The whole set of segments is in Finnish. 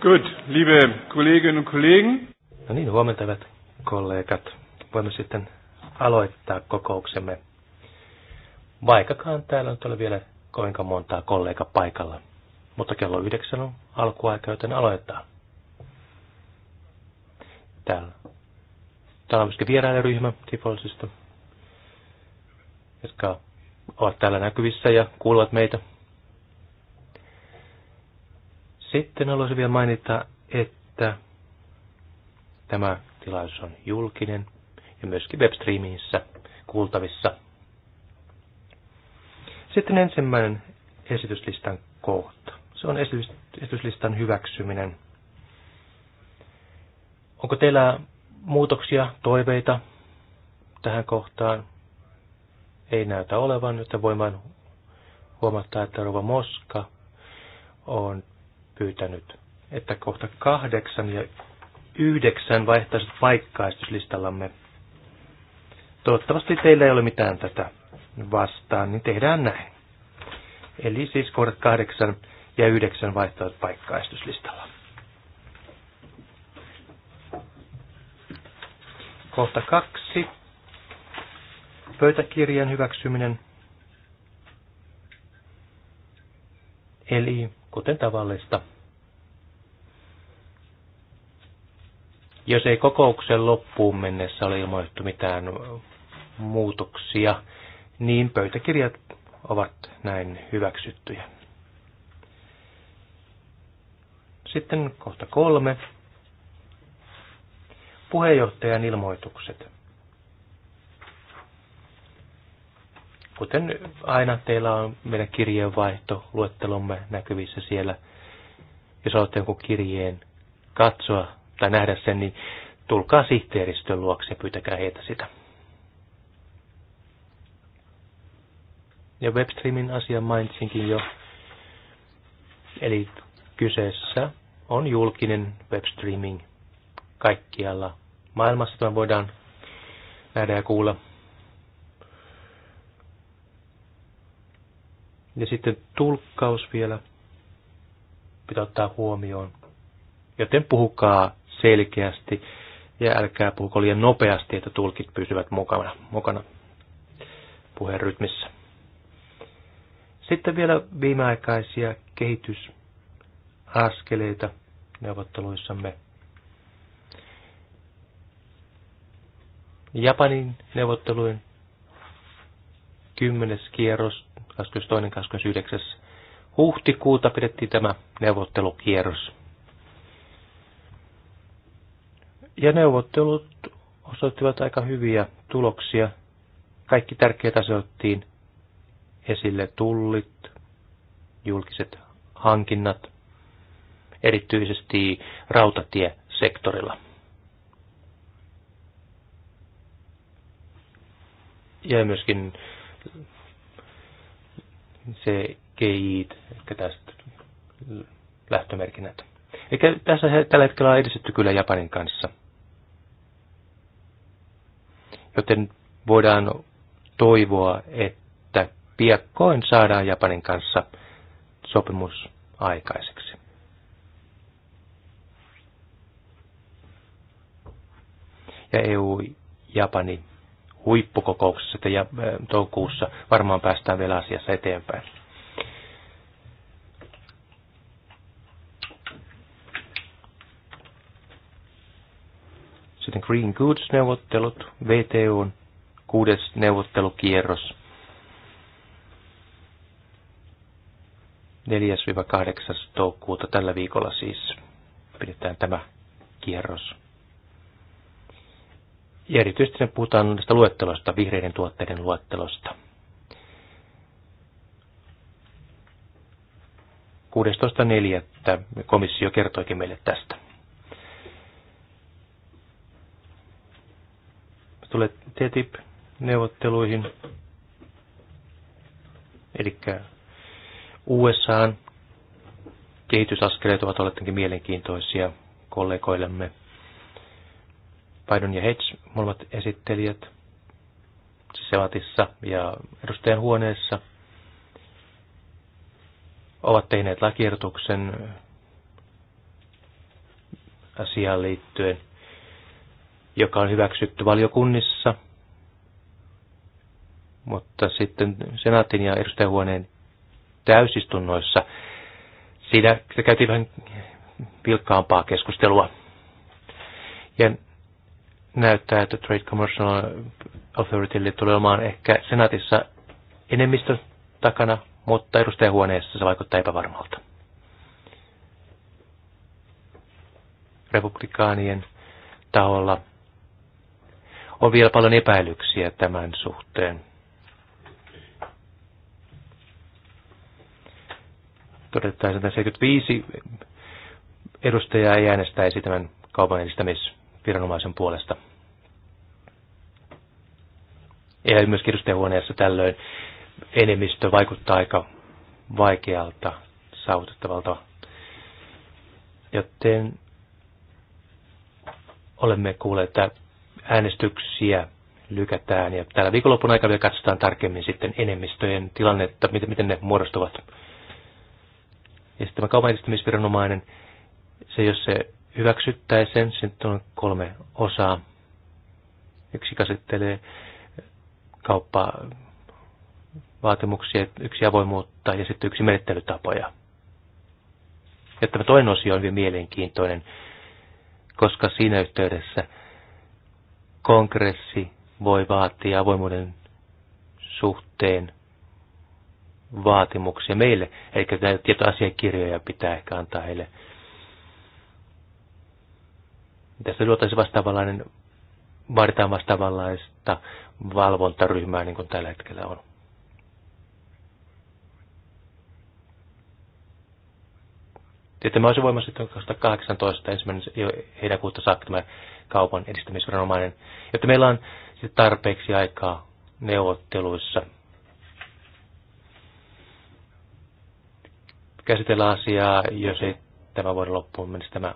Gut, liebe Kolleginnen und Kollegen. No niin, huomenta hyvät kollegat. Voimme sitten aloittaa kokouksemme. Vaikkakaan täällä nyt ole vielä kovinkaan montaa kollega paikalla. Mutta kello yhdeksän on alkuaika, joten aloittaa. Täällä. Täällä on myöskin vierailijaryhmä Tifolsista, jotka ovat täällä näkyvissä ja kuuluvat meitä sitten haluaisin vielä mainita, että tämä tilaisuus on julkinen ja myöskin webstreamissä kuultavissa. Sitten ensimmäinen esityslistan kohta. Se on esityslistan hyväksyminen. Onko teillä muutoksia, toiveita tähän kohtaan? Ei näytä olevan, joten voin vain huomata, että Rova Moska on pyytänyt, että kohta kahdeksan ja yhdeksän vaihtaisivat paikkaistuslistallamme. Toivottavasti teillä ei ole mitään tätä vastaan, niin tehdään näin. Eli siis kohdat kahdeksan ja yhdeksän vaihtavat paikkaistuslistalla. Kohta kaksi. Pöytäkirjan hyväksyminen. Eli kuten tavallista. Jos ei kokouksen loppuun mennessä ole ilmoitettu mitään muutoksia, niin pöytäkirjat ovat näin hyväksyttyjä. Sitten kohta kolme. Puheenjohtajan ilmoitukset. Kuten aina teillä on meidän kirjeenvaihto, luettelomme näkyvissä siellä. Jos olette jonkun kirjeen katsoa tai nähdä sen, niin tulkaa sihteeristön luokse ja pyytäkää heitä sitä. Ja webstreamin asia mainitsinkin jo. Eli kyseessä on julkinen webstreaming kaikkialla maailmassa. Tämä voidaan nähdä ja kuulla Ja sitten tulkkaus vielä pitää ottaa huomioon. Joten puhukaa selkeästi ja älkää puhuko liian nopeasti, että tulkit pysyvät mukana, mukana puheen rytmissä. Sitten vielä viimeaikaisia kehitysaskeleita neuvotteluissamme. Japanin neuvottelujen Kymmenes kierros, 22.29. huhtikuuta pidettiin tämä neuvottelukierros. Ja neuvottelut osoittivat aika hyviä tuloksia. Kaikki tärkeät asioittiin esille tullit, julkiset hankinnat, erityisesti rautatiesektorilla. Ja myöskin CGI, eli tästä lähtömerkinnät. Eikä tässä he, tällä hetkellä on edistetty kyllä Japanin kanssa. Joten voidaan toivoa, että piakkoin saadaan Japanin kanssa sopimus aikaiseksi. Ja EU-Japani huippukokouksessa sitten ja toukokuussa varmaan päästään vielä asiassa eteenpäin. Sitten Green Goods-neuvottelut, VTUn kuudes neuvottelukierros 4-8. toukokuuta tällä viikolla siis pidetään tämä kierros. Ja erityisesti puhutaan tästä luettelosta, vihreiden tuotteiden luettelosta. 16.4. komissio kertoikin meille tästä. Tulee TTIP-neuvotteluihin, eli USAn kehitysaskeleet ovat olleetkin mielenkiintoisia kollegoillemme. Biden ja Hedge, molemmat esittelijät, Selatissa ja edustajan huoneessa, ovat tehneet lakiertuksen asiaan liittyen, joka on hyväksytty valiokunnissa, mutta sitten senaatin ja edustajahuoneen täysistunnoissa siinä käytiin vähän vilkkaampaa keskustelua. Ja näyttää, että Trade Commercial authority tulee olemaan ehkä senaatissa enemmistö takana, mutta edustajahuoneessa se vaikuttaa epävarmalta. Republikaanien taholla on vielä paljon epäilyksiä tämän suhteen. Todetaan, että 75 edustajaa ei äänestäisi tämän kaupan edistämisen viranomaisen puolesta. Ja myös kirjoittajahuoneessa tällöin enemmistö vaikuttaa aika vaikealta saavutettavalta. Joten olemme kuulleet, että äänestyksiä lykätään ja täällä viikonlopun aikana vielä katsotaan tarkemmin sitten enemmistöjen tilannetta, miten, miten ne muodostuvat. Ja sitten tämä kaupan edistämisviranomainen, se jos se hyväksyttäisen. Sitten on kolme osaa. Yksi käsittelee kauppaa vaatimuksia, yksi avoimuutta ja sitten yksi menettelytapoja. Ja tämä toinen osio on hyvin mielenkiintoinen, koska siinä yhteydessä kongressi voi vaatia avoimuuden suhteen vaatimuksia meille, eli näitä tietoasiakirjoja pitää ehkä antaa heille tässä luotaisiin vastaavanlainen, vaaditaan vastaavanlaista valvontaryhmää niin kuin tällä hetkellä on. Sitten myös voimassa sitten 2018 ensimmäinen heinäkuuta saakka tämä kaupan edistämisviranomainen, jotta meillä on sitten tarpeeksi aikaa neuvotteluissa käsitellä asiaa, jos ei tämä vuoden loppuun mennessä tämä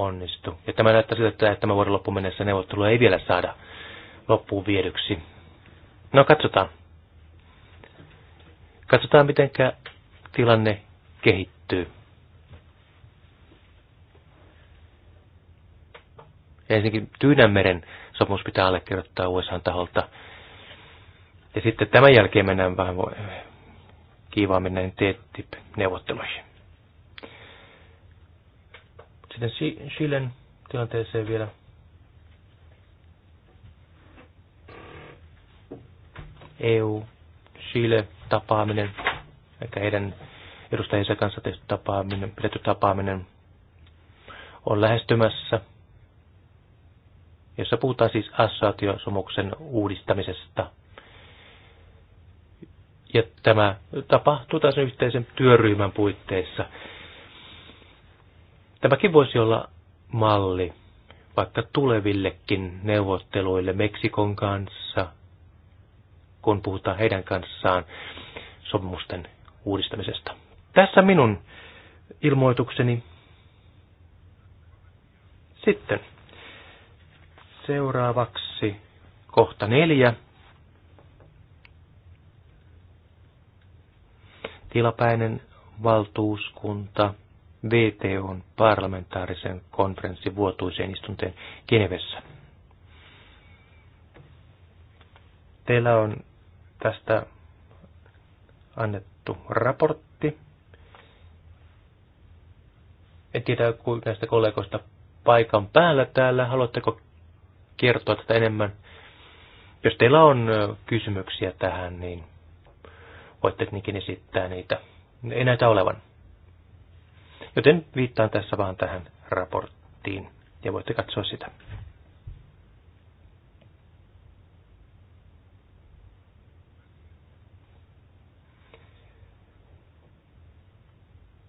onnistu. Ja tämä näyttää siltä, että tämän vuoden loppuun mennessä neuvottelua ei vielä saada loppuun viedyksi. No katsotaan. Katsotaan, miten tilanne kehittyy. Ensinnäkin Tyynänmeren sopimus pitää allekirjoittaa USAn taholta. Ja sitten tämän jälkeen mennään vähän kiivaammin näihin TTIP-neuvotteluihin. Sitten Chilen tilanteeseen vielä. EU, Chile, tapaaminen, ehkä heidän edustajansa kanssa tehty tapaaminen, pidetty tapaaminen on lähestymässä, jossa puhutaan siis assoatiosomuksen uudistamisesta. Ja tämä tapahtuu taas yhteisen työryhmän puitteissa. Tämäkin voisi olla malli vaikka tulevillekin neuvotteluille Meksikon kanssa, kun puhutaan heidän kanssaan sopimusten uudistamisesta. Tässä minun ilmoitukseni. Sitten seuraavaksi kohta neljä. Tilapäinen valtuuskunta VTOn parlamentaarisen konferenssin vuotuiseen istunteen Genevessä. Teillä on tästä annettu raportti. En tiedä, kuinka näistä kollegoista paikan päällä täällä. Haluatteko kertoa tätä enemmän? Jos teillä on kysymyksiä tähän, niin voitte niinkin esittää niitä. Ei näytä olevan. Joten viittaan tässä vaan tähän raporttiin ja voitte katsoa sitä.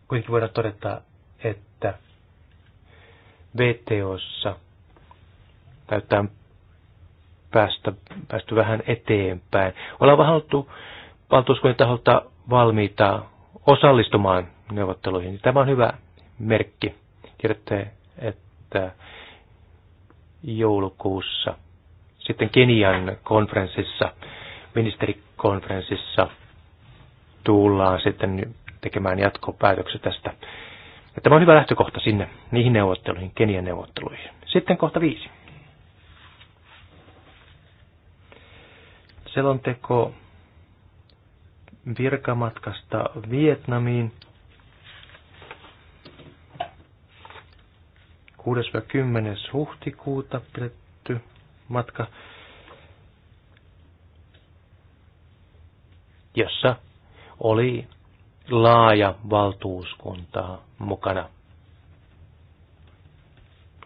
Kuitenkin voidaan todeta, että VTOssa näyttää päästä, päästy vähän eteenpäin. Ollaan vähän oltu valtuuskunnan taholta valmiita osallistumaan neuvotteluihin. Tämä on hyvä merkki. Tiedätte, että joulukuussa sitten Kenian konferenssissa, ministerikonferenssissa tullaan sitten tekemään jatkopäätökset tästä. Ja tämä on hyvä lähtökohta sinne, niihin neuvotteluihin, Kenian neuvotteluihin. Sitten kohta viisi. Selonteko virkamatkasta Vietnamiin 6-10. huhtikuuta pidetty matka, jossa oli laaja valtuuskunta mukana.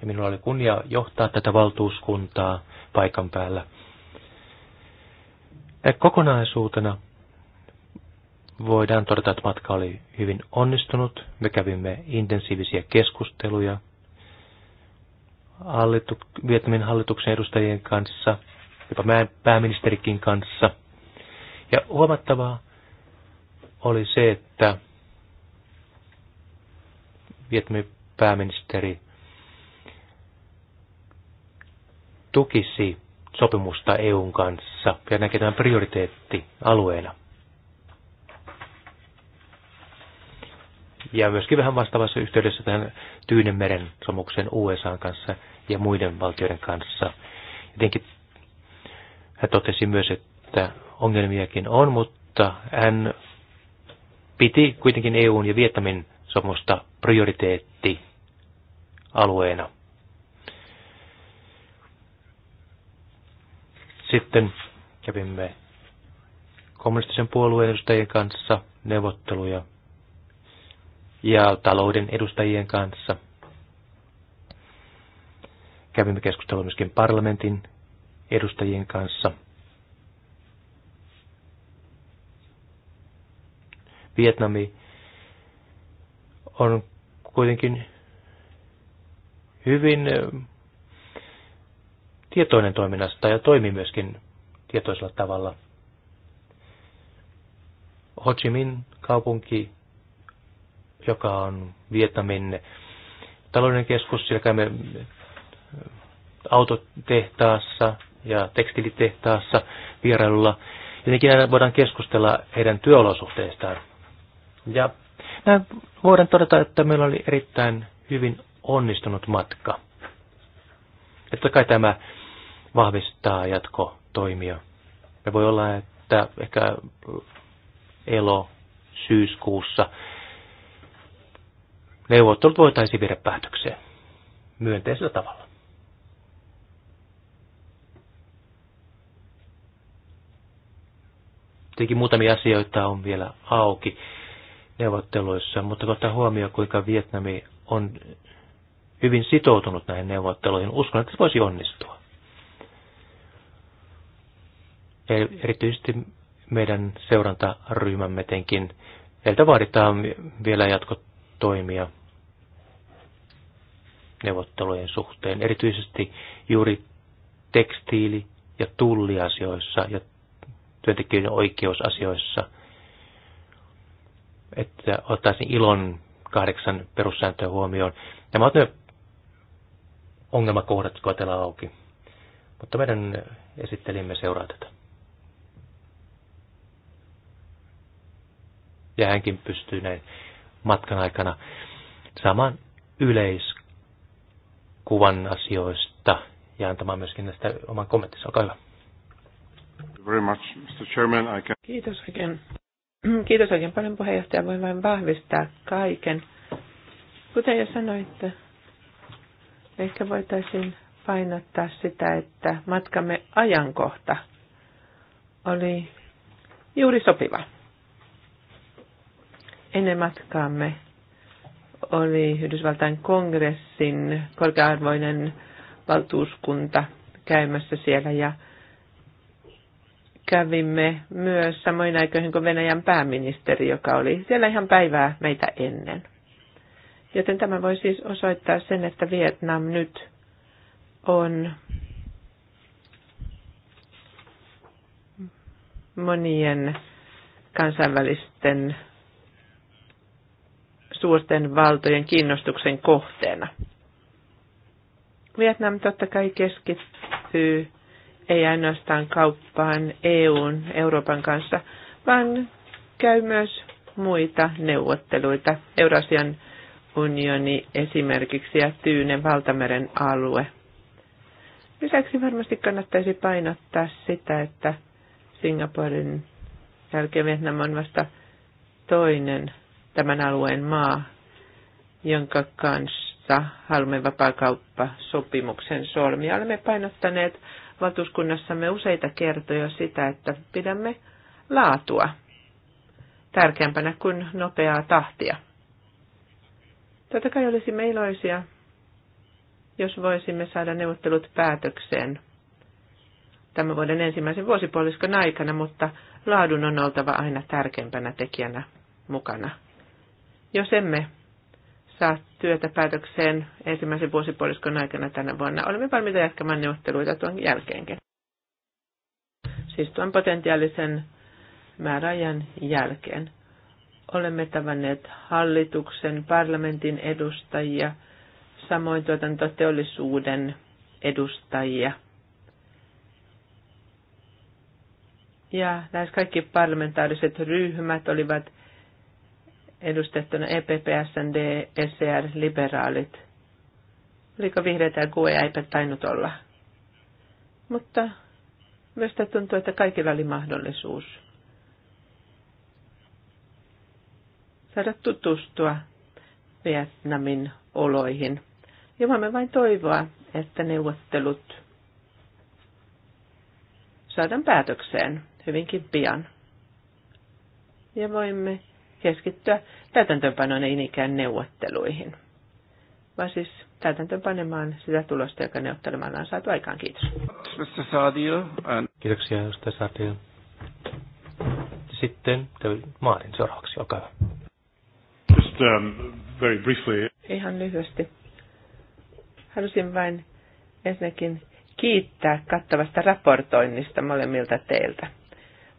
Ja minulla oli kunnia johtaa tätä valtuuskuntaa paikan päällä. Ja kokonaisuutena voidaan todeta, että matka oli hyvin onnistunut. Me kävimme intensiivisiä keskusteluja hallitu, Vietnamin hallituksen edustajien kanssa, jopa pääministerikin kanssa. Ja huomattavaa oli se, että Vietnamin pääministeri tukisi sopimusta EUn kanssa ja näkee tämän prioriteetti alueena. ja myöskin vähän vastaavassa yhteydessä tähän Tyynenmeren somukseen USA kanssa ja muiden valtioiden kanssa. Jotenkin hän totesi myös, että ongelmiakin on, mutta hän piti kuitenkin EUn ja Vietnamin prioriteetti alueena. Sitten kävimme kommunistisen puolueen edustajien kanssa neuvotteluja ja talouden edustajien kanssa. Kävimme keskustelua myöskin parlamentin edustajien kanssa. Vietnami on kuitenkin hyvin tietoinen toiminnasta ja toimii myöskin tietoisella tavalla. Ho Chi Minh kaupunki joka on Vietnamin talouden keskus. Siellä käymme äh, autotehtaassa ja tekstilitehtaassa vierailulla. Jotenkin aina voidaan keskustella heidän työolosuhteistaan. Ja näin voidaan todeta, että meillä oli erittäin hyvin onnistunut matka. Että kai tämä vahvistaa jatkotoimia. Ja voi olla, että ehkä elo syyskuussa neuvottelut voitaisiin viedä päätökseen myönteisellä tavalla. Tietenkin muutamia asioita on vielä auki neuvotteluissa, mutta ottaa huomioon, kuinka Vietnami on hyvin sitoutunut näihin neuvotteluihin. Uskon, että se voisi onnistua. Erityisesti meidän seurantaryhmämme tietenkin, Heiltä vaaditaan vielä jatkot toimia neuvottelujen suhteen, erityisesti juuri tekstiili- ja tulliasioissa ja työntekijöiden oikeusasioissa, että ottaisin ilon kahdeksan perussääntöä huomioon. Nämä ovat ne ongelmakohdat, jotka auki. Mutta meidän esittelimme seuraa tätä. Ja hänkin pystyy näin matkan aikana saamaan yleiskuvan asioista ja antamaan myöskin näistä oman kommenttinsa. Olkaa hyvä. Very much, Mr. Chairman, I can... Kiitos oikein. Kiitos oikein paljon puheenjohtaja. Voin vain vahvistaa kaiken. Kuten jo sanoitte, ehkä voitaisiin painottaa sitä, että matkamme ajankohta oli juuri sopiva. Ennen matkaamme oli Yhdysvaltain kongressin korkearvoinen valtuuskunta käymässä siellä ja kävimme myös samoin aikoihin kuin Venäjän pääministeri, joka oli siellä ihan päivää meitä ennen. Joten tämä voi siis osoittaa sen, että Vietnam nyt on monien kansainvälisten suurten valtojen kiinnostuksen kohteena. Vietnam totta kai keskittyy ei ainoastaan kauppaan EUn, Euroopan kanssa, vaan käy myös muita neuvotteluita. Eurasian unioni esimerkiksi ja Tyynen valtameren alue. Lisäksi varmasti kannattaisi painottaa sitä, että Singaporen jälkeen Vietnam on vasta toinen tämän alueen maa, jonka kanssa haluamme vapaakauppasopimuksen solmia. Olemme painottaneet valtuuskunnassamme useita kertoja sitä, että pidämme laatua tärkeämpänä kuin nopeaa tahtia. Totta kai olisimme iloisia, jos voisimme saada neuvottelut päätökseen tämän vuoden ensimmäisen vuosipuoliskon aikana, mutta laadun on oltava aina tärkeimpänä tekijänä mukana. Jos emme saa työtä päätökseen ensimmäisen vuosipuoliskon aikana tänä vuonna, olemme valmiita jatkamaan neuvotteluita tuon jälkeenkin. Siis tuon potentiaalisen määräajan jälkeen. Olemme tavanneet hallituksen, parlamentin edustajia, samoin tuotantoteollisuuden edustajia. Ja näissä kaikki parlamentaariset ryhmät olivat edustettuna EPP, SND, SCR, liberaalit. Oliko vihreitä ja kueja eipä tainnut olla. Mutta myös tuntuu, että kaikilla oli mahdollisuus saada tutustua Vietnamin oloihin. Ja voimme vain toivoa, että neuvottelut saadaan päätökseen hyvinkin pian. Ja voimme keskittyä täytäntöönpanon ei niinkään neuvotteluihin, vaan siis täytäntöönpanemaan sitä tulosta, joka neuvottelemalla on saatu aikaan. Kiitos. Kiitoksia, edustaja Sardio. Sitten Maarin seuraavaksi, olkaa hyvä. Just, um, very briefly. Ihan lyhyesti. Halusin vain ensinnäkin kiittää kattavasta raportoinnista molemmilta teiltä.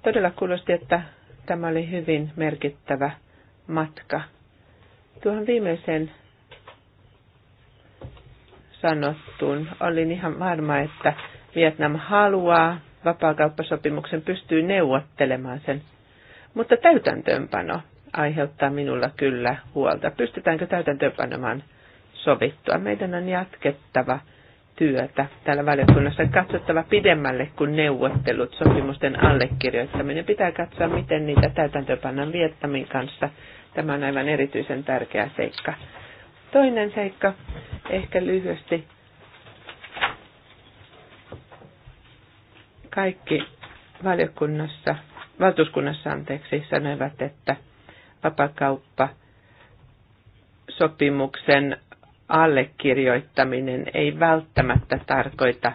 Todella kuulosti, että Tämä oli hyvin merkittävä matka. Tuohon viimeiseen sanottuun olin ihan varma, että Vietnam haluaa vapaakauppasopimuksen, pystyy neuvottelemaan sen. Mutta täytäntöönpano aiheuttaa minulla kyllä huolta. Pystytäänkö täytäntöönpanomaan sovittua? Meidän on jatkettava – työtä täällä valiokunnassa on katsottava pidemmälle kuin neuvottelut, sopimusten allekirjoittaminen. Pitää katsoa, miten niitä täytäntöpannan viettämin kanssa. Tämä on aivan erityisen tärkeä seikka. Toinen seikka, ehkä lyhyesti. Kaikki valiokunnassa, valtuuskunnassa anteeksi, sanoivat, että vapakauppa sopimuksen allekirjoittaminen ei välttämättä tarkoita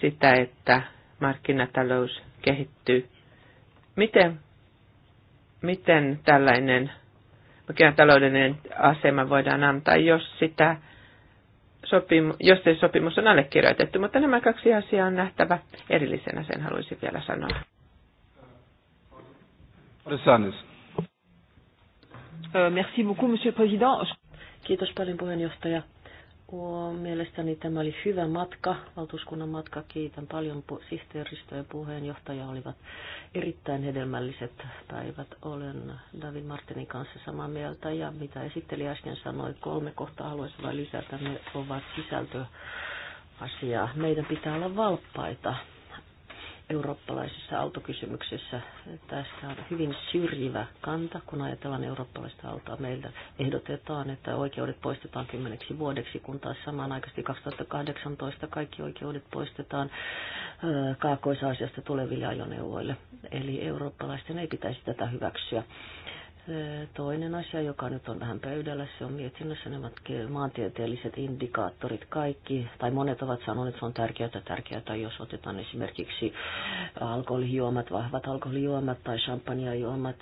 sitä, että markkinatalous kehittyy. Miten, miten tällainen markkinataloudellinen asema voidaan antaa, jos sitä sopimu, jos se sopimus on allekirjoitettu, mutta nämä kaksi asiaa on nähtävä erillisenä, sen haluaisin vielä sanoa. Euh, merci beaucoup, Monsieur le Président. Kiitos paljon puheenjohtaja. Mielestäni tämä oli hyvä matka, valtuuskunnan matka. Kiitän paljon sihteeristöä ja puheenjohtaja olivat erittäin hedelmälliset päivät. Olen David Martinin kanssa samaa mieltä ja mitä esitteli äsken sanoi, kolme kohtaa haluaisin vain lisätä, ne ovat sisältöasiaa. Meidän pitää olla valppaita eurooppalaisissa autokysymyksissä. Tästä on hyvin syrjivä kanta, kun ajatellaan eurooppalaista autoa. Meiltä ehdotetaan, että oikeudet poistetaan kymmeneksi vuodeksi, kun taas samanaikaisesti 2018 kaikki oikeudet poistetaan Kaakkois-Aasiasta tuleville ajoneuvoille. Eli eurooppalaisten ei pitäisi tätä hyväksyä. Toinen asia, joka nyt on vähän pöydällä, se on mietinnössä nämä maantieteelliset indikaattorit kaikki, tai monet ovat sanoneet, että se on tärkeää, tärkeää, jos otetaan esimerkiksi alkoholijuomat, vahvat alkoholijuomat tai champagnejuomat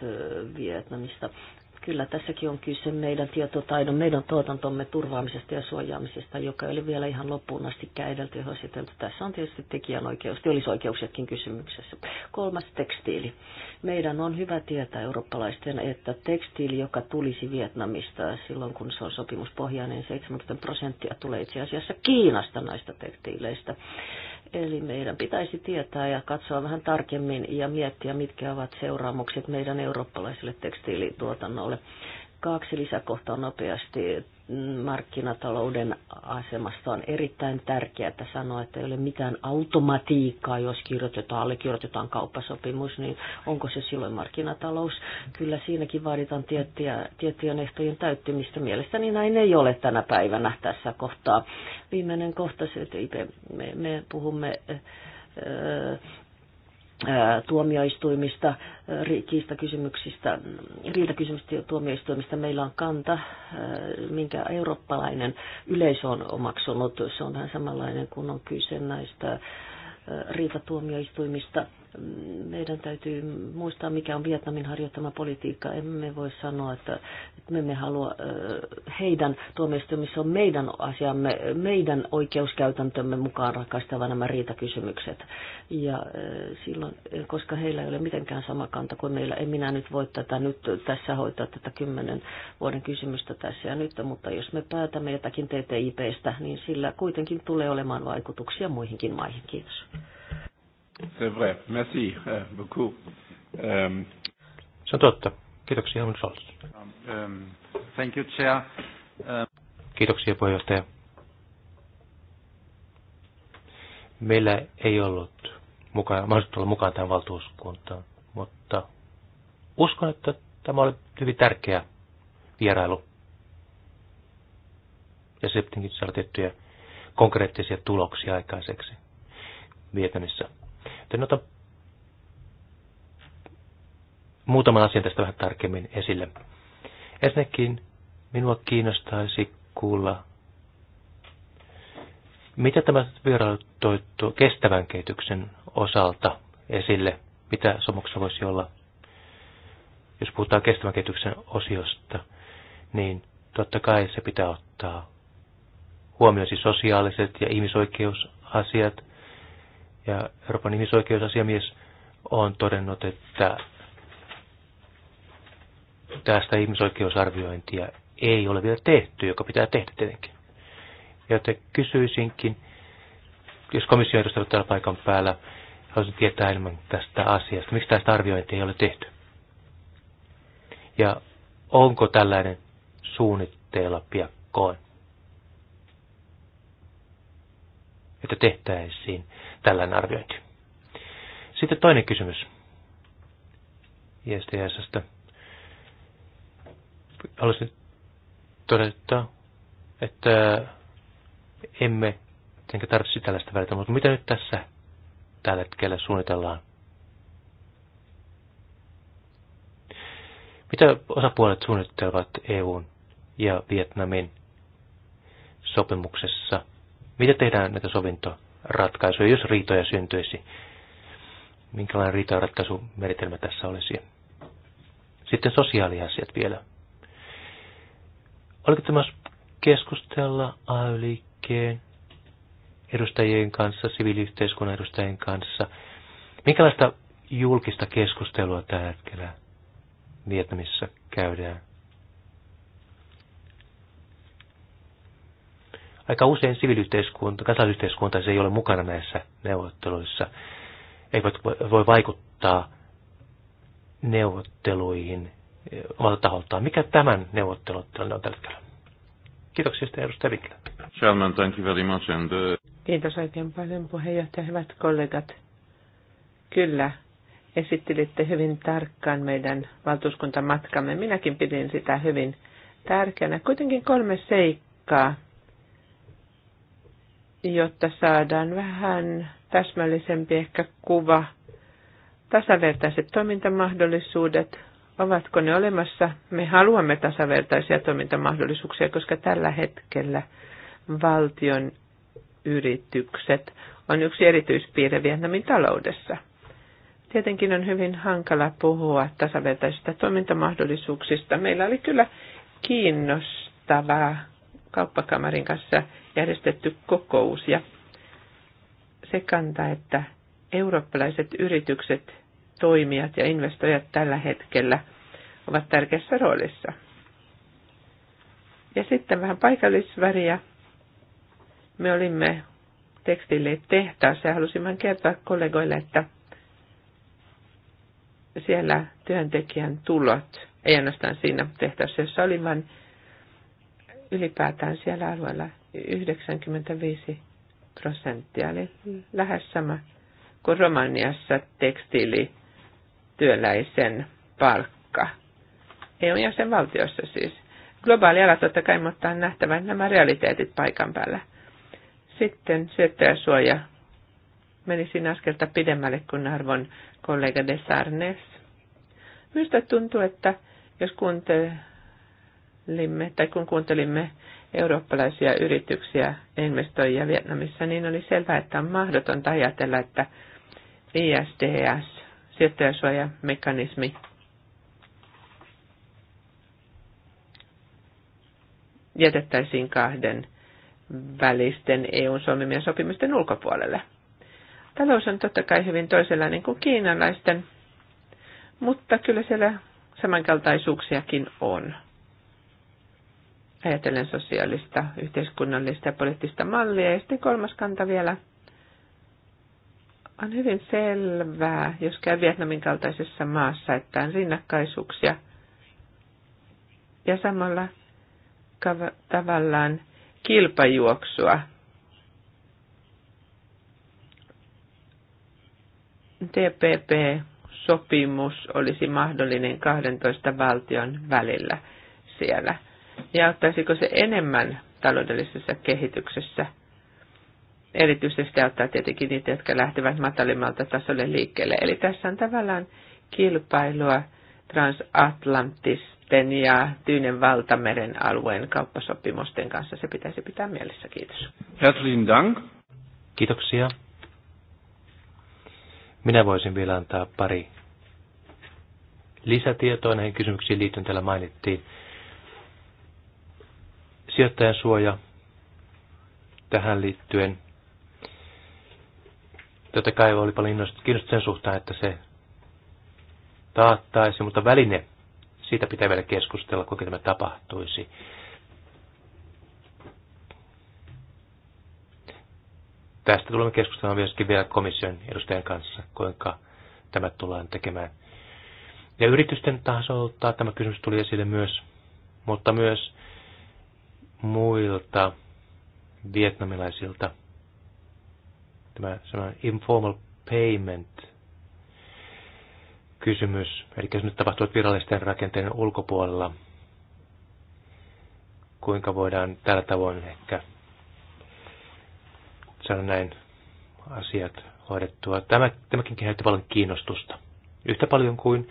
Vietnamista. Kyllä tässäkin on kyse meidän tietotaidon, meidän tuotantomme turvaamisesta ja suojaamisesta, joka oli vielä ihan loppuun asti käydelty ja hositeltu. Tässä on tietysti tekijänoikeus, teollisoikeuksetkin kysymyksessä. Kolmas tekstiili. Meidän on hyvä tietää eurooppalaisten, että tekstiili, joka tulisi Vietnamista silloin, kun se on sopimuspohjainen, 70 prosenttia tulee itse asiassa Kiinasta näistä tekstiileistä. Eli meidän pitäisi tietää ja katsoa vähän tarkemmin ja miettiä, mitkä ovat seuraamukset meidän eurooppalaiselle tekstiilituotannolle. Kaksi lisäkohtaa nopeasti markkinatalouden asemasta on erittäin tärkeää sanoa, että ei ole mitään automatiikkaa, jos kirjoitetaan, allekirjoitetaan kauppasopimus, niin onko se silloin markkinatalous? Kyllä siinäkin vaaditaan tiettyjä, tiettyjen ehtojen täyttymistä. Mielestäni näin ei ole tänä päivänä tässä kohtaa. Viimeinen kohta se, että me, me puhumme tuomioistuimista, kiistakysymyksistä, riitakysymyksistä tuomioistuimista. Meillä on kanta, minkä eurooppalainen yleisö on omaksunut. Se on vähän samanlainen kuin on kyse näistä riitatuomioistuimista meidän täytyy muistaa, mikä on Vietnamin harjoittama politiikka. Emme voi sanoa, että, me emme halua heidän tuomioistuimissa on meidän asiamme, meidän oikeuskäytäntömme mukaan rakastava nämä riitakysymykset. Ja silloin, koska heillä ei ole mitenkään sama kanta kuin meillä, en minä nyt voi tätä nyt tässä hoitaa tätä kymmenen vuoden kysymystä tässä ja nyt, mutta jos me päätämme jotakin TTIPstä, niin sillä kuitenkin tulee olemaan vaikutuksia muihinkin maihin. Kiitos. C'est vrai. Merci euh, beaucoup. Um, Se on totta. Kiitoksia, Helmut Scholz. Um, um, thank you, Chair. Um, Kiitoksia, puheenjohtaja. Meillä ei ollut mukana, mahdollisuutta olla mukaan tämän valtuuskuntaan, mutta uskon, että tämä oli hyvin tärkeä vierailu. Ja sittenkin saada tiettyjä konkreettisia tuloksia aikaiseksi Vietnamissa. Sitten otan muutaman asian tästä vähän tarkemmin esille. Ensinnäkin minua kiinnostaisi kuulla, mitä tämä vierailu toi kestävän kehityksen osalta esille, mitä somuksessa voisi olla, jos puhutaan kestävän kehityksen osiosta, niin totta kai se pitää ottaa huomioon siis sosiaaliset ja ihmisoikeusasiat, ja Euroopan ihmisoikeusasiamies on todennut, että tästä ihmisoikeusarviointia ei ole vielä tehty, joka pitää tehdä tietenkin. Joten kysyisinkin, jos komission edustajat täällä paikan päällä, haluaisin tietää enemmän tästä asiasta. Miksi tästä arviointia ei ole tehty? Ja onko tällainen suunnitteilla piakkoin? että tehtäisiin tällainen arviointi. Sitten toinen kysymys ISTSstä. Haluaisin todeta, että emme enkä tarvitse tällaista välitä, mutta mitä nyt tässä tällä hetkellä suunnitellaan? Mitä osapuolet suunnittelevat EUn ja Vietnamin sopimuksessa Miten tehdään näitä sovintoratkaisuja, jos riitoja syntyisi? Minkälainen riitoratkaisumeritelmä tässä olisi? Sitten sosiaaliasiat vielä. Oliko tämä keskustella AY-liikkeen edustajien kanssa, siviiliyhteiskunnan edustajien kanssa? Minkälaista julkista keskustelua tällä hetkellä Vietnamissa käydään? Aika usein siviiliyhteiskunta, kansalaisyhteiskunta se ei ole mukana näissä neuvotteluissa. Eivät voi vaikuttaa neuvotteluihin eh, omalta taholtaan. Mikä tämän neuvottelutilanne on tällä hetkellä? Kiitoksia sitten edustaja Winkler. Shalman, thank you very much. And, uh... Kiitos oikein paljon puheenjohtaja, hyvät kollegat. Kyllä, esittelitte hyvin tarkkaan meidän valtuuskuntamatkamme. Minäkin pidin sitä hyvin tärkeänä. Kuitenkin kolme seikkaa jotta saadaan vähän täsmällisempi ehkä kuva. Tasavertaiset toimintamahdollisuudet, ovatko ne olemassa? Me haluamme tasavertaisia toimintamahdollisuuksia, koska tällä hetkellä valtion yritykset on yksi erityispiirre Vietnamin taloudessa. Tietenkin on hyvin hankala puhua tasavertaisista toimintamahdollisuuksista. Meillä oli kyllä kiinnostavaa kauppakamarin kanssa järjestetty kokous ja se kanta, että eurooppalaiset yritykset, toimijat ja investoijat tällä hetkellä ovat tärkeässä roolissa. Ja sitten vähän paikallisväriä. Me olimme tekstille tehtaassa ja halusimme kertoa kollegoille, että siellä työntekijän tulot, ei ainoastaan siinä tehtaassa, jossa olin, vaan ylipäätään siellä alueella 95 prosenttia, eli lähes sama kuin Romaniassa tekstiilityöläisen palkka. EUn jäsenvaltiossa siis. Globaali ala totta kai, mutta on nähtävä nämä realiteetit paikan päällä. Sitten syöttäjäsuoja menisin askelta pidemmälle kuin arvon kollega de Sarnes. Minusta tuntuu, että jos kuuntelee kuuntelimme tai kun kuuntelimme eurooppalaisia yrityksiä investoijia Vietnamissa, niin oli selvää, että on mahdotonta ajatella, että ISDS, sijoittajasuojamekanismi, jätettäisiin kahden välisten EUn solmimien sopimusten ulkopuolelle. Talous on totta kai hyvin toisenlainen kuin kiinalaisten, mutta kyllä siellä samankaltaisuuksiakin on ajatellen sosiaalista, yhteiskunnallista ja poliittista mallia. Ja sitten kolmas kanta vielä on hyvin selvää, jos käy Vietnamin kaltaisessa maassa, että on rinnakkaisuuksia ja samalla tavallaan kilpajuoksua. TPP-sopimus olisi mahdollinen 12 valtion välillä siellä – ja auttaisiko se enemmän taloudellisessa kehityksessä. Erityisesti auttaa tietenkin niitä, jotka lähtevät matalimmalta tasolle liikkeelle. Eli tässä on tavallaan kilpailua transatlanttisten ja Tyynen valtameren alueen kauppasopimusten kanssa. Se pitäisi pitää mielessä. Kiitos. Herzlichen Dank. Kiitoksia. Minä voisin vielä antaa pari lisätietoa näihin kysymyksiin liittyen. Täällä mainittiin sijoittajan suoja tähän liittyen. Totta kai oli paljon kiinnostunut sen suhteen, että se taattaisi, mutta väline, siitä pitää vielä keskustella, kuinka tämä tapahtuisi. Tästä tulemme keskustelemaan myöskin vielä komission edustajan kanssa, kuinka tämä tullaan tekemään. Ja yritysten tasolta tämä kysymys tuli esille myös, mutta myös muilta vietnamilaisilta. Tämä sellainen informal payment kysymys, eli se nyt tapahtuu virallisten rakenteiden ulkopuolella, kuinka voidaan tällä tavoin ehkä saada näin asiat hoidettua. Tämä, tämäkin kehittää paljon kiinnostusta, yhtä paljon kuin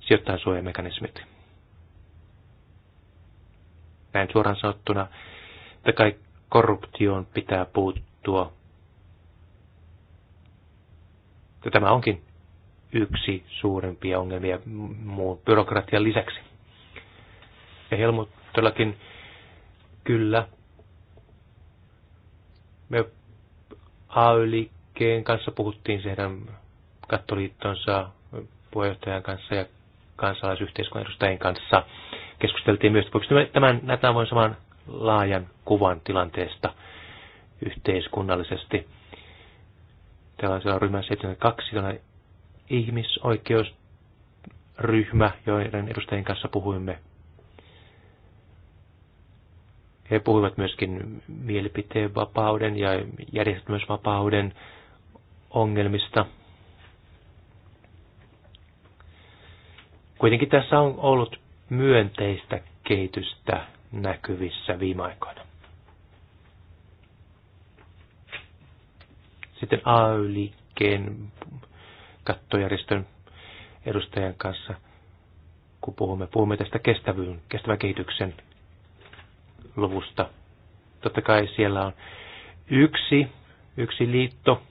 sijoittajan suojamekanismit näin suoraan sanottuna, että kai korruptioon pitää puuttua. Ja tämä onkin yksi suurimpia ongelmia muun byrokratian lisäksi. Ja Helmut todellakin, kyllä, me ay kanssa puhuttiin heidän kattoliittonsa puheenjohtajan kanssa ja kansalaisyhteiskunnan edustajien kanssa keskusteltiin myös, voiko tämän, näitä voin saman laajan kuvan tilanteesta yhteiskunnallisesti. Tällaisella ryhmä 72 ihmisoikeusryhmä, joiden edustajien kanssa puhuimme. He puhuivat myöskin vapauden ja järjestelmäsvapauden ongelmista. Kuitenkin tässä on ollut myönteistä kehitystä näkyvissä viime aikoina. Sitten AY-liikkeen kattojärjestön edustajan kanssa, kun puhumme, puhumme tästä kestävyyn, kestävän kehityksen luvusta. Totta kai siellä on yksi, yksi liitto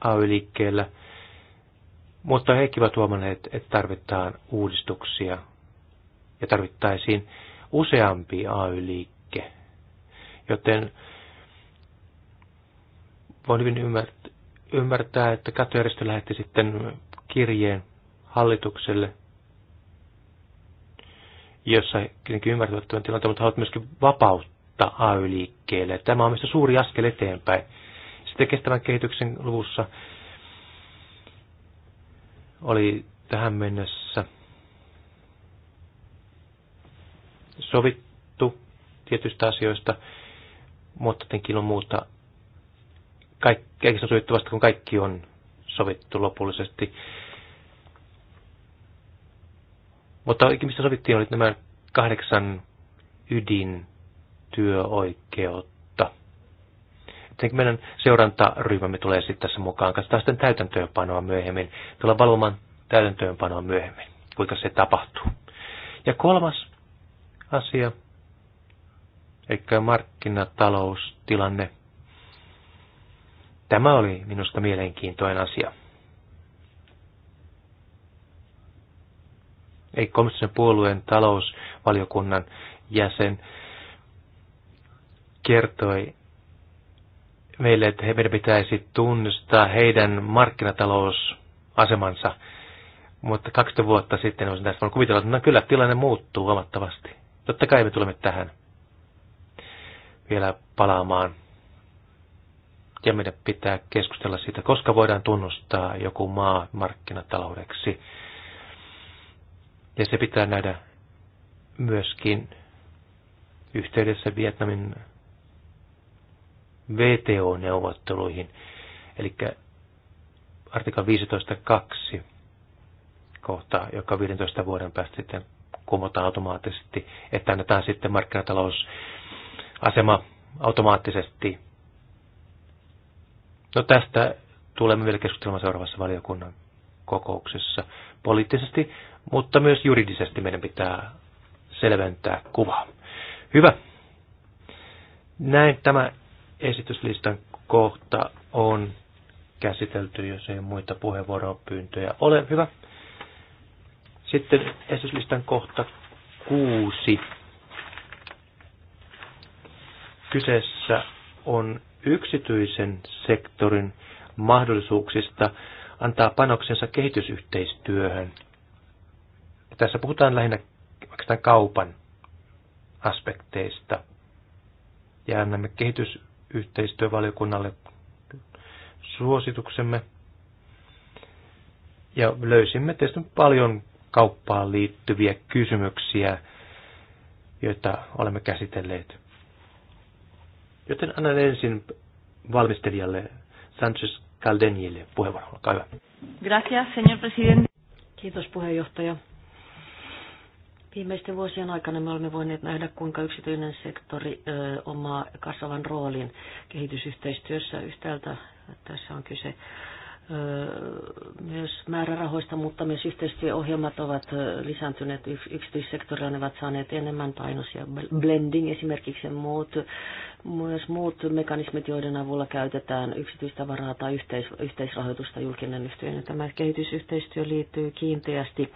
AY-liikkeellä – mutta hekin ovat huomanneet, että tarvitaan uudistuksia ja tarvittaisiin useampi AY-liikke. Joten voin hyvin ymmärtää, että kattojärjestö lähetti sitten kirjeen hallitukselle, jossa kuitenkin ymmärtävät tämän tilanteen, mutta haluat myöskin vapautta AY-liikkeelle. Tämä on mielestäni suuri askel eteenpäin. Sitten kestävän kehityksen luvussa oli tähän mennessä sovittu tietyistä asioista, mutta tietenkin on muuta. Kaikki, kaikista on sovittu vasta, kun kaikki on sovittu lopullisesti. Mutta mistä sovittiin, oli nämä kahdeksan ydintyöoikeutta tietenkin meidän seurantaryhmämme tulee sitten tässä mukaan. Katsotaan sitten täytäntöönpanoa myöhemmin. Tullaan valvomaan täytäntöönpanoa myöhemmin, kuinka se tapahtuu. Ja kolmas asia, eli markkinataloustilanne. Tämä oli minusta mielenkiintoinen asia. Ei komission puolueen talousvaliokunnan jäsen kertoi, meille, että meidän pitäisi tunnistaa heidän markkinatalousasemansa. Mutta 20 vuotta sitten olisin tästä voinut kuvitella, että no kyllä tilanne muuttuu huomattavasti. Totta kai me tulemme tähän vielä palaamaan. Ja meidän pitää keskustella siitä, koska voidaan tunnustaa joku maa markkinataloudeksi. Ja se pitää nähdä myöskin yhteydessä Vietnamin VTO-neuvotteluihin, eli artikla 15.2 kohta, joka 15 vuoden päästä sitten kumotaan automaattisesti, että annetaan sitten markkinatalousasema automaattisesti. No tästä tulemme vielä keskustelemaan seuraavassa valiokunnan kokouksessa poliittisesti, mutta myös juridisesti meidän pitää selventää kuvaa. Hyvä. Näin tämä esityslistan kohta on käsitelty, jos ei muita puheenvuoropyyntöjä ole. Hyvä. Sitten esityslistan kohta kuusi. Kyseessä on yksityisen sektorin mahdollisuuksista antaa panoksensa kehitysyhteistyöhön. Tässä puhutaan lähinnä kaupan aspekteista. Ja nämä kehitys yhteistyövaliokunnalle suosituksemme. Ja löysimme tietysti paljon kauppaan liittyviä kysymyksiä, joita olemme käsitelleet. Joten annan ensin valmistelijalle Sanchez Caldenille puheenvuoron. Olkaa hyvä. Gracias, señor presidente. Kiitos puheenjohtaja. Viimeisten vuosien aikana me olemme voineet nähdä, kuinka yksityinen sektori ö, omaa kasvavan roolin kehitysyhteistyössä. Yhtäältä tässä on kyse myös määrärahoista, mutta myös yhteistyöohjelmat ovat lisääntyneet. Yksityissektorilla ne ovat saaneet enemmän painosia. Blending esimerkiksi muut, myös muut mekanismit, joiden avulla käytetään yksityistä varaa tai yhteis- yhteisrahoitusta julkinen yhtiö. Tämä kehitysyhteistyö liittyy kiinteästi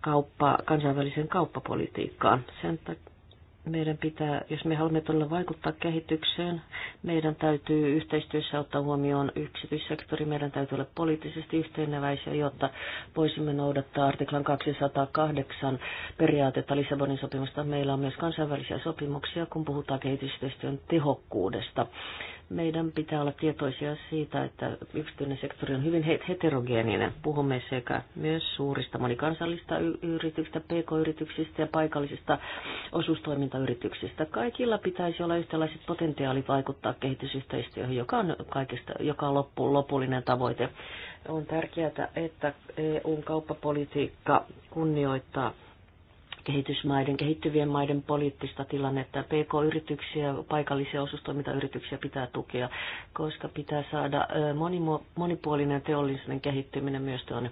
kauppa kansainväliseen kauppapolitiikkaan. Sen takia meidän pitää, jos me haluamme todella vaikuttaa kehitykseen, meidän täytyy yhteistyössä ottaa huomioon yksityissektori, meidän täytyy olla poliittisesti yhteenäväisiä, jotta voisimme noudattaa artiklan 208 periaatetta Lissabonin sopimusta. Meillä on myös kansainvälisiä sopimuksia, kun puhutaan kehitysyhteistyön tehokkuudesta meidän pitää olla tietoisia siitä, että yksityinen sektori on hyvin heterogeeninen. Puhumme sekä myös suurista monikansallista yrityksistä, pk-yrityksistä ja paikallisista osuustoimintayrityksistä. Kaikilla pitäisi olla yhtäläiset potentiaalit vaikuttaa kehitysyhteistyöhön, joka on, kaikista, joka on loppu, lopullinen tavoite. On tärkeää, että EUn kauppapolitiikka kunnioittaa kehitysmaiden, kehittyvien maiden poliittista tilannetta. PK-yrityksiä, paikallisia osuustoimintayrityksiä pitää tukea, koska pitää saada monipuolinen teollisuuden kehittyminen myös tuonne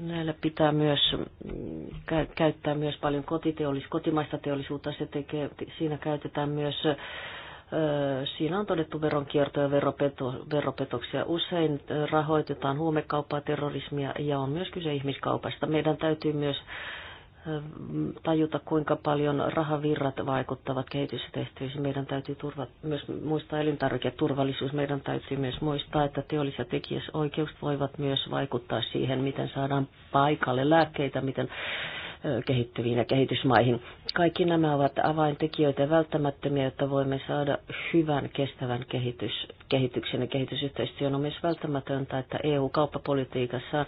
näillä pitää myös mm, käyttää myös paljon kotiteollis- kotimaista teollisuutta. Se tekee, siinä käytetään myös Siinä on todettu veronkierto ja veropeto, veropetoksia. Usein rahoitetaan huumekauppaa, terrorismia ja on myös kyse ihmiskaupasta. Meidän täytyy myös Ähm, tajuta, kuinka paljon rahavirrat vaikuttavat kehitysyhteistyöhön. Meidän täytyy turva, myös muistaa elintarviketurvallisuus. Meidän täytyy myös muistaa, että teolliset tekijäsoikeudet voivat myös vaikuttaa siihen, miten saadaan paikalle lääkkeitä, miten kehittyviin ja kehitysmaihin. Kaikki nämä ovat avaintekijöitä välttämättömiä, jotta voimme saada hyvän kestävän kehitys, kehityksen ja kehitysyhteistyön. On myös välttämätöntä, että EU-kauppapolitiikassa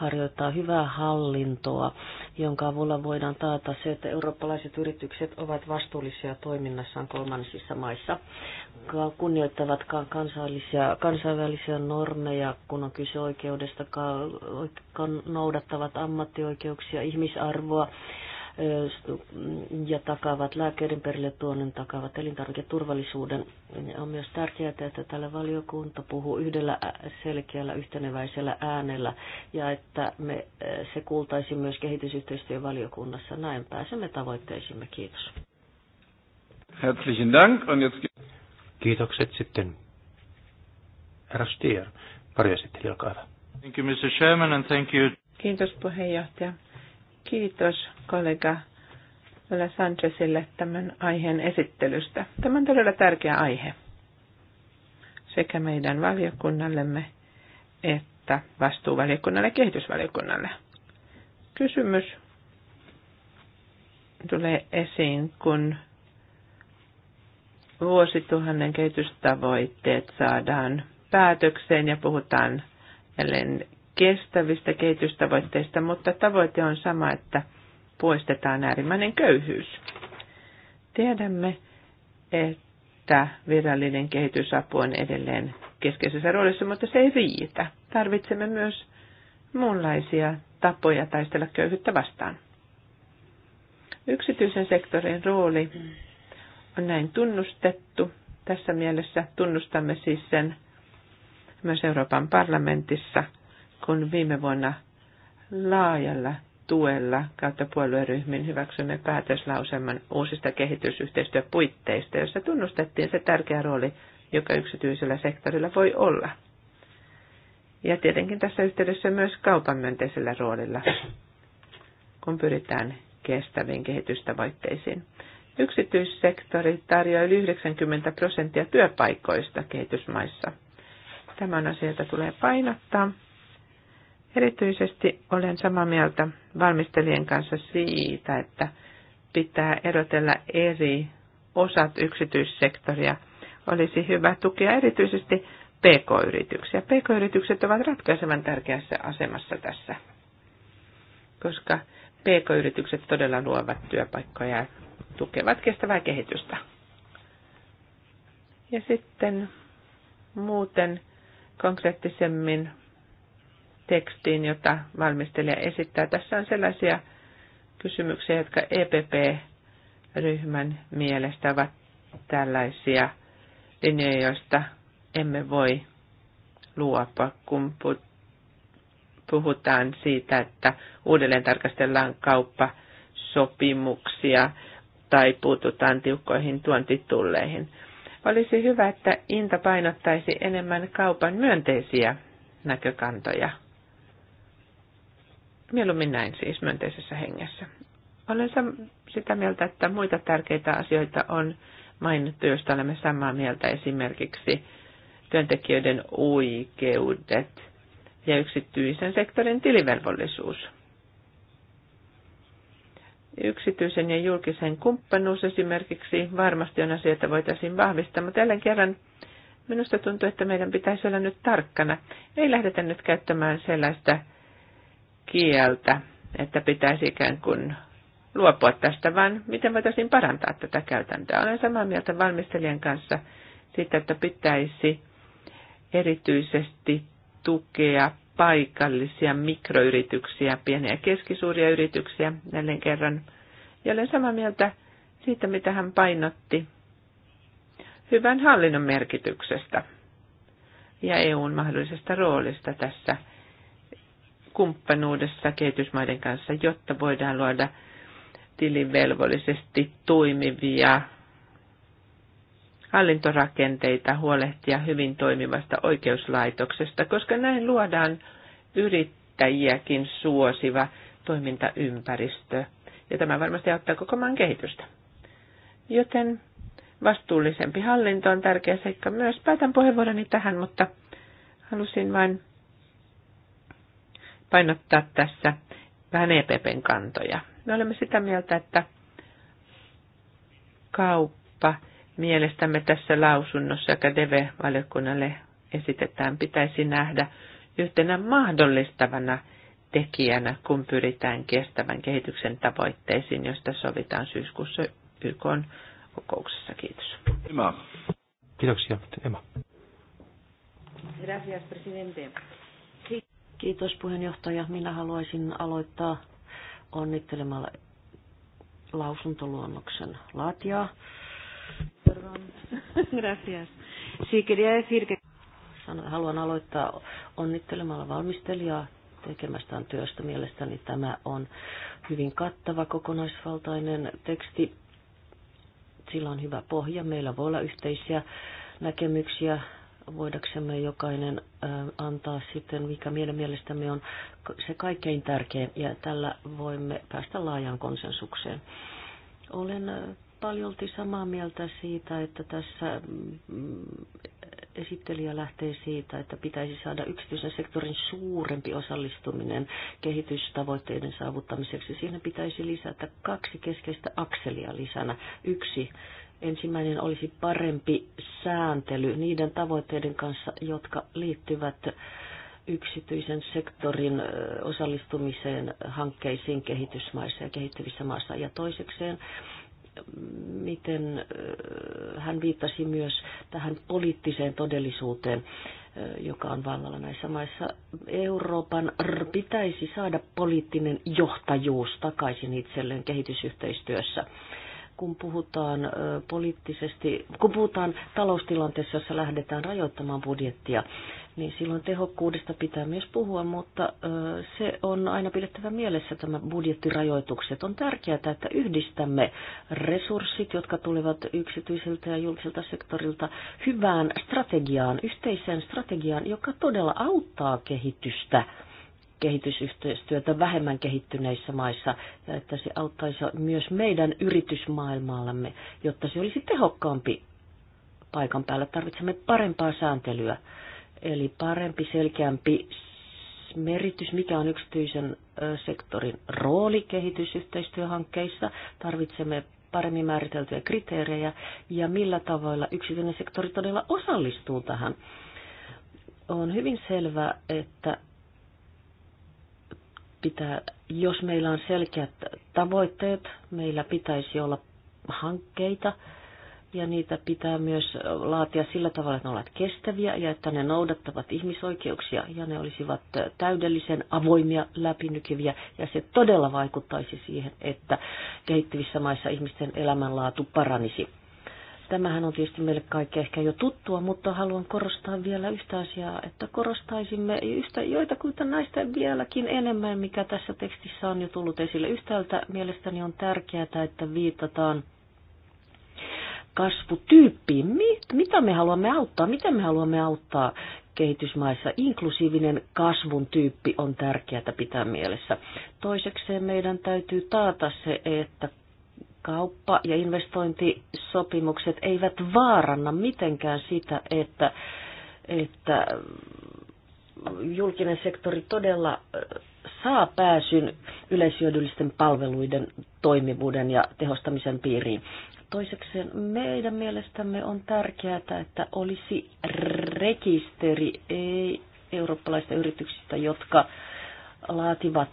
harjoittaa hyvää hallintoa, jonka avulla voidaan taata se, että eurooppalaiset yritykset ovat vastuullisia toiminnassaan kolmansissa maissa, kunnioittavat kansallisia, kansainvälisiä normeja, kun on kyse oikeudesta, noudattavat ammattioikeuksia, ihmisarvoa, ja takaavat lääkärin perille tuonnen, takaavat elintarviketurvallisuuden. On myös tärkeää, että tällä valiokunta puhuu yhdellä selkeällä yhteneväisellä äänellä ja että me, se kuultaisi myös kehitysyhteistyövaliokunnassa. Näin pääsemme tavoitteisimme. Kiitos. Herzlichen Dank. Und jetzt... Kiitokset sitten. Herra Stier, varjoesittelijä, olkaa hyvä. Thank you, Mr. Chairman, and thank you. Kiitos puheenjohtaja. Kiitos kollega Lola Sanchezille tämän aiheen esittelystä. Tämä on todella tärkeä aihe sekä meidän valiokunnallemme että vastuuvaliokunnalle ja kehitysvaliokunnalle. Kysymys tulee esiin, kun vuosituhannen kehitystavoitteet saadaan päätökseen ja puhutaan jälleen kestävistä kehitystavoitteista, mutta tavoite on sama, että poistetaan äärimmäinen köyhyys. Tiedämme, että virallinen kehitysapu on edelleen keskeisessä roolissa, mutta se ei riitä. Tarvitsemme myös muunlaisia tapoja taistella köyhyyttä vastaan. Yksityisen sektorin rooli on näin tunnustettu. Tässä mielessä tunnustamme siis sen myös Euroopan parlamentissa – kun viime vuonna laajalla tuella kautta puolueryhmin hyväksymme päätöslauselman uusista kehitysyhteistyöpuitteista, jossa tunnustettiin se tärkeä rooli, joka yksityisellä sektorilla voi olla. Ja tietenkin tässä yhteydessä myös kaupan myönteisellä roolilla, kun pyritään kestäviin kehitystavoitteisiin. Yksityissektori tarjoaa yli 90 prosenttia työpaikoista kehitysmaissa. Tämän asian tulee painottaa Erityisesti olen samaa mieltä valmistelijan kanssa siitä, että pitää erotella eri osat yksityissektoria. Olisi hyvä tukea erityisesti PK-yrityksiä. PK-yritykset ovat ratkaisevan tärkeässä asemassa tässä, koska PK-yritykset todella luovat työpaikkoja ja tukevat kestävää kehitystä. Ja sitten muuten konkreettisemmin tekstiin, jota valmistelija esittää. Tässä on sellaisia kysymyksiä, jotka EPP-ryhmän mielestä ovat tällaisia linjoja, joista emme voi luopua, kun puhutaan siitä, että uudelleen tarkastellaan kauppasopimuksia tai puututaan tiukkoihin tuontitulleihin. Olisi hyvä, että Inta painottaisi enemmän kaupan myönteisiä näkökantoja. Mieluummin näin siis myönteisessä hengessä. Olen sitä mieltä, että muita tärkeitä asioita on mainittu, joista olemme samaa mieltä esimerkiksi työntekijöiden oikeudet ja yksityisen sektorin tilivelvollisuus. Yksityisen ja julkisen kumppanuus esimerkiksi varmasti on asia, voitaisiin vahvistaa, mutta jälleen kerran minusta tuntuu, että meidän pitäisi olla nyt tarkkana. Ei lähdetä nyt käyttämään sellaista kieltä, että pitäisi ikään kuin luopua tästä, vaan miten voitaisiin parantaa tätä käytäntöä. Olen samaa mieltä valmistelijan kanssa siitä, että pitäisi erityisesti tukea paikallisia mikroyrityksiä, pieniä ja keskisuuria yrityksiä jälleen kerran. Ja olen samaa mieltä siitä, mitä hän painotti hyvän hallinnon merkityksestä ja EUn mahdollisesta roolista tässä – kumppanuudessa kehitysmaiden kanssa, jotta voidaan luoda tilivelvollisesti toimivia hallintorakenteita, huolehtia hyvin toimivasta oikeuslaitoksesta, koska näin luodaan yrittäjiäkin suosiva toimintaympäristö. Ja tämä varmasti auttaa koko maan kehitystä. Joten vastuullisempi hallinto on tärkeä seikka myös. Päätän puheenvuoroni tähän, mutta halusin vain painottaa tässä vähän EPPn kantoja. Me olemme sitä mieltä, että kauppa mielestämme tässä lausunnossa, joka DV-valiokunnalle esitetään, pitäisi nähdä yhtenä mahdollistavana tekijänä, kun pyritään kestävän kehityksen tavoitteisiin, josta sovitaan syyskuussa YK kokouksessa. Kiitos. Emma. Kiitoksia, Emma. Gracias, presidente. Kiitos puheenjohtaja. Minä haluaisin aloittaa onnittelemalla lausuntoluonnoksen laatijaa. Gracias. Si quería decir que... Haluan aloittaa onnittelemalla valmistelijaa tekemästään työstä. Mielestäni tämä on hyvin kattava kokonaisvaltainen teksti. Sillä on hyvä pohja. Meillä voi olla yhteisiä näkemyksiä voidaksemme jokainen antaa sitten, mikä meidän mielestämme on se kaikkein tärkein, ja tällä voimme päästä laajaan konsensukseen. Olen paljolti samaa mieltä siitä, että tässä mm, esittelijä lähtee siitä, että pitäisi saada yksityisen sektorin suurempi osallistuminen kehitystavoitteiden saavuttamiseksi. Siinä pitäisi lisätä kaksi keskeistä akselia lisänä. Yksi Ensimmäinen olisi parempi sääntely niiden tavoitteiden kanssa, jotka liittyvät yksityisen sektorin osallistumiseen hankkeisiin kehitysmaissa ja kehittyvissä maissa. Ja toisekseen, miten hän viittasi myös tähän poliittiseen todellisuuteen, joka on vallalla näissä maissa. Euroopan pitäisi saada poliittinen johtajuus takaisin itselleen kehitysyhteistyössä kun puhutaan poliittisesti, kun puhutaan taloustilanteessa, jossa lähdetään rajoittamaan budjettia, niin silloin tehokkuudesta pitää myös puhua, mutta se on aina pidettävä mielessä tämä budjettirajoitukset. On tärkeää, että yhdistämme resurssit, jotka tulevat yksityiseltä ja julkiselta sektorilta, hyvään strategiaan, yhteiseen strategiaan, joka todella auttaa kehitystä – kehitysyhteistyötä vähemmän kehittyneissä maissa ja että se auttaisi myös meidän yritysmaailmaallamme, jotta se olisi tehokkaampi paikan päällä. Tarvitsemme parempaa sääntelyä, eli parempi, selkeämpi merkitys, mikä on yksityisen sektorin rooli kehitysyhteistyöhankkeissa. Tarvitsemme paremmin määriteltyjä kriteerejä ja millä tavoilla yksityinen sektori todella osallistuu tähän. On hyvin selvää, että pitää, jos meillä on selkeät tavoitteet, meillä pitäisi olla hankkeita ja niitä pitää myös laatia sillä tavalla, että ne ovat kestäviä ja että ne noudattavat ihmisoikeuksia ja ne olisivat täydellisen avoimia, läpinykyviä ja se todella vaikuttaisi siihen, että kehittyvissä maissa ihmisten elämänlaatu paranisi Tämähän on tietysti meille kaikki ehkä jo tuttua, mutta haluan korostaa vielä yhtä asiaa, että korostaisimme yhtä, joitakuita näistä vieläkin enemmän, mikä tässä tekstissä on jo tullut esille. Yhtäältä mielestäni on tärkeää, että viitataan kasvutyyppiin. mitä me haluamme auttaa? Miten me haluamme auttaa kehitysmaissa? Inklusiivinen kasvun tyyppi on tärkeää pitää mielessä. Toisekseen meidän täytyy taata se, että kauppa- ja investointisopimukset eivät vaaranna mitenkään sitä, että, että julkinen sektori todella saa pääsyn yleishyödyllisten palveluiden toimivuuden ja tehostamisen piiriin. Toiseksi meidän mielestämme on tärkeää, että olisi rekisteri ei eurooppalaista yrityksistä, jotka laativat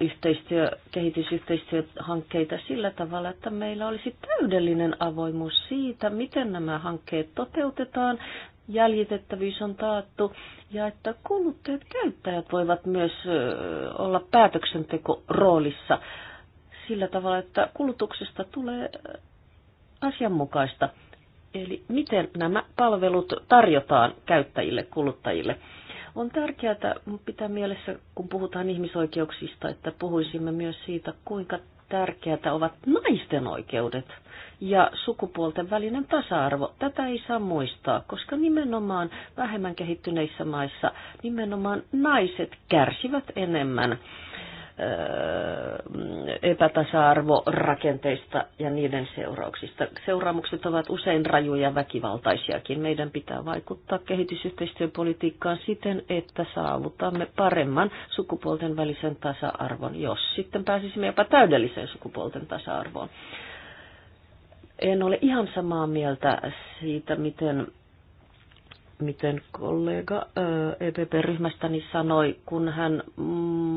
yhteistyö, kehitysyhteistyöhankkeita sillä tavalla, että meillä olisi täydellinen avoimuus siitä, miten nämä hankkeet toteutetaan, jäljitettävyys on taattu ja että kuluttajat käyttäjät voivat myös olla päätöksenteko-roolissa sillä tavalla, että kulutuksesta tulee asianmukaista. Eli miten nämä palvelut tarjotaan käyttäjille, kuluttajille. On tärkeää pitää mielessä, kun puhutaan ihmisoikeuksista, että puhuisimme myös siitä, kuinka tärkeätä ovat naisten oikeudet ja sukupuolten välinen tasa-arvo. Tätä ei saa muistaa, koska nimenomaan vähemmän kehittyneissä maissa nimenomaan naiset kärsivät enemmän epätasa-arvorakenteista ja niiden seurauksista. Seuraamukset ovat usein rajuja ja väkivaltaisiakin. Meidän pitää vaikuttaa kehitysyhteistyöpolitiikkaan siten, että saavutamme paremman sukupuolten välisen tasa-arvon, jos sitten pääsisimme jopa täydelliseen sukupuolten tasa-arvoon. En ole ihan samaa mieltä siitä, miten miten kollega EPP-ryhmästäni sanoi, kun hän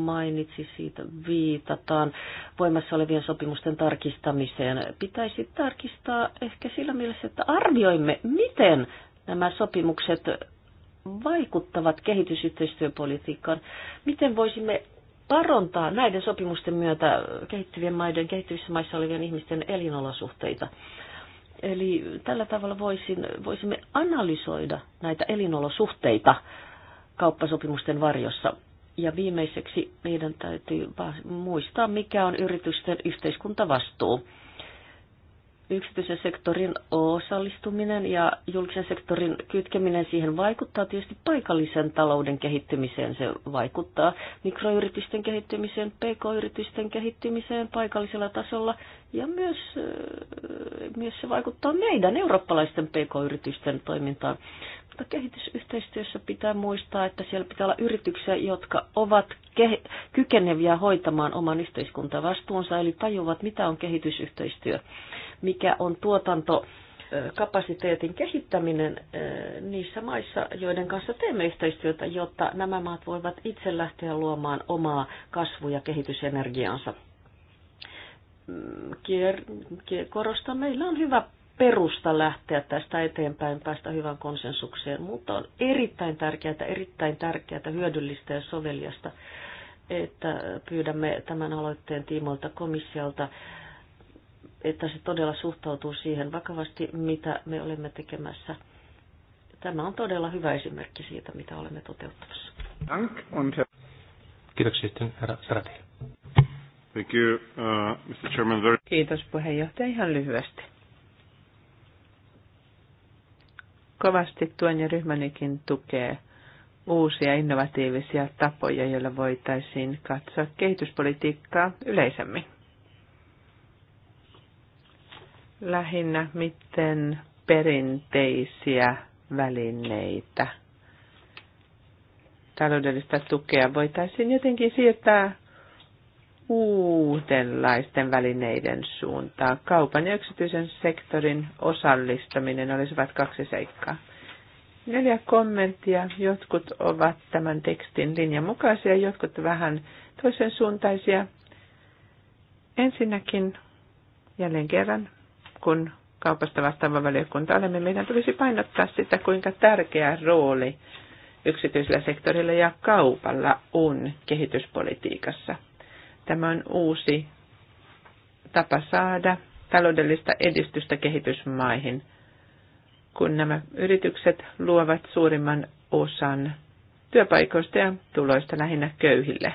mainitsi siitä viitataan voimassa olevien sopimusten tarkistamiseen. Pitäisi tarkistaa ehkä sillä mielessä, että arvioimme, miten nämä sopimukset vaikuttavat kehitysyhteistyöpolitiikkaan. Miten voisimme parantaa näiden sopimusten myötä kehittyvien maiden, kehittyvissä maissa olevien ihmisten elinolosuhteita? Eli tällä tavalla voisin, voisimme analysoida näitä elinolosuhteita kauppasopimusten varjossa. Ja viimeiseksi meidän täytyy muistaa, mikä on yritysten yhteiskuntavastuu yksityisen sektorin osallistuminen ja julkisen sektorin kytkeminen siihen vaikuttaa tietysti paikallisen talouden kehittymiseen. Se vaikuttaa mikroyritysten kehittymiseen, pk-yritysten kehittymiseen paikallisella tasolla ja myös, eh, myös se vaikuttaa meidän eurooppalaisten pk-yritysten toimintaan. Mutta kehitysyhteistyössä pitää muistaa, että siellä pitää olla yrityksiä, jotka ovat kykeneviä hoitamaan oman yhteiskuntavastuunsa, eli tajuvat, mitä on kehitysyhteistyö mikä on tuotanto kapasiteetin kehittäminen niissä maissa, joiden kanssa teemme yhteistyötä, jotta nämä maat voivat itse lähteä luomaan omaa kasvu- ja kehitysenergiaansa. Mm, Korosta meillä on hyvä perusta lähteä tästä eteenpäin, päästä hyvän konsensukseen, mutta on erittäin tärkeää, erittäin tärkeää, hyödyllistä ja soveliasta, että pyydämme tämän aloitteen tiimoilta komissiolta että se todella suhtautuu siihen vakavasti, mitä me olemme tekemässä. Tämä on todella hyvä esimerkki siitä, mitä olemme toteuttamassa. Kiitoksia sitten, herra Sarati. Thank you, uh, Mr. Chairman. Very... Kiitos puheenjohtaja ihan lyhyesti. Kovasti tuen ja ryhmänikin tukee uusia innovatiivisia tapoja, joilla voitaisiin katsoa kehityspolitiikkaa yleisemmin lähinnä, miten perinteisiä välineitä, taloudellista tukea voitaisiin jotenkin siirtää uudenlaisten välineiden suuntaan. Kaupan ja yksityisen sektorin osallistaminen olisivat kaksi seikkaa. Neljä kommenttia. Jotkut ovat tämän tekstin linjan mukaisia, jotkut vähän toisen suuntaisia. Ensinnäkin jälleen kerran kun kaupasta vastaava valiokunta olemme, niin meidän tulisi painottaa sitä, kuinka tärkeä rooli yksityisellä sektorilla ja kaupalla on kehityspolitiikassa. Tämä on uusi tapa saada taloudellista edistystä kehitysmaihin, kun nämä yritykset luovat suurimman osan työpaikoista ja tuloista lähinnä köyhille.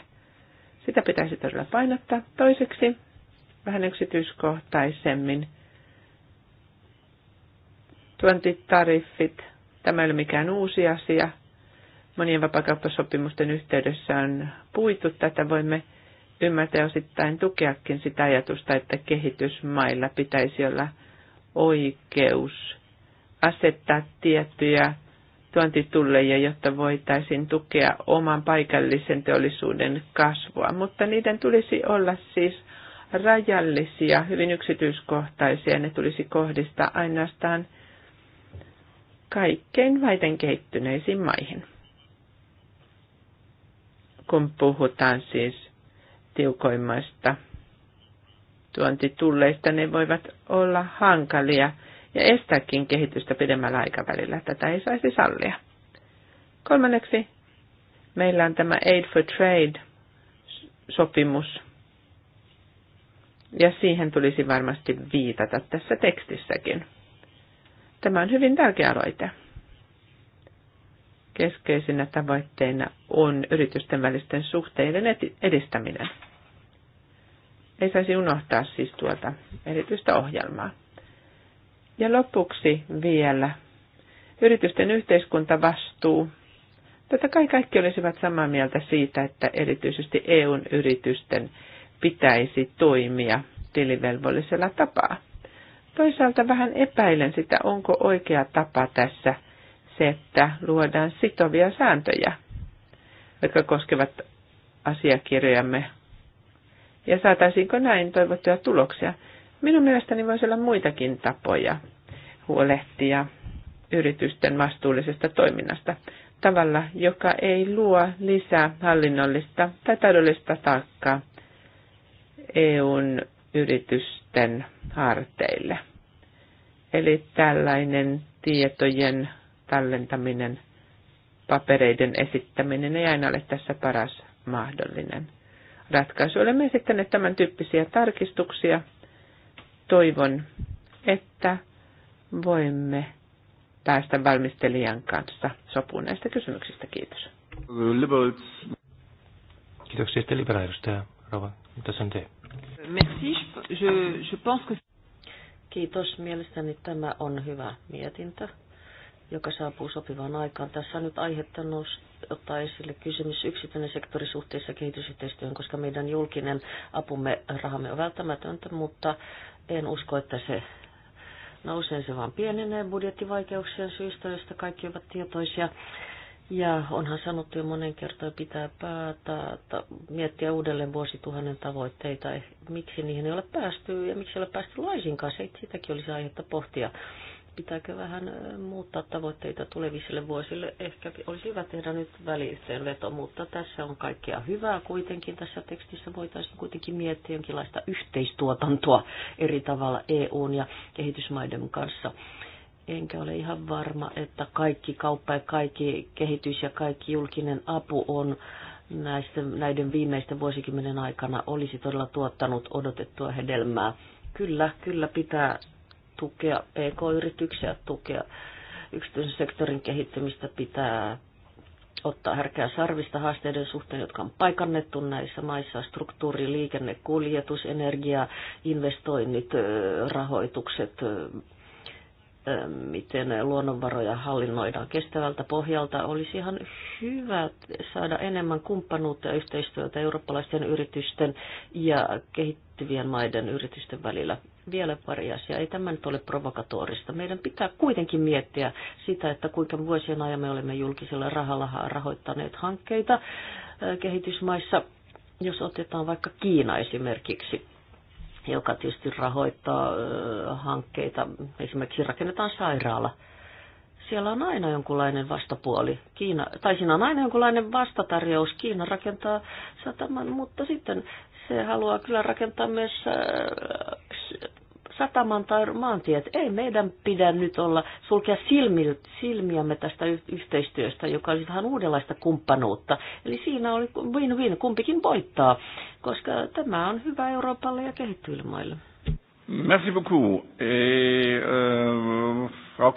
Sitä pitäisi todella painottaa. Toiseksi vähän yksityiskohtaisemmin tariffit Tämä ei ole mikään uusi asia. Monien vapakauppasopimusten yhteydessä on puitu tätä. Voimme ymmärtää osittain tukeakin sitä ajatusta, että kehitysmailla pitäisi olla oikeus asettaa tiettyjä tuontitulleja, jotta voitaisiin tukea oman paikallisen teollisuuden kasvua, mutta niiden tulisi olla siis rajallisia, hyvin yksityiskohtaisia, ne tulisi kohdistaa ainoastaan kaikkein vaiten kehittyneisiin maihin. Kun puhutaan siis tiukoimmasta tuontitulleista, ne voivat olla hankalia ja estääkin kehitystä pidemmällä aikavälillä. Tätä ei saisi sallia. Kolmanneksi meillä on tämä Aid for Trade-sopimus. Ja siihen tulisi varmasti viitata tässä tekstissäkin. Tämä on hyvin tärkeä aloite. Keskeisinä tavoitteina on yritysten välisten suhteiden edistäminen. Ei saisi unohtaa siis tuota erityistä ohjelmaa. Ja lopuksi vielä yritysten yhteiskuntavastuu. Totta kai kaikki olisivat samaa mieltä siitä, että erityisesti EUn yritysten pitäisi toimia tilivelvollisella tapaa. Toisaalta vähän epäilen sitä, onko oikea tapa tässä se, että luodaan sitovia sääntöjä, jotka koskevat asiakirjojamme. Ja saataisiinko näin toivottuja tuloksia? Minun mielestäni voisi olla muitakin tapoja huolehtia yritysten vastuullisesta toiminnasta tavalla, joka ei luo lisää hallinnollista tai taloudellista taakkaa EUn yritys nuorten harteille. Eli tällainen tietojen tallentaminen, papereiden esittäminen ei aina ole tässä paras mahdollinen ratkaisu. Olemme esittäneet tämän tyyppisiä tarkistuksia. Toivon, että voimme päästä valmistelijan kanssa sopuun näistä kysymyksistä. Kiitos. Liberals. Kiitoksia liberaalista ja Rova. Mitä sen teet? Merci. Je, je pense que... Kiitos. Mielestäni tämä on hyvä mietintö, joka saapuu sopivaan aikaan. Tässä on nyt aihetta ottaa esille kysymys yksityinen sektori suhteessa kehitysyhteistyöhön, koska meidän julkinen apumme, rahamme on välttämätöntä, mutta en usko, että se nousee, se vaan pienenee budjettivaikeuksien syystä, joista kaikki ovat tietoisia. Ja onhan sanottu jo monen kertaan, pitää päätä, että miettiä uudelleen vuosituhannen tavoitteita, eh, miksi niihin ei ole päästy ja miksi ei ole päästy laisinkaan. Se, sitäkin olisi aihetta pohtia. Pitääkö vähän muuttaa tavoitteita tuleville vuosille? Ehkä olisi hyvä tehdä nyt väliyhteenveto, mutta tässä on kaikkea hyvää kuitenkin. Tässä tekstissä voitaisiin kuitenkin miettiä jonkinlaista yhteistuotantoa eri tavalla EUn ja kehitysmaiden kanssa enkä ole ihan varma, että kaikki kauppa ja kaikki kehitys ja kaikki julkinen apu on näistä, näiden viimeisten vuosikymmenen aikana olisi todella tuottanut odotettua hedelmää. Kyllä, kyllä pitää tukea PK-yrityksiä, tukea yksityisen sektorin kehittymistä, pitää ottaa härkää sarvista haasteiden suhteen, jotka on paikannettu näissä maissa, struktuuri, liikenne, kuljetus, energia, investoinnit, rahoitukset, miten luonnonvaroja hallinnoidaan kestävältä pohjalta, olisi ihan hyvä saada enemmän kumppanuutta ja yhteistyötä eurooppalaisten yritysten ja kehittyvien maiden yritysten välillä. Vielä pari asiaa. Ei tämä nyt ole provokatorista. Meidän pitää kuitenkin miettiä sitä, että kuinka vuosien ajan me olemme julkisella rahalla rahoittaneet hankkeita eh, kehitysmaissa, jos otetaan vaikka Kiina esimerkiksi joka tietysti rahoittaa hankkeita. Esimerkiksi rakennetaan sairaala. Siellä on aina jonkunlainen vastapuoli. Kiina, tai siinä on aina jonkunlainen vastatarjous. Kiina rakentaa sataman, mutta sitten se haluaa kyllä rakentaa myös sataman tai maantiet. Ei meidän pidä nyt olla sulkea silmi, silmiämme tästä yhteistyöstä, joka olisi vähän uudenlaista kumppanuutta. Eli siinä oli win-win, kumpikin voittaa, koska tämä on hyvä Euroopalle ja kehittyville maille. Merci beaucoup. Et, euh, Frau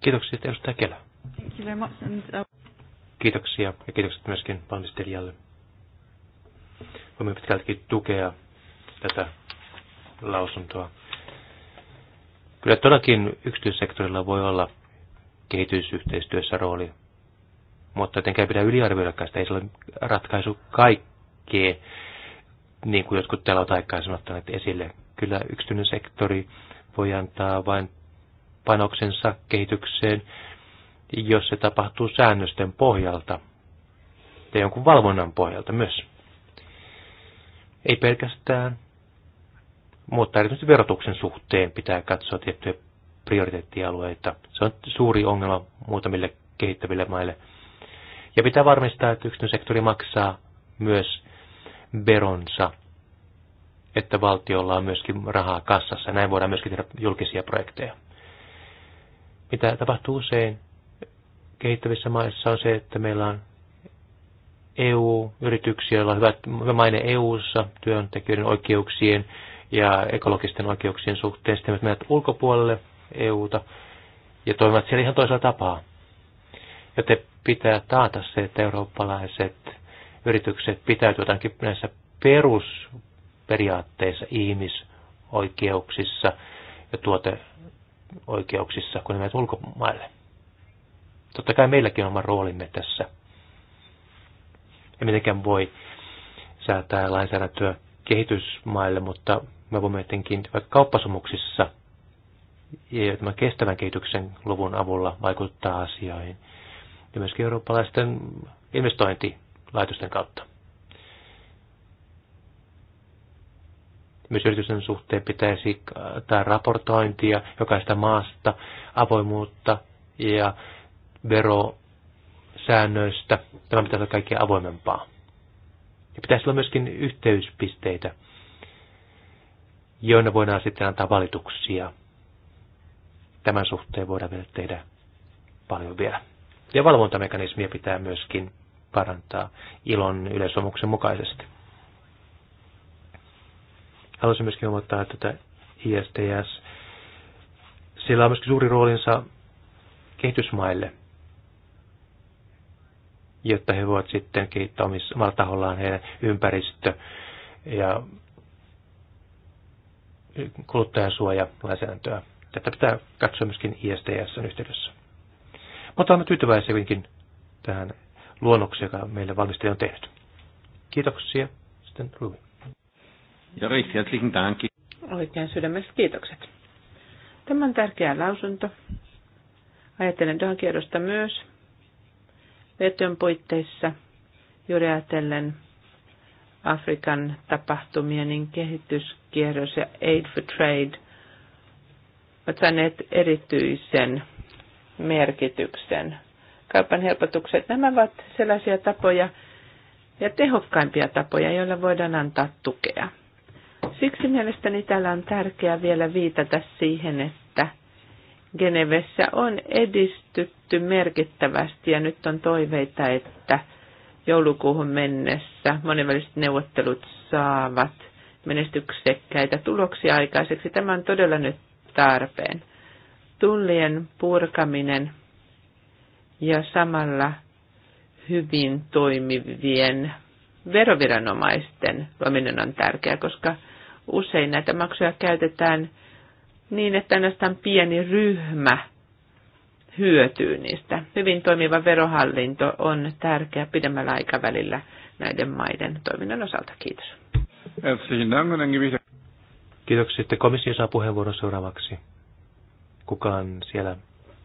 Kiitoksia, edustaja Kela. Uh, Kiitoksia ja kiitokset myöskin valmistelijalle. Voimme pitkältikin tukea tätä lausuntoa. Kyllä todellakin yksityissektorilla voi olla kehitysyhteistyössä rooli, mutta etenkään pidä yliarvioida sitä. Ei se ole ratkaisu kaikkeen, niin kuin jotkut täällä ovat aikaisemmin ottaneet esille. Kyllä yksityinen sektori voi antaa vain panoksensa kehitykseen, jos se tapahtuu säännösten pohjalta ja jonkun valvonnan pohjalta myös. Ei pelkästään mutta erityisesti verotuksen suhteen pitää katsoa tiettyjä prioriteettialueita. Se on suuri ongelma muutamille kehittäville maille. Ja pitää varmistaa, että yksityinen sektori maksaa myös veronsa, että valtiolla on myöskin rahaa kassassa. Näin voidaan myöskin tehdä julkisia projekteja. Mitä tapahtuu usein kehittävissä maissa on se, että meillä on EU-yrityksiä, joilla on hyvä maine EU-ssa työntekijöiden oikeuksien ja ekologisten oikeuksien suhteen, sitten menet ulkopuolelle EUta ja toimivat siellä ihan toisella tapaa. Joten pitää taata se, että eurooppalaiset yritykset pitäytyvät ainakin näissä perusperiaatteissa ihmisoikeuksissa ja tuoteoikeuksissa, kun ne menet ulkomaille. Totta kai meilläkin on oma roolimme tässä. Ei mitenkään voi säätää lainsäädäntöä kehitysmaille, mutta me voimme jotenkin vaikka kauppasumuksissa ja tämän kestävän kehityksen luvun avulla vaikuttaa asioihin ja myöskin eurooppalaisten investointilaitosten kautta. Myös yritysten suhteen pitäisi tämä raportointia jokaista maasta, avoimuutta ja verosäännöistä. Tämä pitäisi olla kaikkea avoimempaa. Ja pitäisi olla myöskin yhteyspisteitä joina voidaan sitten antaa valituksia. Tämän suhteen voidaan vielä tehdä paljon vielä. Ja valvontamekanismia pitää myöskin parantaa ilon yleisomuksen mukaisesti. Haluaisin myöskin huomauttaa, että ISTS, sillä on myöskin suuri roolinsa kehitysmaille, jotta he voivat sitten kehittää omalla tahollaan heidän ympäristö- ja kuluttajansuojalainsäädäntöä. Tätä pitää katsoa myöskin ISTSn yhteydessä. Mutta olemme tyytyväisiä tähän luonnokseen, joka meille valmistelija on tehnyt. Kiitoksia. Sitten Ruvi. Ja recht herzlichen Oikein sydämestä kiitokset. Tämä on tärkeä lausunto. Ajattelen tuohon kierrosta myös. Vetön puitteissa juuri ajatellen Afrikan tapahtumia, niin kehityskierros ja Aid for Trade ovat saaneet erityisen merkityksen. Kaupan helpotukset, nämä ovat sellaisia tapoja ja tehokkaimpia tapoja, joilla voidaan antaa tukea. Siksi mielestäni täällä on tärkeää vielä viitata siihen, että Genevessä on edistytty merkittävästi ja nyt on toiveita, että – joulukuuhun mennessä monenväliset neuvottelut saavat menestyksekkäitä tuloksia aikaiseksi. Tämä on todella nyt tarpeen. Tullien purkaminen ja samalla hyvin toimivien veroviranomaisten luominen on tärkeää, koska usein näitä maksuja käytetään niin, että ainoastaan pieni ryhmä hyötyy niistä. Hyvin toimiva verohallinto on tärkeä pidemmällä aikavälillä näiden maiden toiminnan osalta. Kiitos. Kiitoksia. Sitten komissio saa puheenvuoron seuraavaksi. Kuka on siellä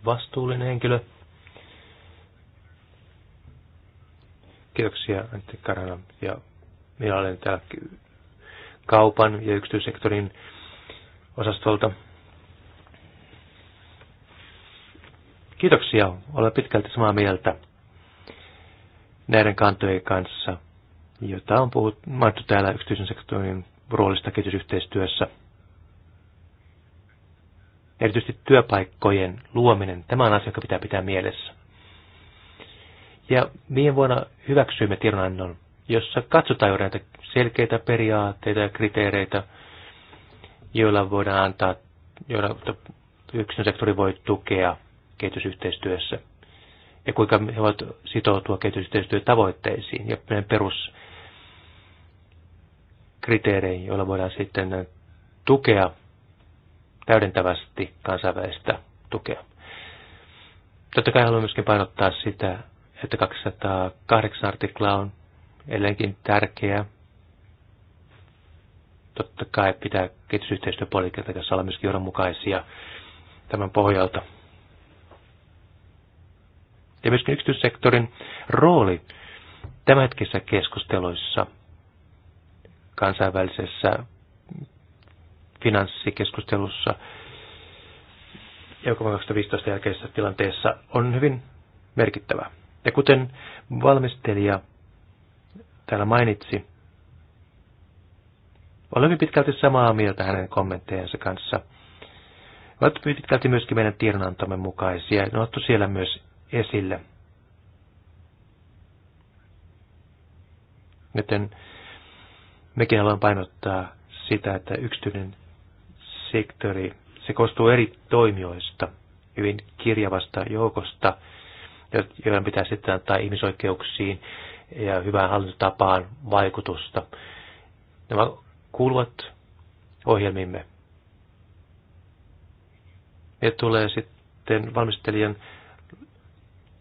vastuullinen henkilö? Kiitoksia Antti Karana ja minä olen täällä kaupan ja yksityissektorin osastolta. Kiitoksia, olen pitkälti samaa mieltä näiden kantojen kanssa, jota on puhut, mainittu täällä yksityisen sektorin roolista kehitysyhteistyössä. Erityisesti työpaikkojen luominen, tämä on asia, joka pitää pitää mielessä. Ja viime vuonna hyväksyimme tiedonannon, jossa katsotaan jo näitä selkeitä periaatteita ja kriteereitä, joilla voidaan antaa, joilla yksityisen sektori voi tukea kehitysyhteistyössä ja kuinka he voivat sitoutua kehitysyhteistyötavoitteisiin ja peruskriteereihin, joilla voidaan sitten tukea täydentävästi kansainvälistä tukea. Totta kai haluan myöskin painottaa sitä, että 208 artikla on edelleenkin tärkeä. Totta kai pitää kehitysyhteistyöpolitiikan kanssa olla myöskin johdonmukaisia tämän pohjalta ja myöskin yksityissektorin rooli tämänhetkisissä keskusteluissa kansainvälisessä finanssikeskustelussa joukkovan 2015 jälkeisessä tilanteessa on hyvin merkittävä. Ja kuten valmistelija täällä mainitsi, olen hyvin pitkälti samaa mieltä hänen kommentteensa kanssa. Ovat hyvin pitkälti myöskin meidän tiedonantamme mukaisia. Ne on siellä myös esille. Joten mekin haluan painottaa sitä, että yksityinen sektori, se koostuu eri toimijoista, hyvin kirjavasta joukosta, joiden pitää sitten antaa ihmisoikeuksiin ja hyvään hallintotapaan vaikutusta. Nämä kuuluvat ohjelmimme. Ja tulee sitten valmistelijan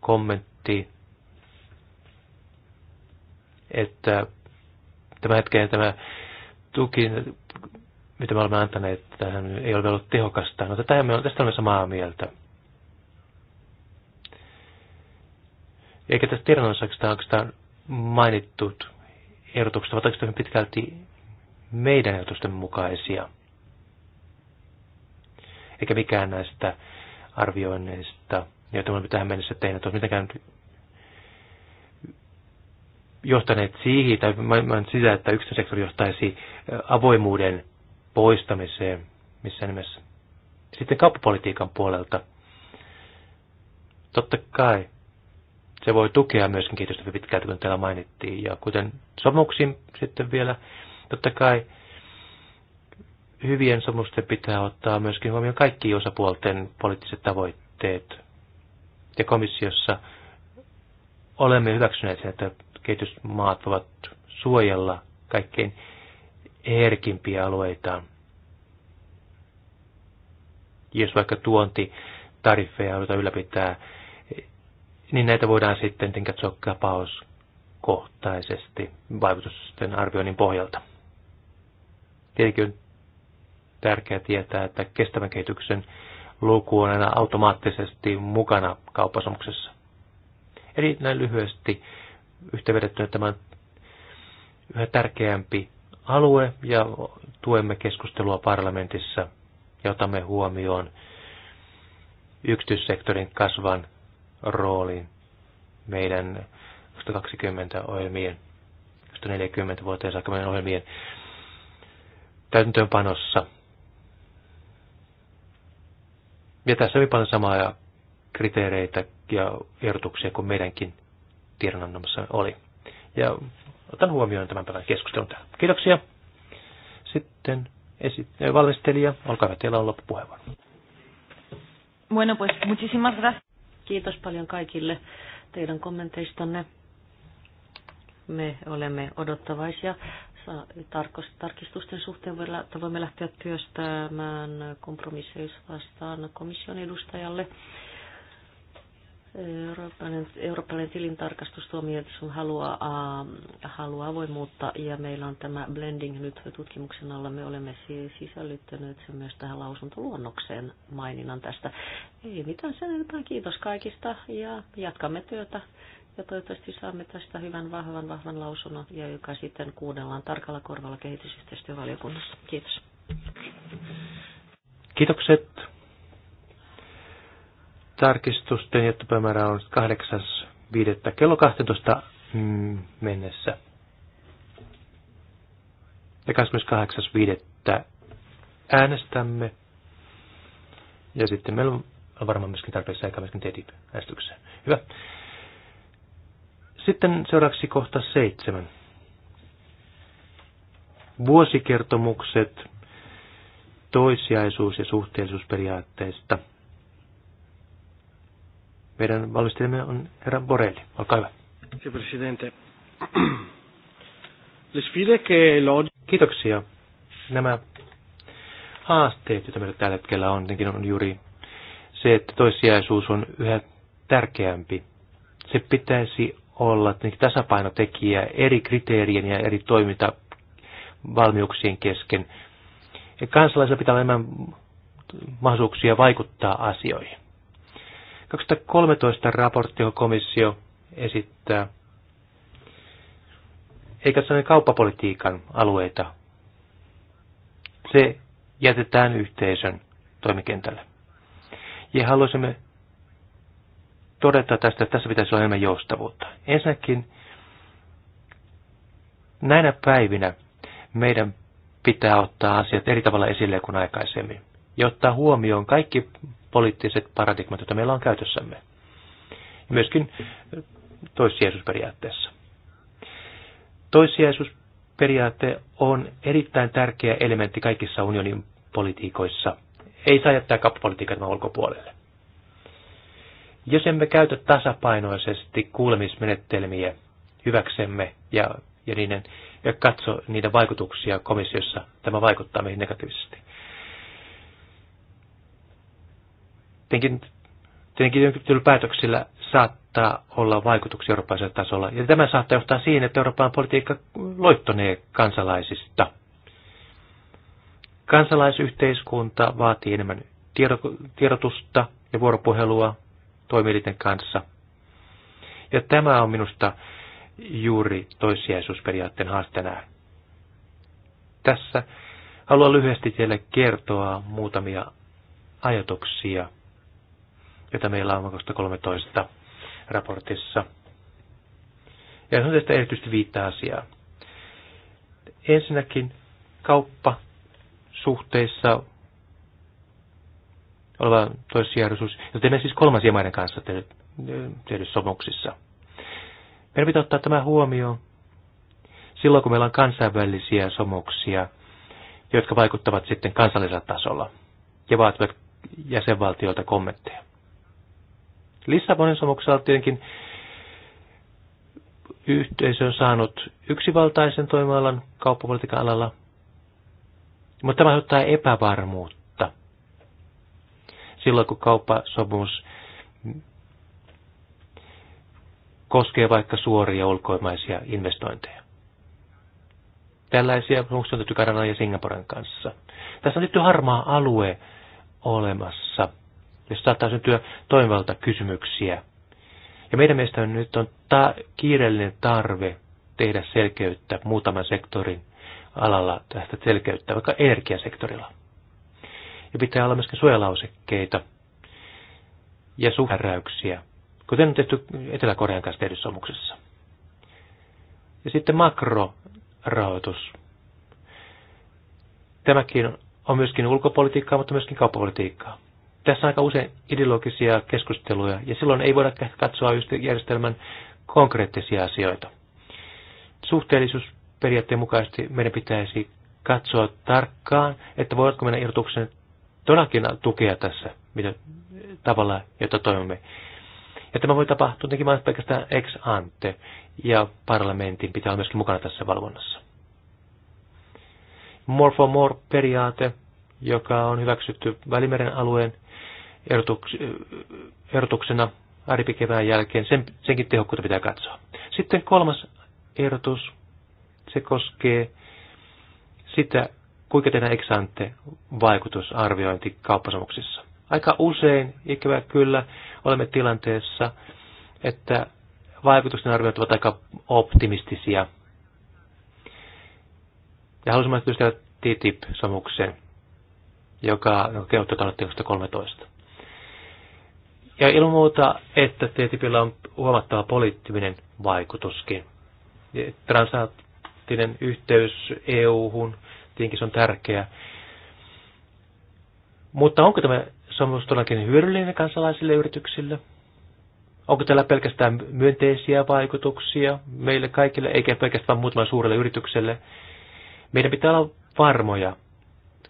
kommentti, että tämä hetkeen tämä tuki, mitä me olemme antaneet tähän, ei ole ollut tehokasta. No tätä me, tästä olemme samaa mieltä. Eikä tästä onko oikeastaan mainittut ehdotukset ovat oikeastaan pitkälti meidän ehdotusten mukaisia. Eikä mikään näistä arvioinneista ja tämä tähän mennessä tehneet olisi mitenkään johtaneet siihen, tai maailman sitä, että yksityissektori johtaisi avoimuuden poistamiseen missään nimessä. Sitten kauppapolitiikan puolelta. Totta kai se voi tukea myöskin kiitosta pitkälti, kun täällä mainittiin. Ja kuten sopimuksiin sitten vielä, totta kai hyvien sopimusten pitää ottaa myöskin huomioon kaikki osapuolten poliittiset tavoitteet, ja komissiossa olemme hyväksyneet sen, että kehitysmaat voivat suojella kaikkein herkimpiä alueita, Jos vaikka tuonti tariffeja halutaan ylläpitää, niin näitä voidaan sitten katsoa kapauskohtaisesti vaikutusten arvioinnin pohjalta. Tietenkin on tärkeää tietää, että kestävän kehityksen luku on aina automaattisesti mukana kauppasomuksessa. Eli näin lyhyesti yhteenvedettynä tämän yhä tärkeämpi alue ja tuemme keskustelua parlamentissa ja otamme huomioon yksityissektorin kasvan roolin meidän 120 ohjelmien, 140 vuoteen saakka ohjelmien täytäntöönpanossa ja tässä oli paljon samaa kriteereitä ja ehdotuksia kuin meidänkin tiedonannossa oli. Ja otan huomioon tämän päivän keskustelun täällä. Kiitoksia. Sitten esit- eh, valmistelija, olkaa hyvä, teillä on loppupuheenvuoro. Bueno, pues muchísimas gracias. Kiitos paljon kaikille teidän kommenteistanne. Me olemme odottavaisia tarkistusten suhteen voimme lähteä työstämään kompromisseissa vastaan komission edustajalle. Eurooppalainen, eurooppalainen tilintarkastustuomioistuin haluaa, haluaa avoimuutta ja meillä on tämä blending nyt tutkimuksen alla. Me olemme sisällyttäneet sen myös tähän lausuntoluonnokseen maininnan tästä. Ei mitään sen enempää. Kiitos kaikista ja jatkamme työtä ja toivottavasti saamme tästä hyvän, vahvan, vahvan lausunnon, ja joka sitten kuunnellaan tarkalla korvalla kehitysyhteistyövaliokunnassa. Kiitos. Kiitokset. Tarkistusten jättöpäivämäärä on 8.5. kello 12 mennessä. Ja 28.5. äänestämme. Ja sitten meillä on varmaan myöskin tarpeessa aikaa myöskin TTIP-äänestykseen. Hyvä. Sitten seuraavaksi kohta seitsemän. Vuosikertomukset toissijaisuus- ja suhteellisuusperiaatteista. Meidän valmistelijamme on herra Borelli. Olkaa hyvä. Kiitoksia. Nämä haasteet, joita meillä tällä hetkellä on, on juuri se, että toissijaisuus on yhä tärkeämpi. Se pitäisi olla tasapainotekijä eri kriteerien ja eri toimintavalmiuksien kesken. Ja kansalaisilla pitää olla enemmän mahdollisuuksia vaikuttaa asioihin. 2013 raportti, johon komissio esittää, eikä sellainen kauppapolitiikan alueita. Se jätetään yhteisön toimikentälle. Ja haluaisimme todeta tästä, että tässä pitäisi olla enemmän joustavuutta. Ensinnäkin näinä päivinä meidän pitää ottaa asiat eri tavalla esille kuin aikaisemmin ja ottaa huomioon kaikki poliittiset paradigmat, joita meillä on käytössämme. Ja myöskin toissijaisuusperiaatteessa. Toissijaisuusperiaate on erittäin tärkeä elementti kaikissa unionin politiikoissa. Ei saa jättää kauppapolitiikkaa tämän ulkopuolelle. Jos emme käytä tasapainoisesti kuulemismenettelmiä hyväksemme ja, ja, niiden, ja katso niiden vaikutuksia komissiossa, tämä vaikuttaa meihin negatiivisesti. Tietenkin, tietenkin päätöksillä saattaa olla vaikutuksia eurooppalaisella tasolla. Ja tämä saattaa johtaa siihen, että Euroopan politiikka loittonee kansalaisista. Kansalaisyhteiskunta vaatii enemmän tiedotusta ja vuoropuhelua toimielinten kanssa. Ja tämä on minusta juuri toissijaisuusperiaatteen haaste Tässä haluan lyhyesti teille kertoa muutamia ajatuksia, joita meillä on 2013 raportissa. Ja se on tästä erityisesti viittä asiaa. Ensinnäkin kauppa suhteissa oleva toissijaisuus, joten teemme siis kolmansien maiden kanssa tehdyissä sopimuksissa. Meidän pitää ottaa tämä huomioon silloin, kun meillä on kansainvälisiä somuksia, jotka vaikuttavat sitten kansallisella tasolla ja vaativat jäsenvaltioilta kommentteja. Lissabonin somuksella tietenkin yhteisö on saanut yksivaltaisen toimialan kauppapolitiikan alalla, mutta tämä aiheuttaa epävarmuutta silloin, kun kauppasopimus koskee vaikka suoria ulkoimaisia investointeja. Tällaisia sopimuksia on tehty Kanadan ja Singaporen kanssa. Tässä on tietty harmaa alue olemassa, jossa saattaa syntyä toimivalta kysymyksiä. Ja meidän mielestä nyt on ta- kiireellinen tarve tehdä selkeyttä muutaman sektorin alalla tästä selkeyttä, vaikka energiasektorilla ja pitää olla myöskin suojalausekkeita ja suhäräyksiä, kuten on tehty Etelä-Korean kanssa tehdyssä sopimuksessa. Ja sitten makrorahoitus. Tämäkin on myöskin ulkopolitiikkaa, mutta myöskin kauppapolitiikkaa. Tässä on aika usein ideologisia keskusteluja, ja silloin ei voida katsoa järjestelmän konkreettisia asioita. Suhteellisuusperiaatteen mukaisesti meidän pitäisi katsoa tarkkaan, että voivatko mennä ehdotuksen todellakin tukea tässä mitä, tavalla, jota toimimme. Ja tämä voi tapahtua tietenkin vain pelkästään ex ante, ja parlamentin pitää olla myöskin mukana tässä valvonnassa. More for more periaate, joka on hyväksytty Välimeren alueen erotuksena ääripikevään jälkeen, sen, senkin tehokkuutta pitää katsoa. Sitten kolmas ehdotus, se koskee sitä, kuinka tehdään eksante vaikutusarviointi kauppasomuksissa. Aika usein, ikävä kyllä, olemme tilanteessa, että vaikutusten arviot ovat aika optimistisia. Ja halusimme ystävä TTIP-somuksen, joka on kehottu 13. Ja ilman muuta, että TTIPillä on huomattava poliittinen vaikutuskin. Transaattinen yhteys EU-hun tietenkin se on tärkeää. Mutta onko tämä sopimus todellakin hyödyllinen kansalaisille yrityksille? Onko tällä pelkästään myönteisiä vaikutuksia meille kaikille, eikä pelkästään muutamalle suurelle yritykselle? Meidän pitää olla varmoja,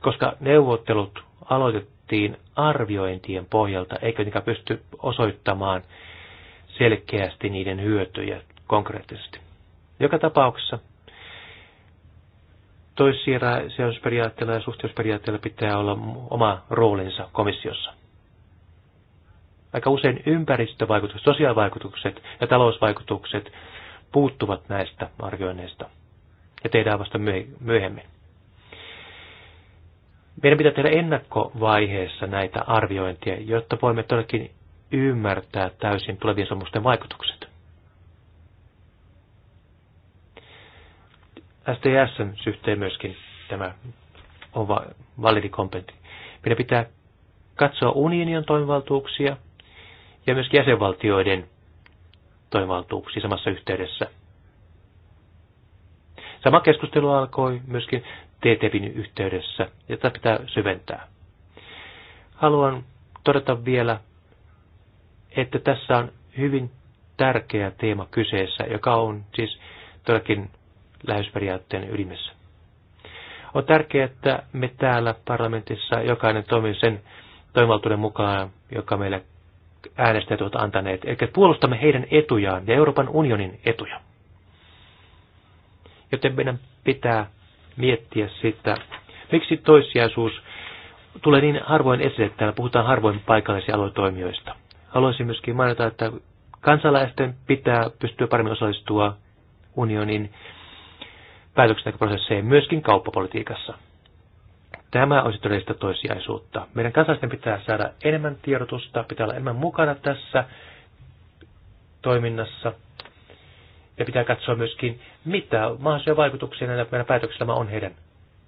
koska neuvottelut aloitettiin arviointien pohjalta, eikä niitä pysty osoittamaan selkeästi niiden hyötyjä konkreettisesti. Joka tapauksessa toissijaisuusperiaatteella ja suhteusperiaatteella pitää olla oma roolinsa komissiossa. Aika usein ympäristövaikutukset, sosiaalivaikutukset ja talousvaikutukset puuttuvat näistä arvioinneista ja tehdään vasta myöhemmin. Meidän pitää tehdä ennakkovaiheessa näitä arviointia, jotta voimme todellakin ymmärtää täysin tulevien sopimusten vaikutukset. sts suhteen myöskin tämä on va- validi kompetentti. Meidän pitää katsoa unionin toimivaltuuksia ja myös jäsenvaltioiden toimivaltuuksia samassa yhteydessä. Sama keskustelu alkoi myöskin TTIPin yhteydessä, ja tätä pitää syventää. Haluan todeta vielä, että tässä on hyvin tärkeä teema kyseessä, joka on siis todellakin läheisperiaatteen ydimessä. On tärkeää, että me täällä parlamentissa jokainen toimii sen toimivaltuuden mukaan, joka meille äänestäjät ovat antaneet. Eli puolustamme heidän etujaan ja Euroopan unionin etuja. Joten meidän pitää miettiä sitä, miksi toissijaisuus tulee niin harvoin esille täällä, puhutaan harvoin paikallisia aloitoimijoista. Haluaisin myöskin mainita, että kansalaisten pitää pystyä paremmin osallistua unionin päätöksentekoprosesseihin myöskin kauppapolitiikassa. Tämä olisi todellista toisiaisuutta. Meidän kansalaisten pitää saada enemmän tiedotusta, pitää olla enemmän mukana tässä toiminnassa. Ja pitää katsoa myöskin, mitä mahdollisia vaikutuksia näillä meidän päätöksillä on heidän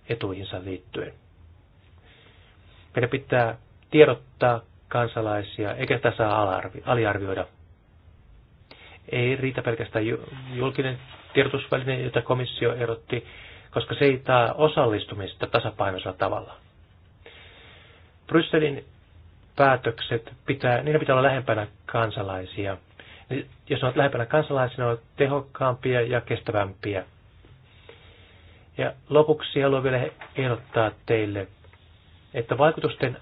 etuihinsa liittyen. Meidän pitää tiedottaa kansalaisia, eikä tätä saa aliarvioida. Ei riitä pelkästään julkinen tiedotusväline, jota komissio erotti, koska se ei taa osallistumista tasapainoisella tavalla. Brysselin päätökset, pitää, niillä pitää olla lähempänä kansalaisia. Jos olet lähempänä kansalaisia, ne ovat tehokkaampia ja kestävämpiä. Ja lopuksi haluan vielä ehdottaa teille, että vaikutusten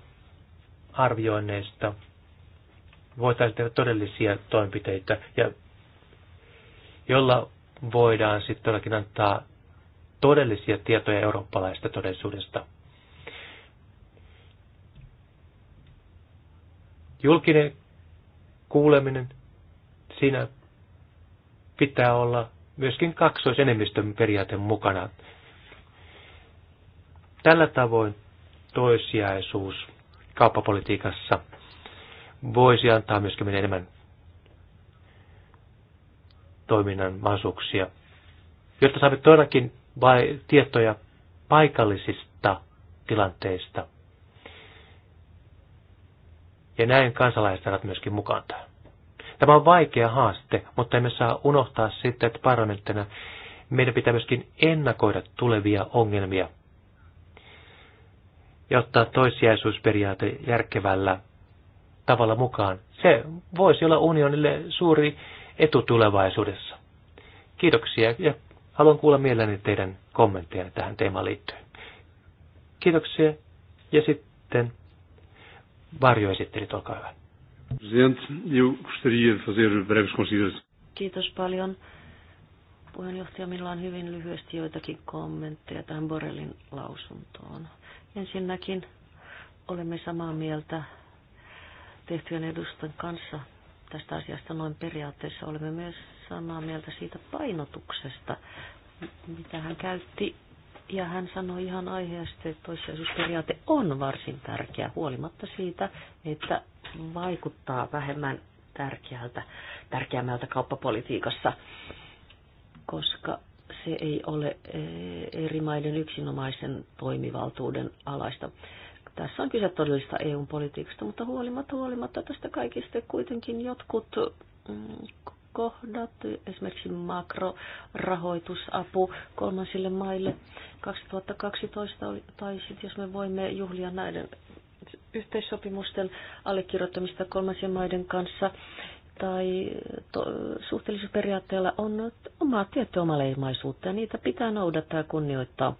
arvioinneista voitaisiin tehdä todellisia toimenpiteitä, ja jolla voidaan sitten todellakin antaa todellisia tietoja eurooppalaista todellisuudesta. Julkinen kuuleminen, siinä pitää olla myöskin kaksoisenemmistön periaate mukana. Tällä tavoin toissijaisuus kauppapolitiikassa voisi antaa myöskin enemmän toiminnan mahdollisuuksia, jotta saamme todellakin vai tietoja paikallisista tilanteista. Ja näin kansalaiset ovat myöskin mukaan tähän. Tämä on vaikea haaste, mutta emme saa unohtaa sitä, että parlamenttina meidän pitää myöskin ennakoida tulevia ongelmia ja ottaa toissijaisuusperiaate järkevällä tavalla mukaan. Se voisi olla unionille suuri etu tulevaisuudessa. Kiitoksia ja haluan kuulla mielelläni teidän kommentteja tähän teemaan liittyen. Kiitoksia ja sitten varjoesittelyt, olkaa hyvä. Kiitos paljon. Puheenjohtaja, minulla on hyvin lyhyesti joitakin kommentteja tähän Borelin lausuntoon. Ensinnäkin olemme samaa mieltä tehtyjen edustan kanssa tästä asiasta noin periaatteessa olemme myös samaa mieltä siitä painotuksesta, mitä hän käytti. Ja hän sanoi ihan aiheesta, että toissijaisuusperiaate on varsin tärkeä, huolimatta siitä, että vaikuttaa vähemmän tärkeältä, tärkeämmältä kauppapolitiikassa, koska se ei ole eh, eri maiden yksinomaisen toimivaltuuden alaista. Tässä on kyse todellista EU-politiikasta, mutta huolimatta, huolimatta tästä kaikista kuitenkin jotkut mm, kohdat, esimerkiksi makrorahoitusapu kolmansille maille 2012, oli, tai sitten jos me voimme juhlia näiden yhteissopimusten allekirjoittamista kolmansien maiden kanssa, tai to, suhteellisuusperiaatteella on omaa tiettyä omaleimaisuutta, ja niitä pitää noudattaa ja kunnioittaa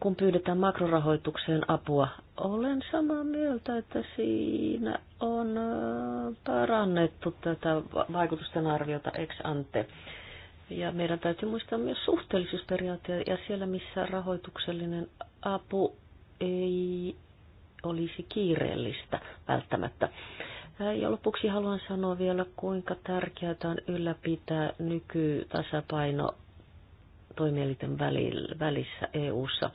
kun pyydetään makrorahoitukseen apua olen samaa mieltä, että siinä on parannettu tätä vaikutusten arviota ex ante. Ja meidän täytyy muistaa myös suhteellisuusperiaate ja siellä, missä rahoituksellinen apu ei olisi kiireellistä välttämättä. Ja lopuksi haluan sanoa vielä, kuinka tärkeää on ylläpitää nykytasapaino toimielinten välissä EU-ssa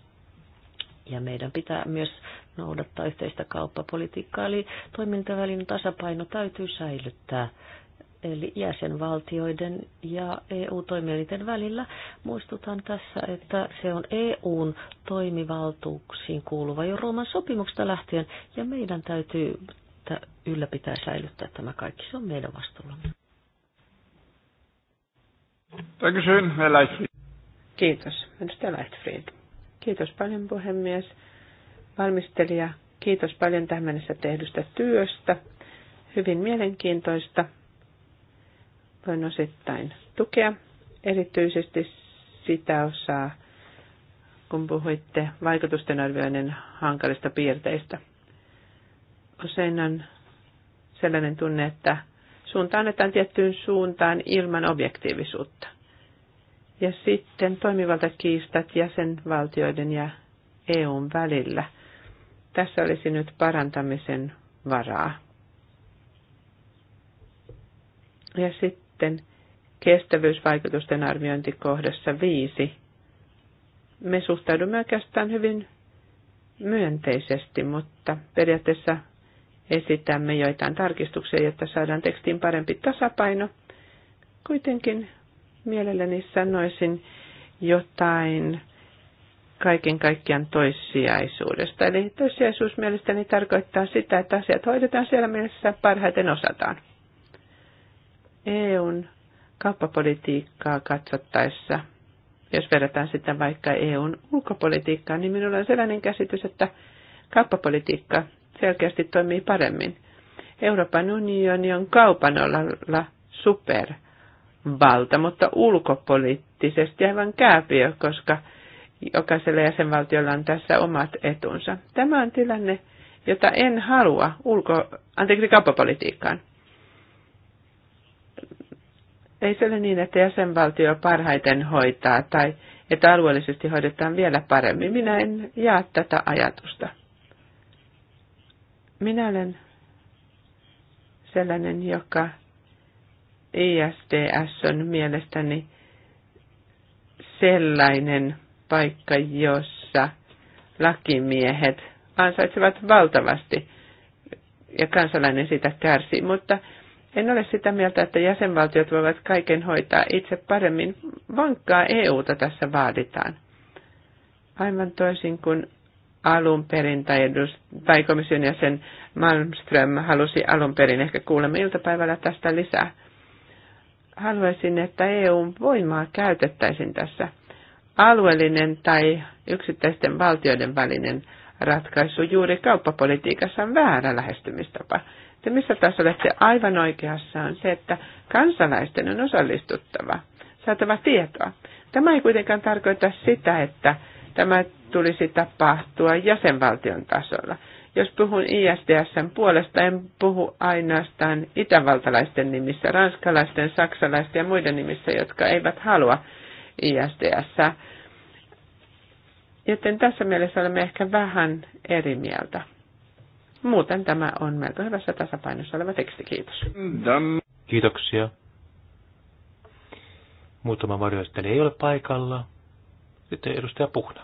ja meidän pitää myös noudattaa yhteistä kauppapolitiikkaa, eli toimintavälin tasapaino täytyy säilyttää eli jäsenvaltioiden ja EU-toimielinten välillä. Muistutan tässä, että se on EUn toimivaltuuksiin kuuluva jo Rooman sopimuksesta lähtien, ja meidän täytyy ylläpitää ja säilyttää tämä kaikki. Se on meidän vastuullamme. Dankeschön, Kiitos, edustaja Leitfried. Kiitos paljon puhemies. Valmistelija, kiitos paljon tähän mennessä tehdystä työstä. Hyvin mielenkiintoista. Voin osittain tukea, erityisesti sitä osaa, kun puhuitte vaikutusten arvioinnin hankalista piirteistä. Usein on sellainen tunne, että suunta annetaan tiettyyn suuntaan ilman objektiivisuutta. Ja sitten toimivaltakiistat jäsenvaltioiden ja EUn välillä. Tässä olisi nyt parantamisen varaa. Ja sitten kestävyysvaikutusten arviointi kohdassa viisi. Me suhtaudumme oikeastaan hyvin myönteisesti, mutta periaatteessa esitämme joitain tarkistuksia, jotta saadaan tekstiin parempi tasapaino. Kuitenkin mielelläni sanoisin jotain kaiken kaikkiaan toissijaisuudesta. Eli toissijaisuus mielestäni tarkoittaa sitä, että asiat hoidetaan siellä, missä parhaiten osataan. EUn kauppapolitiikkaa katsottaessa, jos verrataan sitä vaikka EUn ulkopolitiikkaan, niin minulla on sellainen käsitys, että kauppapolitiikka selkeästi toimii paremmin. Euroopan unioni on kaupan olla super – valta, mutta ulkopoliittisesti aivan kääpiö, koska jokaisella jäsenvaltiolla on tässä omat etunsa. Tämä on tilanne, jota en halua ulko, anteeksi, kauppapolitiikkaan. Ei se ole niin, että jäsenvaltio parhaiten hoitaa tai että alueellisesti hoidetaan vielä paremmin. Minä en jaa tätä ajatusta. Minä olen sellainen, joka ISDS on mielestäni sellainen paikka, jossa lakimiehet ansaitsevat valtavasti ja kansalainen sitä kärsii, mutta en ole sitä mieltä, että jäsenvaltiot voivat kaiken hoitaa itse paremmin. Vankkaa EUta tässä vaaditaan. Aivan toisin kuin alun perin tai, edus, tai komission jäsen Malmström halusi alun perin, ehkä kuulemme iltapäivällä tästä lisää haluaisin, että EUn voimaa käytettäisiin tässä. Alueellinen tai yksittäisten valtioiden välinen ratkaisu juuri kauppapolitiikassa on väärä lähestymistapa. Se, missä taas olette aivan oikeassa, on se, että kansalaisten on osallistuttava, saatava tietoa. Tämä ei kuitenkaan tarkoita sitä, että tämä tulisi tapahtua jäsenvaltion tasolla. Jos puhun ISDSn puolesta, en puhu ainoastaan itävaltalaisten nimissä, ranskalaisten, saksalaisten ja muiden nimissä, jotka eivät halua ISDS. Joten tässä mielessä olemme ehkä vähän eri mieltä. Muuten tämä on melko hyvässä tasapainossa oleva teksti. Kiitos. Kiitoksia. Muutama sitten ei ole paikalla. Sitten edustaja Puhna.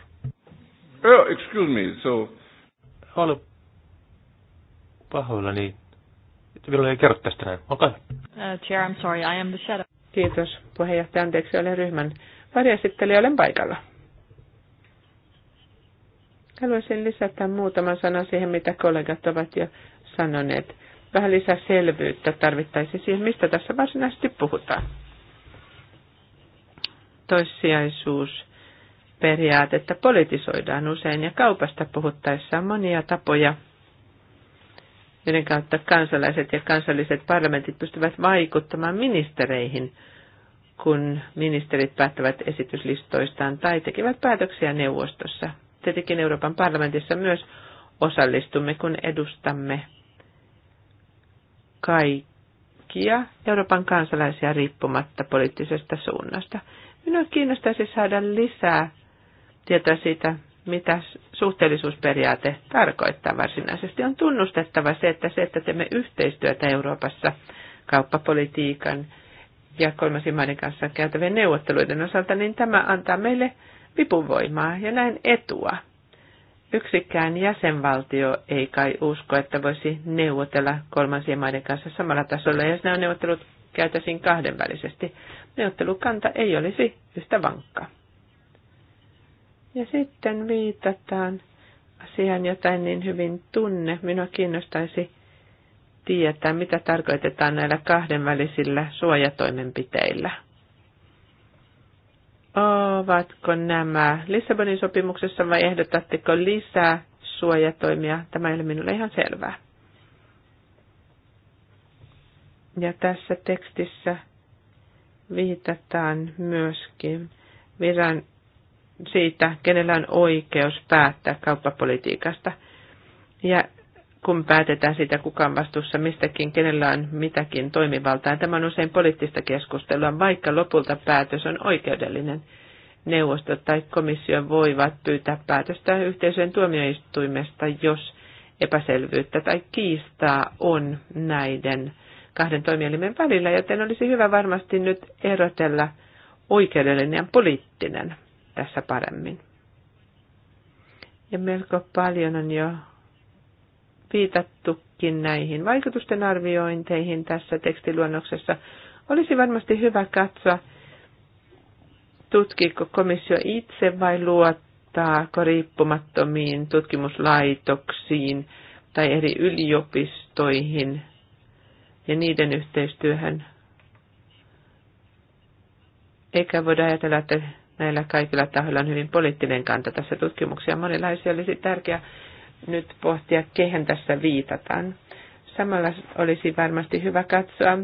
Oh, excuse me, so... Olen pahoillani. Minulle ei kerro tästä näin. Olkaa hyvä. Uh, chair, I'm sorry. I am the shadow. Kiitos puheenjohtaja. Anteeksi, olen ryhmän varjasitteli olen paikalla. Haluaisin lisätä muutaman sanan siihen, mitä kollegat ovat jo sanoneet. Vähän lisää selvyyttä tarvittaisiin siihen, mistä tässä varsinaisesti puhutaan. Toissijaisuus periaatetta politisoidaan usein ja kaupasta puhuttaessa on monia tapoja joiden kautta kansalaiset ja kansalliset parlamentit pystyvät vaikuttamaan ministereihin, kun ministerit päättävät esityslistoistaan tai tekevät päätöksiä neuvostossa. Tietenkin Euroopan parlamentissa myös osallistumme, kun edustamme kaikkia Euroopan kansalaisia riippumatta poliittisesta suunnasta. Minua kiinnostaisi saada lisää tietoa siitä, mitä suhteellisuusperiaate tarkoittaa varsinaisesti. On tunnustettava se, että se, että teemme yhteistyötä Euroopassa kauppapolitiikan ja kolmansien maiden kanssa käytävien neuvotteluiden osalta, niin tämä antaa meille vipuvoimaa ja näin etua. Yksikään jäsenvaltio ei kai usko, että voisi neuvotella kolmansien maiden kanssa samalla tasolla, jos nämä neuvottelut käytäisiin kahdenvälisesti. Neuvottelukanta ei olisi yhtä vankkaa. Ja sitten viitataan asiaan jota en niin hyvin tunne. Minua kiinnostaisi tietää, mitä tarkoitetaan näillä kahdenvälisillä suojatoimenpiteillä. Ovatko nämä Lissabonin sopimuksessa vai ehdotatteko lisää suojatoimia? Tämä ei ole minulle ihan selvää. Ja tässä tekstissä viitataan myöskin viran siitä, kenellä on oikeus päättää kauppapolitiikasta. Ja kun päätetään siitä, kuka on vastuussa mistäkin, kenellä on mitäkin toimivaltaa. Tämä on usein poliittista keskustelua, vaikka lopulta päätös on oikeudellinen. Neuvosto tai komissio voivat pyytää päätöstä yhteisöjen tuomioistuimesta, jos epäselvyyttä tai kiistaa on näiden kahden toimielimen välillä, joten olisi hyvä varmasti nyt erotella oikeudellinen ja poliittinen tässä paremmin. Ja melko paljon on jo viitattukin näihin vaikutusten arviointeihin tässä tekstiluonnoksessa. Olisi varmasti hyvä katsoa, tutkiiko komissio itse vai luottaako riippumattomiin tutkimuslaitoksiin tai eri yliopistoihin ja niiden yhteistyöhön. Eikä voida ajatella, että näillä kaikilla tahoilla on hyvin poliittinen kanta tässä tutkimuksia. Monenlaisia olisi tärkeää nyt pohtia, kehen tässä viitataan. Samalla olisi varmasti hyvä katsoa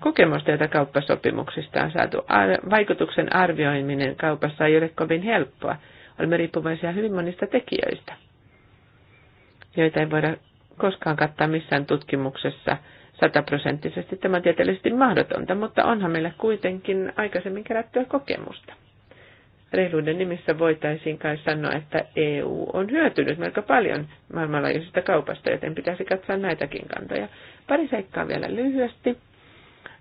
kokemusta, jota kauppasopimuksista on saatu. vaikutuksen arvioiminen kaupassa ei ole kovin helppoa. Olemme riippuvaisia hyvin monista tekijöistä, joita ei voida koskaan kattaa missään tutkimuksessa sataprosenttisesti. Tämä on tieteellisesti mahdotonta, mutta onhan meillä kuitenkin aikaisemmin kerättyä kokemusta reiluuden nimissä voitaisiin kai sanoa, että EU on hyötynyt melko paljon maailmanlaajuisesta kaupasta, joten pitäisi katsoa näitäkin kantoja. Pari seikkaa vielä lyhyesti.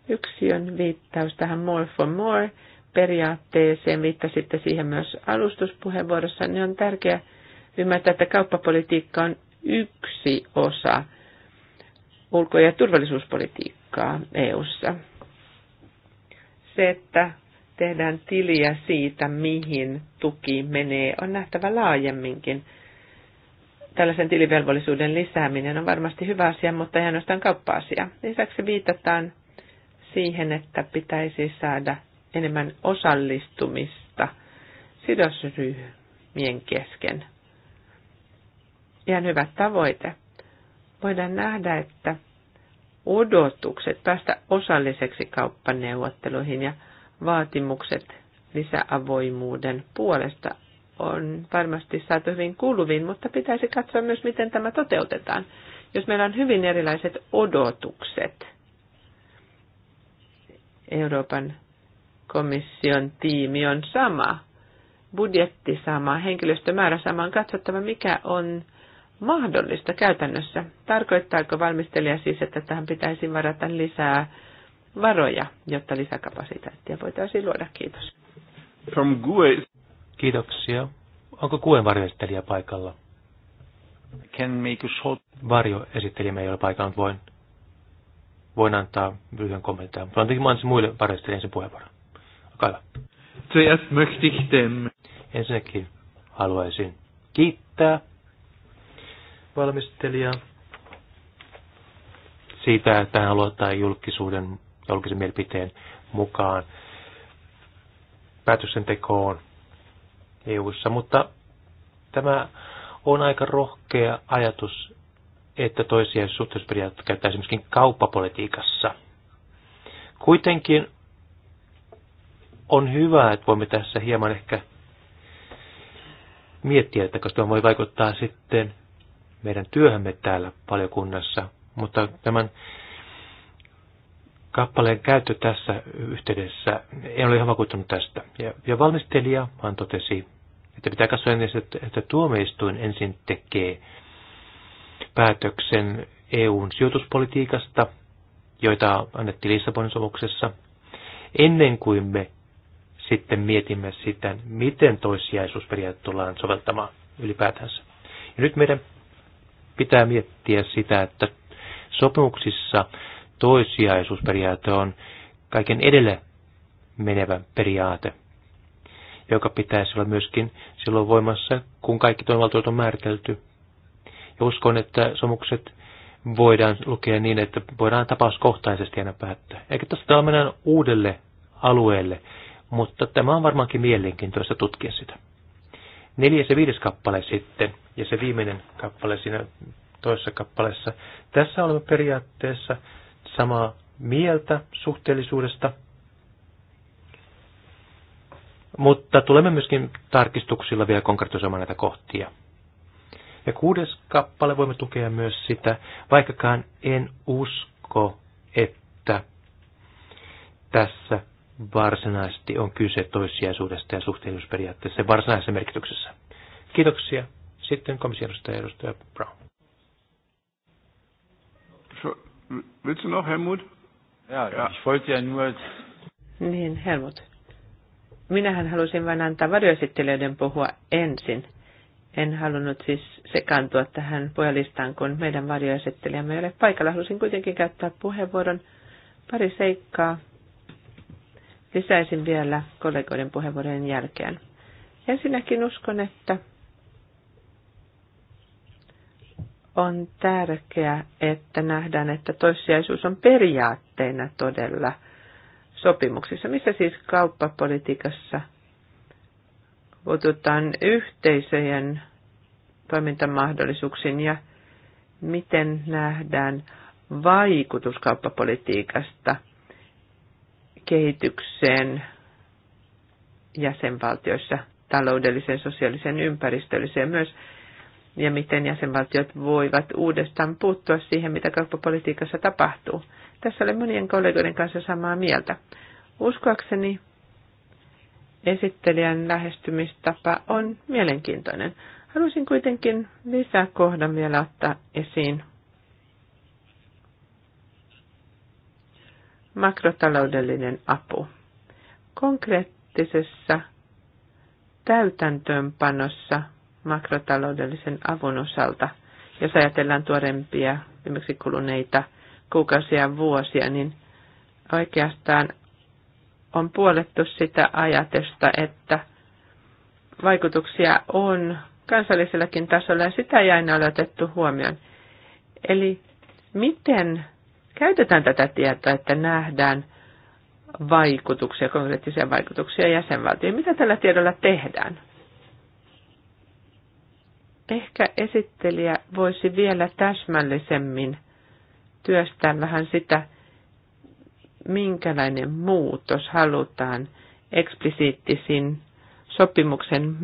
Yksi on viittaus tähän more for more periaatteeseen, viittasitte siihen myös alustuspuheenvuorossa, niin on tärkeää ymmärtää, että kauppapolitiikka on yksi osa ulko- ja turvallisuuspolitiikkaa EU:ssa. Se, että tehdään tiliä siitä, mihin tuki menee, on nähtävä laajemminkin. Tällaisen tilivelvollisuuden lisääminen on varmasti hyvä asia, mutta ei ainoastaan kauppa-asia. Lisäksi viitataan siihen, että pitäisi saada enemmän osallistumista sidosryhmien kesken. Ihan hyvä tavoite. Voidaan nähdä, että odotukset päästä osalliseksi kauppaneuvotteluihin ja vaatimukset lisäavoimuuden puolesta on varmasti saatu hyvin kuuluviin, mutta pitäisi katsoa myös, miten tämä toteutetaan. Jos meillä on hyvin erilaiset odotukset Euroopan komission tiimi on sama, budjetti sama, henkilöstömäärä sama, on katsottava mikä on mahdollista käytännössä. Tarkoittaako valmistelija siis, että tähän pitäisi varata lisää varoja, jotta lisäkapasiteettia voitaisiin luoda. Kiitos. From GUE. Kiitoksia. Onko Kuen varjoesittelijä paikalla? Can make a short... Varjoesittelijä ei ole paikalla, mutta voin, voin antaa lyhyen kommentin. Mutta antakin mainitsin muille varjoesittelijän sen puheenvuoron. Olkaa hyvä. Ensinnäkin haluaisin kiittää valmistelijaa siitä, että hän aloittaa julkisuuden ottaa julkisen mielipiteen mukaan päätöksentekoon EU-ssa, mutta tämä on aika rohkea ajatus, että toisia suhteellisuusperiaatteita käytetään myöskin kauppapolitiikassa. Kuitenkin on hyvä, että voimme tässä hieman ehkä miettiä, että koska tämä voi vaikuttaa sitten meidän työhömme täällä valiokunnassa, mutta tämän kappaleen käyttö tässä yhteydessä, en ole ihan vakuuttunut tästä. Ja, ja valmistelija vaan totesi, että pitää katsoa ensin, että, että tuomioistuin ensin tekee päätöksen EUn sijoituspolitiikasta, joita annettiin Lissabonin sopimuksessa, ennen kuin me sitten mietimme sitä, miten toissijaisuusperiaate tullaan soveltamaan ylipäätänsä. Ja nyt meidän pitää miettiä sitä, että sopimuksissa toissijaisuusperiaate on kaiken edelle menevä periaate, joka pitäisi olla myöskin silloin voimassa, kun kaikki toimivaltuudet on määritelty. Ja uskon, että somukset voidaan lukea niin, että voidaan tapauskohtaisesti aina päättää. Eikä tästä mennään uudelle alueelle, mutta tämä on varmaankin mielenkiintoista tutkia sitä. Neljäs ja viides kappale sitten, ja se viimeinen kappale siinä toisessa kappaleessa. Tässä olemme periaatteessa samaa mieltä suhteellisuudesta, mutta tulemme myöskin tarkistuksilla vielä konkretisoimaan näitä kohtia. Ja kuudes kappale voimme tukea myös sitä, vaikkakaan en usko, että tässä varsinaisesti on kyse toissijaisuudesta ja suhteellisuusperiaatteessa varsinaisessa merkityksessä. Kiitoksia. Sitten komission edustaja, edustaja Brown. Willst du noch, Helmut? Ja, ja. ich wollte ja nur... Niin, Helmut. Minähän halusin vain antaa varjoesittelijöiden puhua ensin. En halunnut siis sekaantua tähän puhelistaan, kun meidän varjoesittelijämme ei ole paikalla. Halusin kuitenkin käyttää puheenvuoron pari seikkaa. Lisäisin vielä kollegoiden puheenvuorojen jälkeen. Ensinnäkin uskon, että on tärkeää, että nähdään, että toissijaisuus on periaatteena todella sopimuksissa, missä siis kauppapolitiikassa puututaan yhteisöjen toimintamahdollisuuksiin ja miten nähdään vaikutus kauppapolitiikasta kehitykseen jäsenvaltioissa taloudelliseen, sosiaaliseen, ympäristölliseen myös ja miten jäsenvaltiot voivat uudestaan puuttua siihen, mitä kauppapolitiikassa tapahtuu. Tässä olen monien kollegoiden kanssa samaa mieltä. Uskoakseni esittelijän lähestymistapa on mielenkiintoinen. Haluaisin kuitenkin lisää kohdan vielä ottaa esiin. Makrotaloudellinen apu. Konkreettisessa täytäntöönpanossa – makrotaloudellisen avun osalta. Jos ajatellaan tuorempia, viimeksi kuluneita kuukausia ja vuosia, niin oikeastaan on puolettu sitä ajatusta, että vaikutuksia on kansallisellakin tasolla ja sitä ei aina ole otettu huomioon. Eli miten käytetään tätä tietoa, että nähdään vaikutuksia, konkreettisia vaikutuksia jäsenvaltioihin? Mitä tällä tiedolla tehdään? Ehkä esittelijä voisi vielä täsmällisemmin työstää vähän sitä, minkälainen muutos halutaan eksplisiittisiin sopimuksen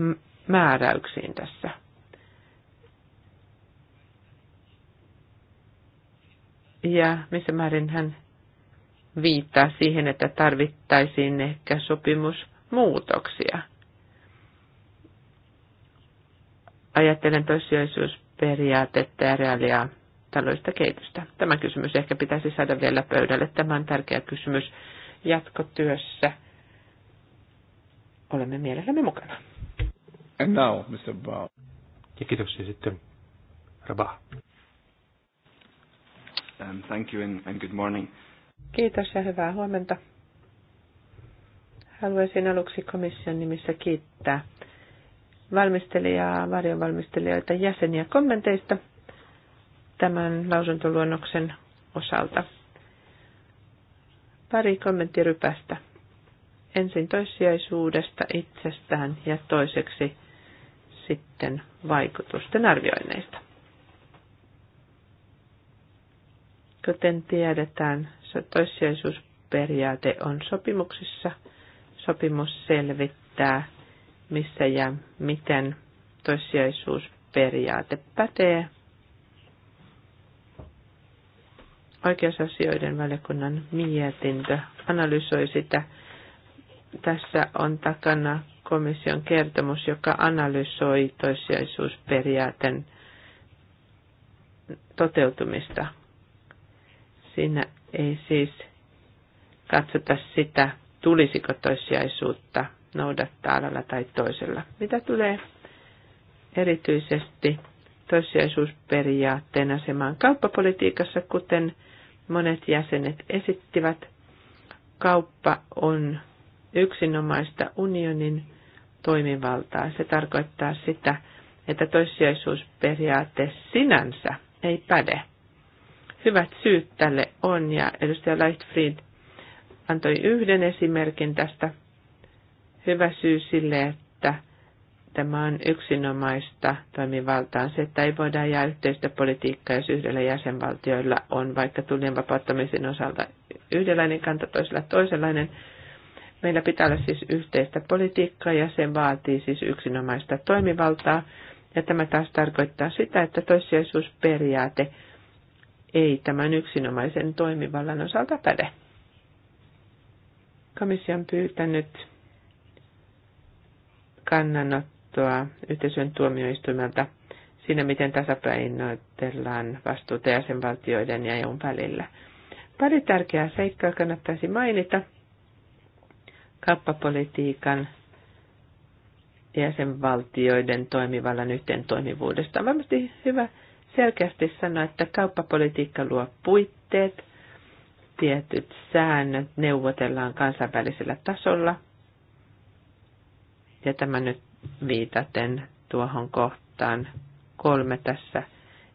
määräyksiin tässä. Ja missä määrin hän viittaa siihen, että tarvittaisiin ehkä sopimusmuutoksia. ajattelen toissijaisuusperiaatetta ja reaalia taloudellista kehitystä. Tämä kysymys ehkä pitäisi saada vielä pöydälle. Tämä on tärkeä kysymys jatkotyössä. Olemme mielellämme mukana. And now, Mr. Brown. Ja kiitoksia sitten, Rabah. Um, thank you and, and good morning. Kiitos ja hyvää huomenta. Haluaisin aluksi komission nimissä kiittää valmistelijaa, varjonvalmistelijoita, jäseniä kommenteista tämän lausuntoluonnoksen osalta. Pari kommenttirypästä. Ensin toissijaisuudesta itsestään ja toiseksi sitten vaikutusten arvioinneista. Kuten tiedetään, se toissijaisuusperiaate on sopimuksissa. Sopimus selvittää missä ja miten toissijaisuusperiaate pätee. Oikeusasioiden valiokunnan mietintö analysoi sitä. Tässä on takana komission kertomus, joka analysoi toissijaisuusperiaaten toteutumista. Siinä ei siis katsota sitä, tulisiko toissijaisuutta noudattaa alalla tai toisella. Mitä tulee erityisesti toissijaisuusperiaatteen asemaan kauppapolitiikassa, kuten monet jäsenet esittivät, kauppa on yksinomaista unionin toimivaltaa. Se tarkoittaa sitä, että toissijaisuusperiaate sinänsä ei päde. Hyvät syyt tälle on, ja edustaja Leichtfried antoi yhden esimerkin tästä hyvä syy sille, että tämä on yksinomaista toimivaltaan. Se, että ei voida jää yhteistä politiikkaa, jos yhdellä jäsenvaltioilla on vaikka tulien vapauttamisen osalta yhdenlainen kanta, toisella toisenlainen. Meillä pitää olla siis yhteistä politiikkaa ja se vaatii siis yksinomaista toimivaltaa. Ja tämä taas tarkoittaa sitä, että toissijaisuusperiaate ei tämän yksinomaisen toimivallan osalta päde. Komissio on pyytänyt kannanottoa yhteisön tuomioistuimelta siinä, miten tasapainoitellaan vastuuta jäsenvaltioiden ja EUn välillä. Pari tärkeää seikkaa kannattaisi mainita. Kappapolitiikan jäsenvaltioiden toimivallan yhteen toimivuudesta. On varmasti hyvä selkeästi sanoa, että kauppapolitiikka luo puitteet, tietyt säännöt neuvotellaan kansainvälisellä tasolla – ja tämä nyt viitaten tuohon kohtaan kolme tässä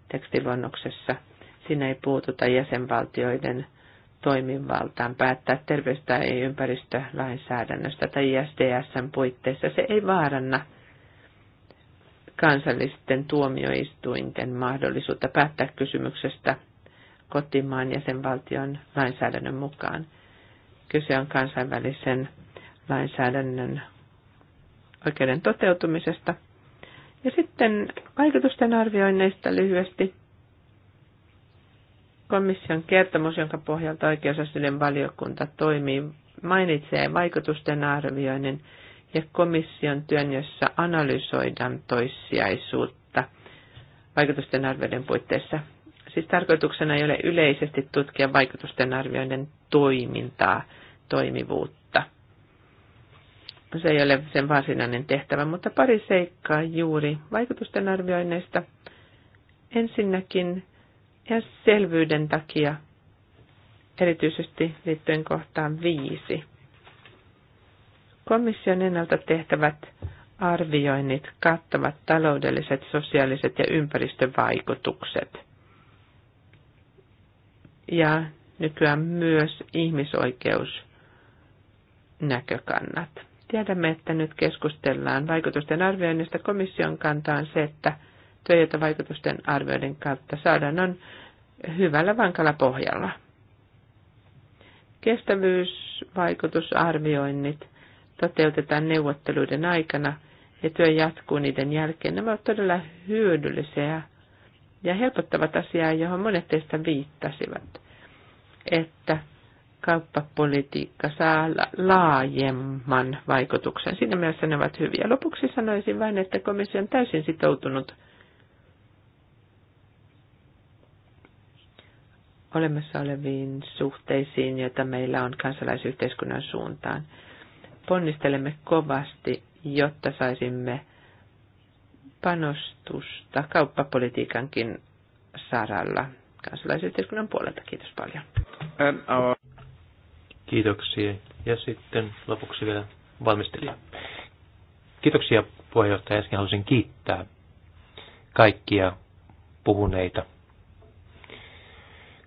tekstiluonnoksessa. Siinä ei puututa jäsenvaltioiden toimivaltaan päättää terveys- tai ympäristölainsäädännöstä tai ISDSn puitteissa. Se ei vaaranna kansallisten tuomioistuinten mahdollisuutta päättää kysymyksestä kotimaan jäsenvaltion lainsäädännön mukaan. Kyse on kansainvälisen lainsäädännön oikeuden toteutumisesta. Ja sitten vaikutusten arvioinneista lyhyesti. Komission kertomus, jonka pohjalta oikeusasioiden valiokunta toimii, mainitsee vaikutusten arvioinnin ja komission työn, jossa analysoidaan toissijaisuutta vaikutusten arvioiden puitteissa. Siis tarkoituksena ei ole yleisesti tutkia vaikutusten arvioiden toimintaa, toimivuutta se ei ole sen varsinainen tehtävä, mutta pari seikkaa juuri vaikutusten arvioinneista. Ensinnäkin ja selvyyden takia, erityisesti liittyen kohtaan viisi. Komission ennalta tehtävät arvioinnit kattavat taloudelliset, sosiaaliset ja ympäristövaikutukset. Ja nykyään myös ihmisoikeusnäkökannat. Tiedämme, että nyt keskustellaan vaikutusten arvioinnista. Komission kantaan se, että työ, jota vaikutusten arvioiden kautta saadaan, on hyvällä vankalla pohjalla. Kestävyysvaikutusarvioinnit toteutetaan neuvotteluiden aikana ja työ jatkuu niiden jälkeen. Nämä ovat todella hyödyllisiä ja helpottavat asiaa, johon monet teistä viittasivat, että kauppapolitiikka saa laajemman vaikutuksen. Siinä mielessä ne ovat hyviä. Lopuksi sanoisin vain, että komissio on täysin sitoutunut olemassa oleviin suhteisiin, joita meillä on kansalaisyhteiskunnan suuntaan. Ponnistelemme kovasti, jotta saisimme panostusta kauppapolitiikankin saralla kansalaisyhteiskunnan puolelta. Kiitos paljon. Kiitoksia. Ja sitten lopuksi vielä valmistelija. Kiitoksia puheenjohtaja. Äsken halusin kiittää kaikkia puhuneita,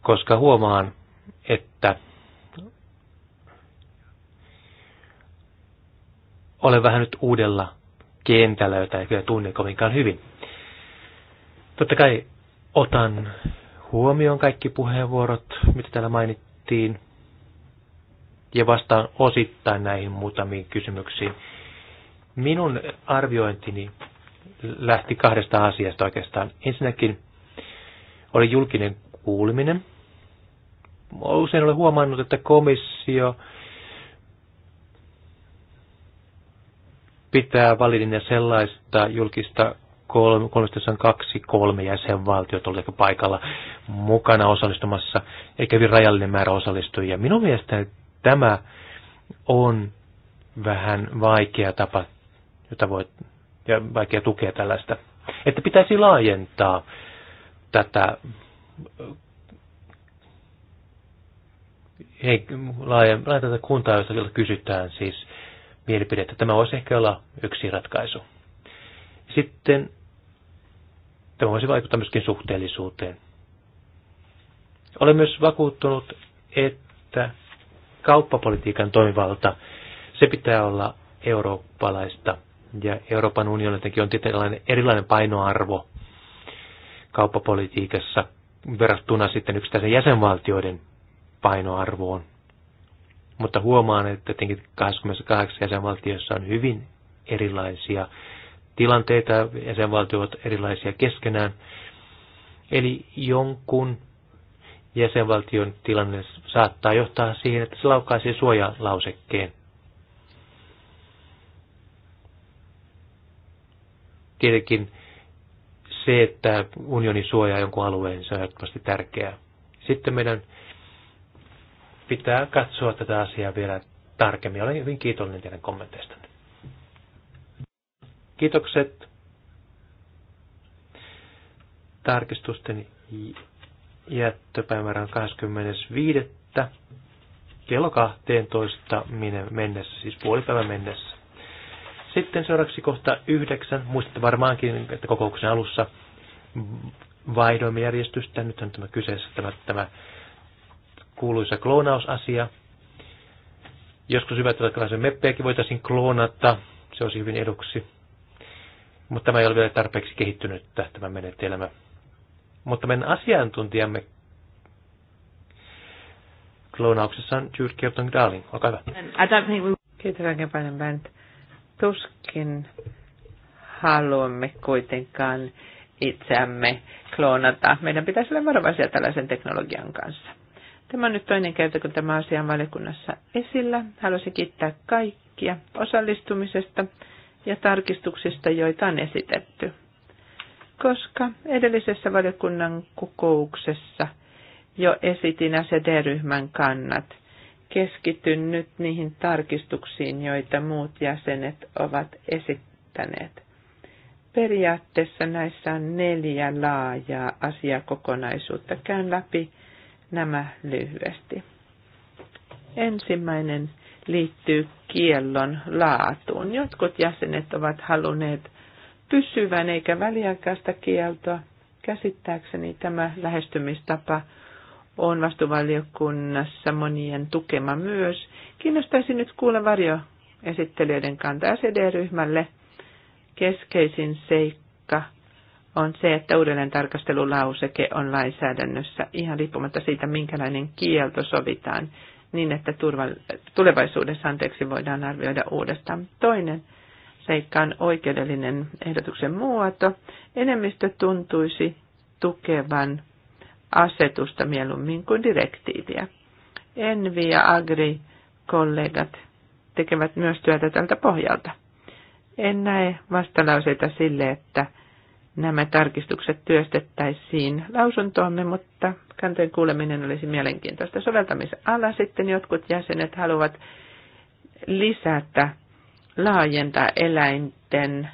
koska huomaan, että olen vähän nyt uudella kentällä, jota ei kyllä tunne kovinkaan hyvin. Totta kai otan huomioon kaikki puheenvuorot, mitä täällä mainittiin, ja vastaan osittain näihin muutamiin kysymyksiin. Minun arviointini lähti kahdesta asiasta oikeastaan. Ensinnäkin oli julkinen kuuliminen. Usein olen huomannut, että komissio pitää validin ja sellaista julkista kolme, kolmesta on kaksi, kolme jäsenvaltiota oli paikalla mukana osallistumassa, eikä hyvin rajallinen määrä osallistujia. Minun mielestäni tämä on vähän vaikea tapa, jota voi, ja vaikea tukea tällaista. Että pitäisi laajentaa tätä hei, laajentaa tätä kuntaa, jossa kysytään siis mielipidettä. Tämä voisi ehkä olla yksi ratkaisu. Sitten tämä voisi vaikuttaa myöskin suhteellisuuteen. Olen myös vakuuttunut, että kauppapolitiikan toimivalta, se pitää olla eurooppalaista. Ja Euroopan unioniltakin on tietenkin erilainen painoarvo kauppapolitiikassa verrattuna sitten yksittäisen jäsenvaltioiden painoarvoon. Mutta huomaan, että tietenkin 28 jäsenvaltiossa on hyvin erilaisia tilanteita, jäsenvaltiot erilaisia keskenään. Eli jonkun jäsenvaltion tilanne saattaa johtaa siihen, että se laukaisi suojalausekkeen. Tietenkin se, että unioni suojaa jonkun alueen, se on jatkuvasti tärkeää. Sitten meidän pitää katsoa tätä asiaa vielä tarkemmin. Olen hyvin kiitollinen teidän kommenteista. Kiitokset tarkistusten jättöpäivämäärän 25. kello 12 mennessä, siis puolipäivän mennessä. Sitten seuraavaksi kohta yhdeksän. Muistatte varmaankin, että kokouksen alussa vaihdoimme järjestystä. Nyt on tämä kyseessä tämä, tämä kuuluisa kloonausasia. Joskus tällaisen meppejäkin voitaisiin kloonata. Se olisi hyvin eduksi. Mutta tämä ei ole vielä tarpeeksi kehittynyt tämä menetelmä. Mutta meidän asiantuntijamme kloonauksessa on Jude Kirton Darling. Olkaa hyvä. Kiitos oikein paljon, Bernd. Tuskin haluamme kuitenkaan itseämme kloonata. Meidän pitäisi olla varovaisia tällaisen teknologian kanssa. Tämä on nyt toinen kerta, kun tämä asia on valiokunnassa esillä. Haluaisin kiittää kaikkia osallistumisesta ja tarkistuksista, joita on esitetty koska edellisessä valiokunnan kokouksessa jo esitin SED-ryhmän kannat. Keskityn nyt niihin tarkistuksiin, joita muut jäsenet ovat esittäneet. Periaatteessa näissä on neljä laajaa asiakokonaisuutta. Käyn läpi nämä lyhyesti. Ensimmäinen liittyy kiellon laatuun. Jotkut jäsenet ovat halunneet pysyvän eikä väliaikaista kieltoa. Käsittääkseni tämä lähestymistapa on vastuvaliokunnassa monien tukema myös. Kiinnostaisi nyt kuulla varjoesittelijöiden kanta SED-ryhmälle. Keskeisin seikka on se, että uudelleen tarkastelulauseke on lainsäädännössä ihan riippumatta siitä, minkälainen kielto sovitaan, niin että turva, tulevaisuudessa anteeksi voidaan arvioida uudestaan. Toinen seikkaan oikeudellinen ehdotuksen muoto. Enemmistö tuntuisi tukevan asetusta mieluummin kuin direktiiviä. Envi ja Agri-kollegat tekevät myös työtä tältä pohjalta. En näe vastalauseita sille, että nämä tarkistukset työstettäisiin lausuntoamme, mutta kanteen kuuleminen olisi mielenkiintoista. Soveltamisala sitten jotkut jäsenet haluavat lisätä laajentaa eläinten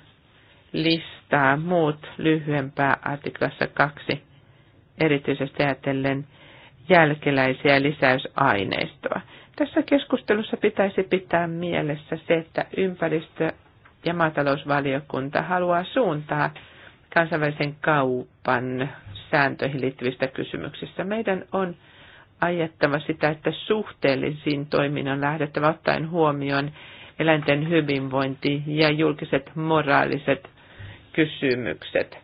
listaa muut lyhyempää artiklassa kaksi, erityisesti ajatellen jälkeläisiä lisäysaineistoa. Tässä keskustelussa pitäisi pitää mielessä se, että ympäristö- ja maatalousvaliokunta haluaa suuntaa kansainvälisen kaupan sääntöihin liittyvistä kysymyksistä. Meidän on ajettava sitä, että suhteellisiin toiminnan lähdettävä ottaen huomioon eläinten hyvinvointi ja julkiset moraaliset kysymykset.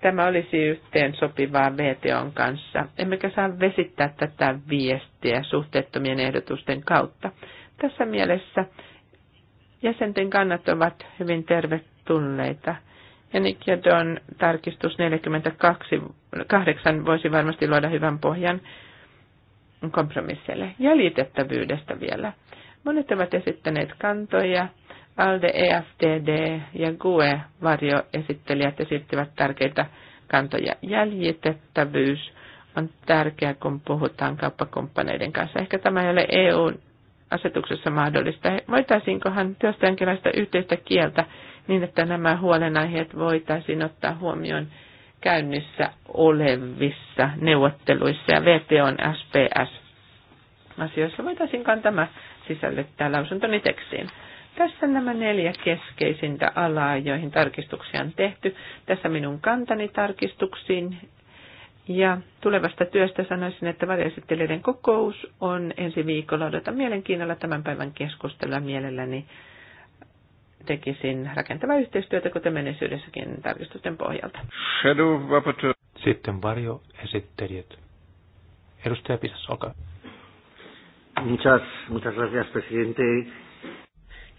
Tämä olisi yhteen sopivaa VTOn kanssa. Emmekä saa vesittää tätä viestiä suhteettomien ehdotusten kautta. Tässä mielessä jäsenten kannat ovat hyvin tervetulleita. Ja don tarkistus 48 voisi varmasti luoda hyvän pohjan kompromissille. Jäljitettävyydestä vielä. Monet ovat esittäneet kantoja. ALDE, EFTD ja GUE varjoesittelijät esittivät tärkeitä kantoja. Jäljitettävyys on tärkeää, kun puhutaan kauppakumppaneiden kanssa. Ehkä tämä ei ole EU-asetuksessa mahdollista. Voitaisiinkohan työstä jonkinlaista yhteistä kieltä niin, että nämä huolenaiheet voitaisiin ottaa huomioon käynnissä olevissa neuvotteluissa ja on SPS asioissa. Voitaisinkaan tämä sisällyttää lausuntoni tekstiin. Tässä nämä neljä keskeisintä alaa, joihin tarkistuksia on tehty. Tässä minun kantani tarkistuksiin. Ja tulevasta työstä sanoisin, että varjoesittelijöiden kokous on ensi viikolla. Odotan mielenkiinnolla tämän päivän keskustella mielelläni tekisin rakentavaa yhteistyötä, kuten menneisyydessäkin tarkistusten pohjalta. Sitten varjoesittelijät. Edustaja Pisas, olkaa Muchas, muchas gracias, presidente.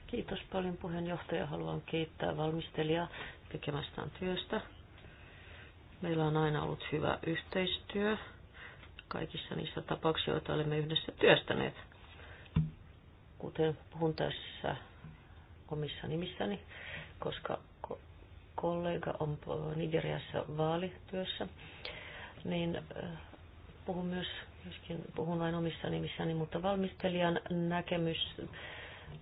Kiitos paljon puheenjohtaja. Haluan kiittää valmistelijaa tekemästään työstä. Meillä on aina ollut hyvä yhteistyö kaikissa niissä tapauksissa, joita olemme yhdessä työstäneet. Kuten puhun tässä omissa nimissäni, koska kollega on Nigeriassa vaalityössä, niin eh, puhun myös Joskin puhun vain omissa nimissäni, mutta valmistelijan näkemys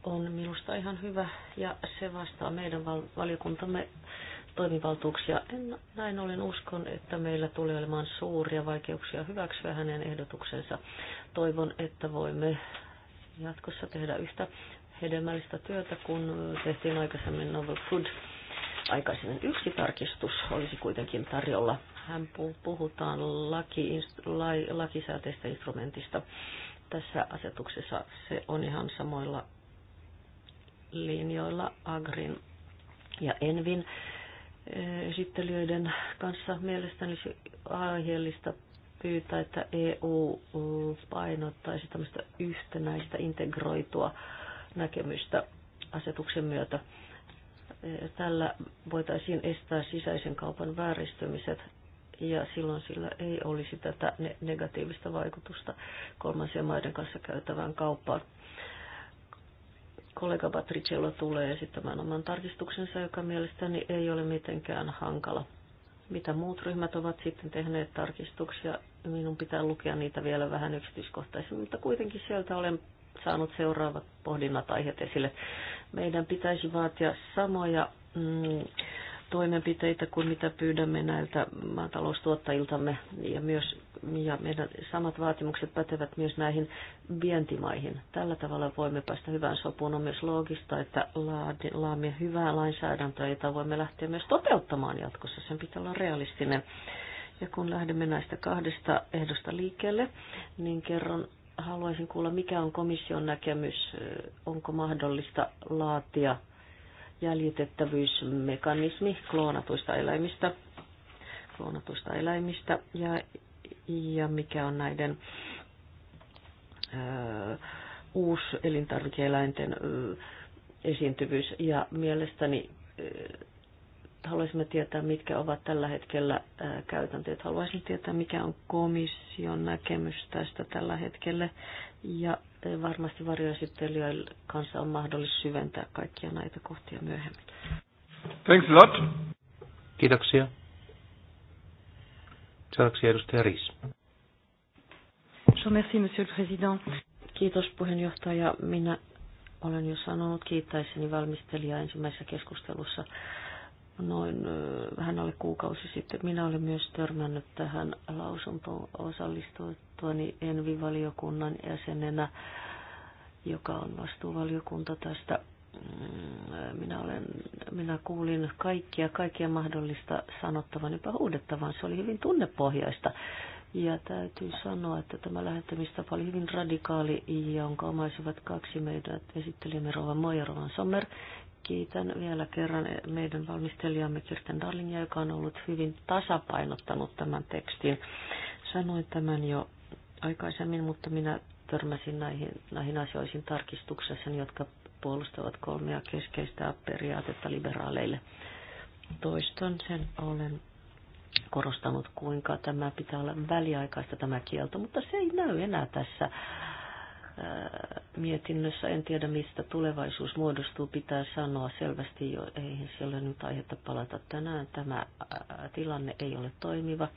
on minusta ihan hyvä ja se vastaa meidän val- valiokuntamme toimivaltuuksia. En, näin ollen uskon, että meillä tulee olemaan suuria vaikeuksia hyväksyä hänen ehdotuksensa. Toivon, että voimme jatkossa tehdä yhtä hedelmällistä työtä, kun tehtiin aikaisemmin Novel Food aikaisemmin. Yksi tarkistus olisi kuitenkin tarjolla. Hän puhutaan laki, lai, lakisääteistä instrumentista. Tässä asetuksessa se on ihan samoilla linjoilla Agrin ja Envin eh, esittelijöiden kanssa. Mielestäni olisi aiheellista pyytää, että EU eh, painottaisi tämmöistä yhtenäistä integroitua näkemystä asetuksen myötä Tällä voitaisiin estää sisäisen kaupan vääristymiset ja silloin sillä ei olisi tätä negatiivista vaikutusta kolmansien maiden kanssa käytävään kauppaan. Kollega Patriciello tulee esittämään oman tarkistuksensa, joka mielestäni ei ole mitenkään hankala. Mitä muut ryhmät ovat sitten tehneet tarkistuksia, minun pitää lukea niitä vielä vähän yksityiskohtaisemmin, mutta kuitenkin sieltä olen saanut seuraavat pohdinnat aiheet esille. Meidän pitäisi vaatia samoja mm, toimenpiteitä kuin mitä pyydämme näiltä maataloustuottajiltamme ja myös ja meidän samat vaatimukset pätevät myös näihin vientimaihin. Tällä tavalla voimme päästä hyvään sopuun. On myös loogista, että laamme hyvää lainsäädäntöä, jota voimme lähteä myös toteuttamaan jatkossa. Sen pitää olla realistinen. Ja kun lähdemme näistä kahdesta ehdosta liikkeelle, niin kerron haluaisin kuulla, mikä on komission näkemys, onko mahdollista laatia jäljitettävyysmekanismi kloonatuista eläimistä, kloonatuista eläimistä ja, ja mikä on näiden ö, elintarvikeeläinten ö, esiintyvyys. Ja mielestäni ö, haluaisimme tietää, mitkä ovat tällä hetkellä käytänteet. Haluaisin tietää, mikä on komission näkemys tästä tällä hetkellä. Ja varmasti varjoesittelijöillä kanssa on mahdollisuus syventää kaikkia näitä kohtia myöhemmin. Thanks a lot. Kiitoksia. Seuraavaksi edustaja Riis. Merci, monsieur le président. Kiitos puheenjohtaja. Minä olen jo sanonut kiittäiseni valmistelijaa ensimmäisessä keskustelussa noin vähän alle kuukausi sitten. Minä olen myös törmännyt tähän lausuntoon osallistuttuani Envi-valiokunnan jäsenenä, joka on vastuuvaliokunta tästä. Mm, minä, olen, minä kuulin kaikkia, kaikkia mahdollista sanottavan, jopa huudettavan. Se oli hyvin tunnepohjaista. Ja täytyy sanoa, että tämä lähettämistapa oli hyvin radikaali, jonka omaisivat kaksi meidän esittelijämme Rova Moja Rovan Sommer Kiitän vielä kerran meidän valmistelijamme Kirsten Darlingia, joka on ollut hyvin tasapainottanut tämän tekstin. Sanoin tämän jo aikaisemmin, mutta minä törmäsin näihin, näihin asioihin tarkistuksessa, jotka puolustavat kolmea keskeistä periaatetta liberaaleille. Toiston sen olen korostanut, kuinka tämä pitää olla väliaikaista tämä kielto, mutta se ei näy enää tässä mietinnössä. En tiedä, mistä tulevaisuus muodostuu. Pitää sanoa selvästi jo, eihän siellä nyt aihetta palata tänään. Tämä tilanne ei ole toimiva.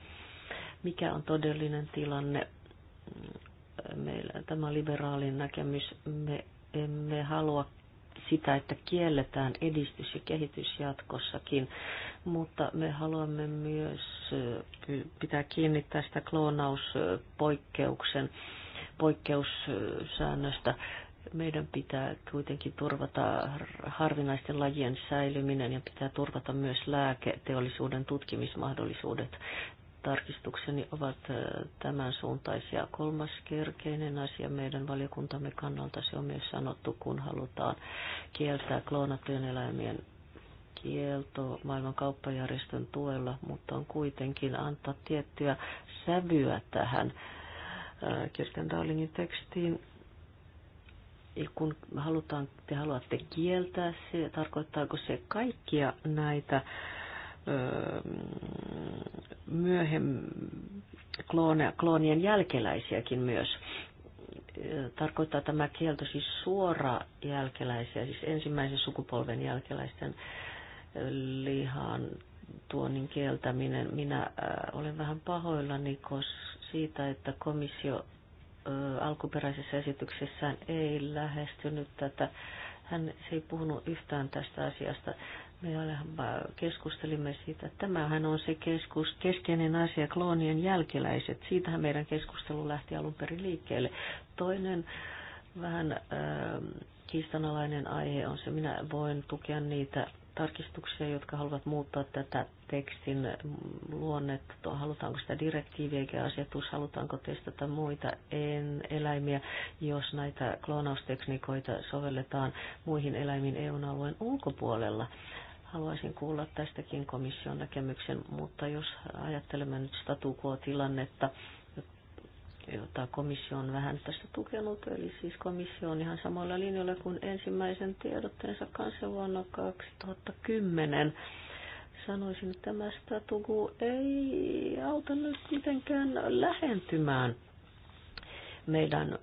Mikä on todellinen tilanne? Mm, meillä tämä liberaalin näkemys. Me emme halua sitä, että kielletään edistys ja kehitys jatkossakin, mutta me haluamme myös pitää kiinni tästä kloonauspoikkeuksen poikkeussäännöstä. Meidän pitää kuitenkin turvata harvinaisten lajien säilyminen ja pitää turvata myös lääketeollisuuden tutkimismahdollisuudet. Tarkistukseni ovat tämän suuntaisia. Kolmas kerkeinen asia meidän valiokuntamme kannalta, se on myös sanottu, kun halutaan kieltää kloonattujen eläimien kielto maailman kauppajärjestön tuella, mutta on kuitenkin antaa tiettyä sävyä tähän Äh, Kirsten Darlingin tekstiin. Ja kun halutaan, te haluatte kieltää se, tarkoittaako se kaikkia näitä öö, ähm, myöhemmin kloone, kloonien jälkeläisiäkin myös? Äh, tarkoittaa tämä kielto siis suora jälkeläisiä, siis ensimmäisen sukupolven jälkeläisten äh, lihan tuonnin kieltäminen. Minä äh, olen vähän pahoillani kos siitä, että komissio äh, alkuperäisessä esityksessään ei lähestynyt tätä. Hän se ei puhunut yhtään tästä asiasta. Me äh, keskustelimme siitä, että tämähän on se keskus, keskeinen asia, kloonien jälkeläiset. Siitähän meidän keskustelu lähti alun perin liikkeelle. Toinen äh, vähän äh, kiistanalainen aihe on se, minä voin tukea niitä tarkistuksia, jotka haluavat muuttaa tätä tekstin luonnetta. Halutaanko sitä direktiiviä eikä asetus, halutaanko testata muita en eläimiä, jos näitä kloonaustekniikoita sovelletaan muihin eläimiin EU-alueen ulkopuolella. Haluaisin kuulla tästäkin komission näkemyksen, mutta jos ajattelemme nyt statu quo-tilannetta, jota komissio on vähän tässä tukenut, eli siis komissio on ihan samoilla linjoilla kuin ensimmäisen tiedotteensa kanssa vuonna 2010. Sanoisin, että tämä statugu ei auta nyt mitenkään lähentymään meidän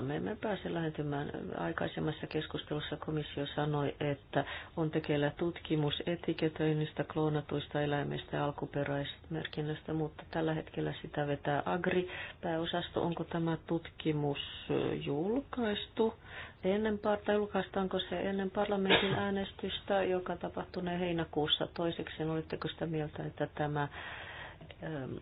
me emme pääse lähentymään. Aikaisemmassa keskustelussa komissio sanoi, että on tekeillä tutkimus etiketöinnistä, kloonatuista eläimistä ja alkuperäismerkinnästä, mutta tällä hetkellä sitä vetää Agri-pääosasto. Onko tämä tutkimus julkaistu? Ennen, tai julkaistaanko se ennen parlamentin äänestystä, joka tapahtunee heinäkuussa? Toiseksi, Oletteko sitä mieltä, että tämä Ähm,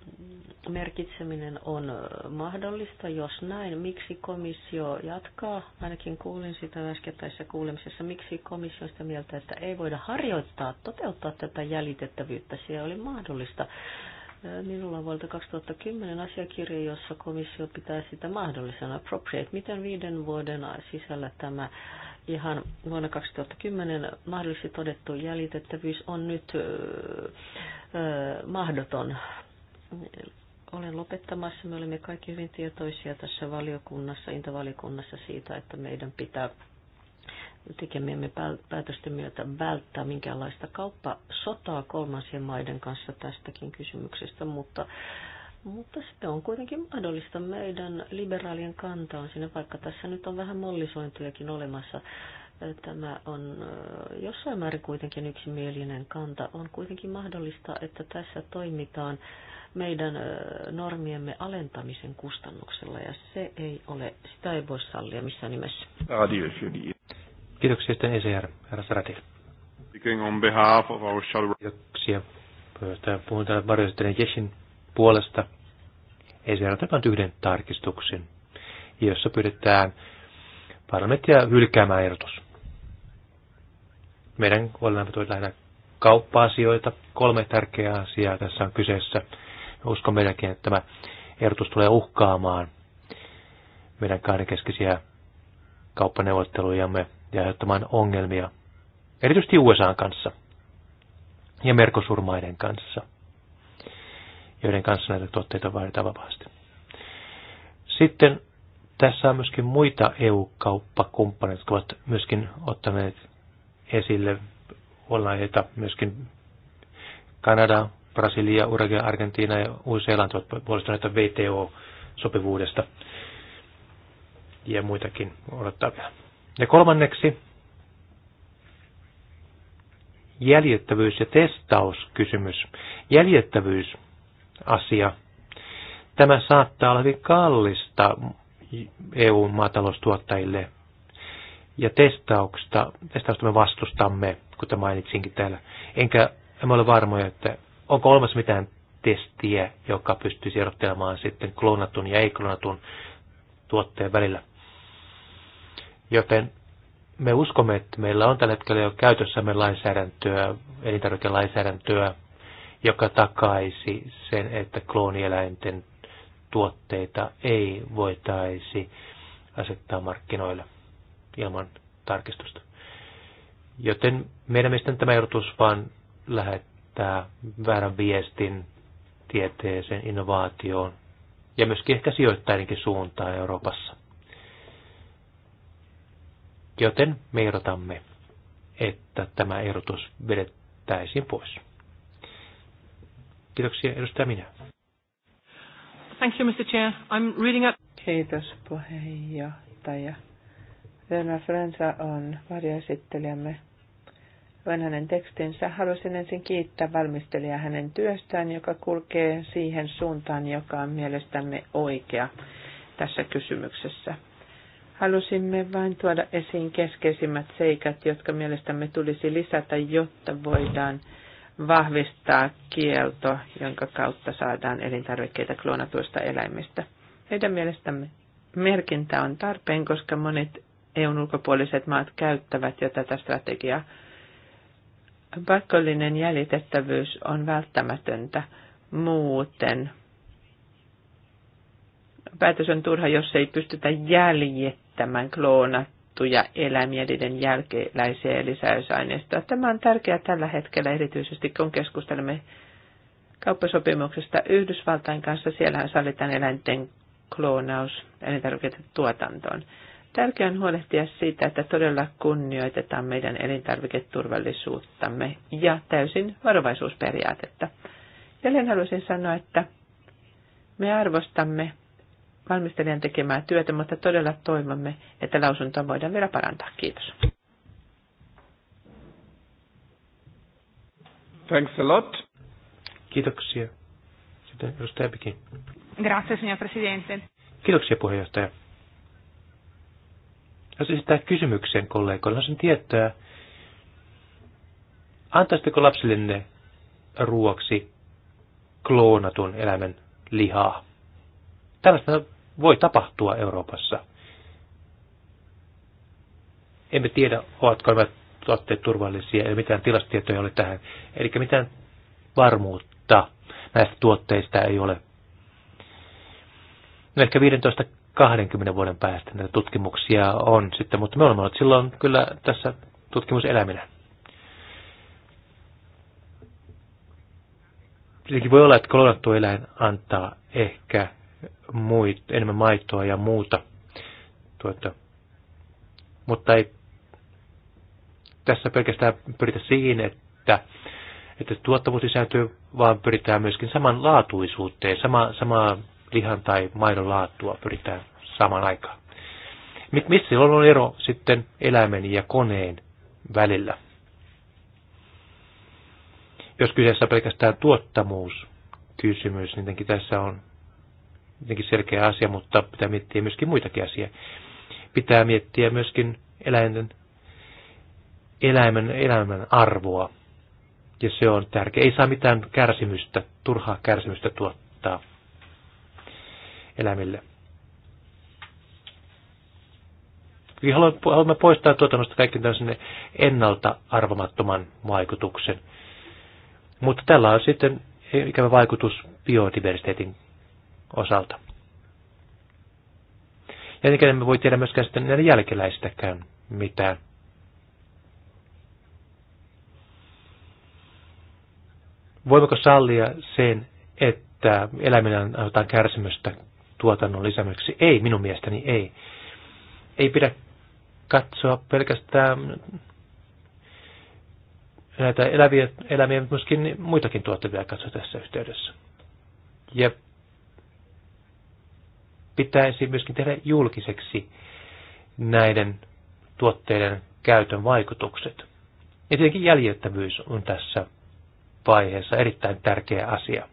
merkitseminen on äh, mahdollista. Jos näin, miksi komissio jatkaa, ainakin kuulin sitä äskettäisessä kuulemisessa, miksi komissio on sitä mieltä, että ei voida harjoittaa, toteuttaa tätä jäljitettävyyttä, se oli mahdollista. Äh, minulla on vuodelta 2010 asiakirja, jossa komissio pitää sitä mahdollisena appropriate. Miten viiden vuoden sisällä tämä ihan vuonna 2010 mahdollisesti todettu jäljitettävyys on nyt öö, öö, mahdoton. Olen lopettamassa. Me olemme kaikki hyvin tietoisia tässä valiokunnassa, intavaliokunnassa siitä, että meidän pitää tekemiemme päätösten myötä välttää minkäänlaista kauppasotaa kolmansien maiden kanssa tästäkin kysymyksestä, mutta mutta se on kuitenkin mahdollista. Meidän liberaalien kanta on sinne, vaikka tässä nyt on vähän mollisointujakin olemassa. Tämä on jossain määrin kuitenkin yksimielinen kanta. On kuitenkin mahdollista, että tässä toimitaan meidän normiemme alentamisen kustannuksella, ja se ei ole, sitä ei voi sallia missään nimessä. Kiitoksia sitten ECR, herra Saratil. Kiitoksia. Puhun täällä varjoisettelijan Jeshin puolesta. Ei se vain yhden tarkistuksen, jossa pyydetään parlamenttia hylkäämään ehdotus. Meidän olemme toi lähinnä kauppa-asioita. Kolme tärkeää asiaa tässä on kyseessä. Uskon meidänkin, että tämä ehdotus tulee uhkaamaan meidän kahdenkeskisiä kauppaneuvottelujamme ja aiheuttamaan ongelmia, erityisesti USA kanssa ja merkosurmaiden kanssa joiden kanssa näitä tuotteita vaihdetaan vapaasti. Sitten tässä on myöskin muita EU-kauppakumppaneita, jotka ovat myöskin ottaneet esille huolenaiheita myöskin Kanada, Brasilia, Uruguay, Argentiina ja Uusi-Seelanti ovat huolestuneita VTO-sopivuudesta ja muitakin odottavia. Ja kolmanneksi jäljettävyys ja testauskysymys. Jäljettävyys asia. Tämä saattaa olla hyvin kallista eu maataloustuottajille ja testauksesta, testausta me vastustamme, kuten mainitsinkin täällä. Enkä en ole varmoja, että onko olemassa mitään testiä, joka pystyisi erottelemaan sitten klonatun ja ei-klonatun tuotteen välillä. Joten me uskomme, että meillä on tällä hetkellä jo käytössämme lainsäädäntöä, elintarvikelainsäädäntöä, joka takaisi sen, että kloonieläinten tuotteita ei voitaisi asettaa markkinoille ilman tarkistusta. Joten meidän mielestä tämä ehdotus vaan lähettää väärän viestin tieteeseen, innovaatioon ja myöskin ehkä sijoittajienkin suuntaan Euroopassa. Joten me ehdotamme, että tämä ehdotus vedettäisiin pois. Kiitoksia, edustaja minä. Thank you, Mr. Chair. I'm reading up. Kiitos, puheenjohtaja. Verna Frensa on varjoesittelijämme. Luen hänen tekstinsä. Haluaisin ensin kiittää valmistelijaa hänen työstään, joka kulkee siihen suuntaan, joka on mielestämme oikea tässä kysymyksessä. Halusimme vain tuoda esiin keskeisimmät seikat, jotka mielestämme tulisi lisätä, jotta voidaan vahvistaa kielto, jonka kautta saadaan elintarvikkeita kloonatuista eläimistä. Heidän mielestämme merkintä on tarpeen, koska monet EUn ulkopuoliset maat käyttävät jo tätä strategiaa. Pakollinen jäljitettävyys on välttämätöntä, muuten päätös on turha, jos ei pystytä jäljittämään kloonat tuhottuja eläimiä, niiden jälkeläisiä lisäysaineista. Tämä on tärkeää tällä hetkellä erityisesti, kun keskustelemme kauppasopimuksesta Yhdysvaltain kanssa. Siellähän sallitaan eläinten kloonaus tuotantoon. Tärkeää on huolehtia siitä, että todella kunnioitetaan meidän elintarviketurvallisuuttamme ja täysin varovaisuusperiaatetta. Jälleen haluaisin sanoa, että me arvostamme valmistelijan tekemää työtä, mutta todella toivomme, että lausuntoa voidaan vielä parantaa. Kiitos. Thanks a lot. Kiitoksia. Sitten edustaja Pikin. Grazie, signor Presidente. Kiitoksia, puheenjohtaja. Jos esittää kysymyksen kollegoille, on sen tietää, antaisitteko lapsillenne ruoksi kloonatun eläimen lihaa? Tällaista voi tapahtua Euroopassa. Emme tiedä, ovatko nämä tuotteet turvallisia, ei mitään tilastietoja ole tähän. Eli mitään varmuutta näistä tuotteista ei ole. No ehkä 15-20 vuoden päästä näitä tutkimuksia on sitten, mutta me olemme olleet silloin kyllä tässä tutkimuseläminä. Tietenkin voi olla, että klonattu eläin antaa ehkä muit, enemmän maitoa ja muuta. Tuota, mutta ei tässä pelkästään pyritä siihen, että, että tuottavuus lisääntyy, vaan pyritään myöskin samanlaatuisuuteen, sama, samaa lihan tai maidon laatua pyritään samaan aikaan. Missä silloin on ero sitten eläimen ja koneen välillä? Jos kyseessä on pelkästään tuottamuus, kysymys, niin tässä on jotenkin selkeä asia, mutta pitää miettiä myöskin muitakin asioita. Pitää miettiä myöskin eläinten, eläimen, eläimen arvoa. Ja se on tärkeä. Ei saa mitään kärsimystä, turhaa kärsimystä tuottaa eläimille. Haluamme poistaa tuotannosta kaikki tämmöisen ennalta arvamattoman vaikutuksen. Mutta tällä on sitten ikävä vaikutus biodiversiteetin osalta. Ja tietenkin emme voi tiedä myöskään sitten näiden jälkeläistäkään mitään. Voimmeko sallia sen, että eläiminen annetaan kärsimystä tuotannon lisämiseksi? Ei, minun mielestäni ei. Ei pidä katsoa pelkästään näitä eläviä, eläimiä, mutta myöskin muitakin tuottavia katsoa tässä yhteydessä. Ja pitäisi myöskin tehdä julkiseksi näiden tuotteiden käytön vaikutukset. Ja tietenkin jäljittävyys on tässä vaiheessa erittäin tärkeä asia.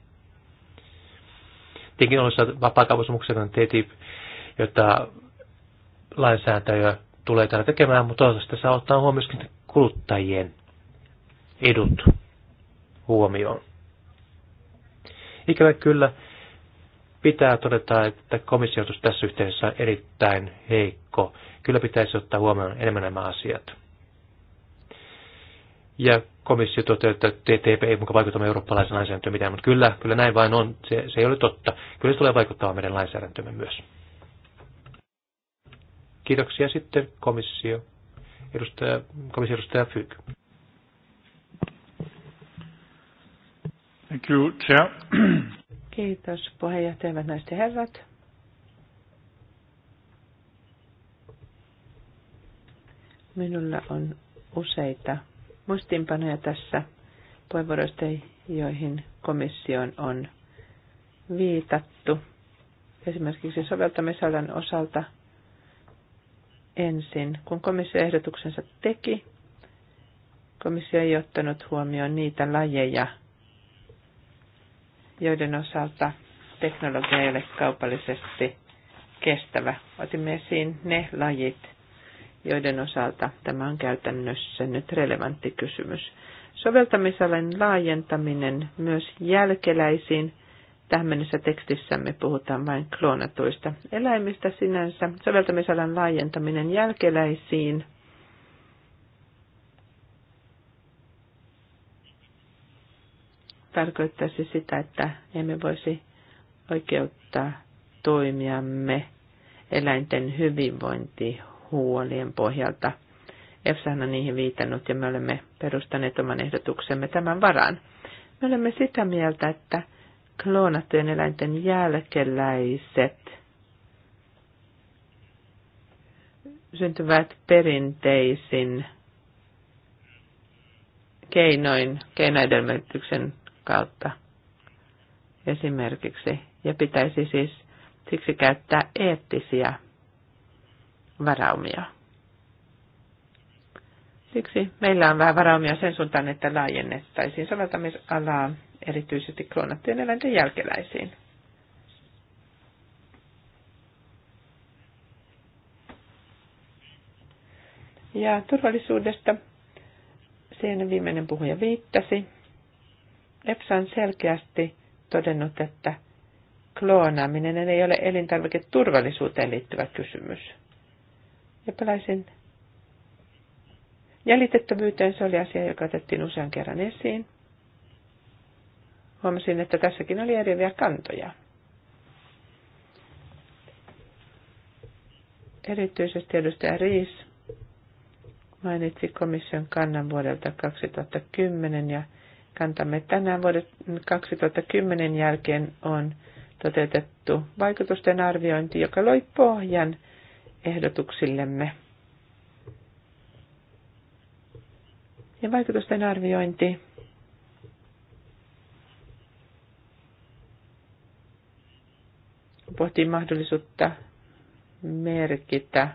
Tietenkin olisi vapaakaupasopimuksen TTIP, jota lainsäätäjä tulee täällä tekemään, mutta toivottavasti tässä ottaa huomioon kuluttajien edut huomioon. Ikävä kyllä pitää todeta, että komissiotus tässä yhteydessä on erittäin heikko. Kyllä pitäisi ottaa huomioon enemmän nämä asiat. Ja komissio toteaa, että TTP ei mukaan vaikuta eurooppalaisen lainsäädäntöön mitään, mutta kyllä, kyllä näin vain on. Se, se ei ole totta. Kyllä se tulee vaikuttamaan meidän lainsäädäntömme myös. Kiitoksia sitten komissio. Edustaja, komissio edustaja Fyk. Thank you, Chair. Kiitos puheenjohtaja, hyvät naiset ja herrat. Minulla on useita muistiinpanoja tässä puheenvuoroista, joihin komission on viitattu. Esimerkiksi soveltamisalan osalta ensin, kun komissio ehdotuksensa teki, komissio ei ottanut huomioon niitä lajeja, joiden osalta teknologia ei ole kaupallisesti kestävä. Otimme esiin ne lajit, joiden osalta tämä on käytännössä nyt relevantti kysymys. Soveltamisalan laajentaminen myös jälkeläisiin. Tähän mennessä tekstissämme puhutaan vain kloonatuista eläimistä sinänsä. Soveltamisalan laajentaminen jälkeläisiin – tarkoittaisi sitä, että emme voisi oikeuttaa toimiamme eläinten hyvinvointihuolien pohjalta. EFSAhan on niihin viitannut ja me olemme perustaneet oman ehdotuksemme tämän varaan. Me olemme sitä mieltä, että kloonattujen eläinten jälkeläiset syntyvät perinteisin keinoin keinoedelmöityksen kuukautta esimerkiksi. Ja pitäisi siis siksi käyttää eettisiä varaumia. Siksi meillä on vähän varaumia sen suuntaan, että laajennettaisiin soveltamisalaa erityisesti kloonattujen eläinten jälkeläisiin. Ja turvallisuudesta siihen viimeinen puhuja viittasi. EPSA on selkeästi todennut, että kloonaaminen ei ole elintarviketurvallisuuteen liittyvä kysymys. Ja palaisin jäljitettävyyteen. Se oli asia, joka otettiin usean kerran esiin. Huomasin, että tässäkin oli eriäviä kantoja. Erityisesti edustaja Riis mainitsi komission kannan vuodelta 2010 ja kantamme tänään vuoden 2010 jälkeen on toteutettu vaikutusten arviointi, joka loi pohjan ehdotuksillemme. Ja vaikutusten arviointi pohtii mahdollisuutta merkitä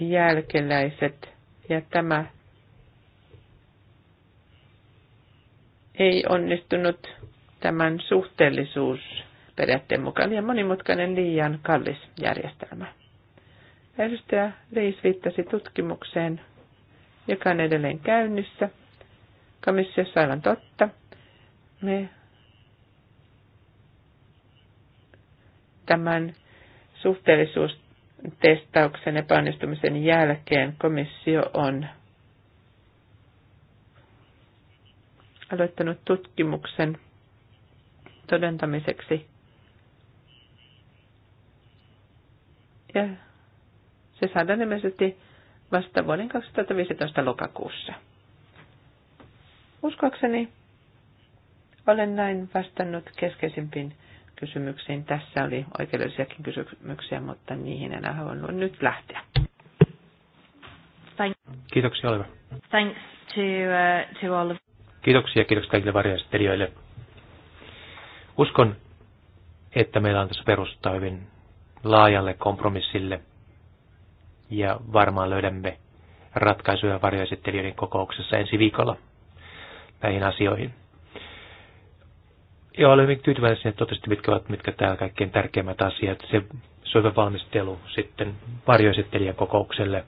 jälkeläiset ja tämä ei onnistunut tämän suhteellisuusperiaatteen mukaan ja monimutkainen liian kallis järjestelmä. Edustaja Reis viittasi tutkimukseen, joka on edelleen käynnissä. Komissiossa aivan totta. Me tämän suhteellisuustestauksen epäonnistumisen jälkeen komissio on aloittanut tutkimuksen todentamiseksi. Ja se saadaan ilmeisesti vasta vuoden 2015 lokakuussa. Uskoakseni olen näin vastannut keskeisimpiin kysymyksiin. Tässä oli oikeudellisiakin kysymyksiä, mutta niihin en halunnut nyt lähteä. Kiitoksia, Oliva. Thanks to, uh, to all of Kiitoksia, kiitoksia kaikille varjoistelijoille. Uskon, että meillä on tässä perustaa hyvin laajalle kompromissille ja varmaan löydämme ratkaisuja varjoesittelijöiden kokouksessa ensi viikolla näihin asioihin. Ja olen hyvin tyytyväinen että totesitte, mitkä ovat mitkä täällä kaikkein tärkeimmät asiat. Se soiva valmistelu sitten varjoesittelijän kokoukselle.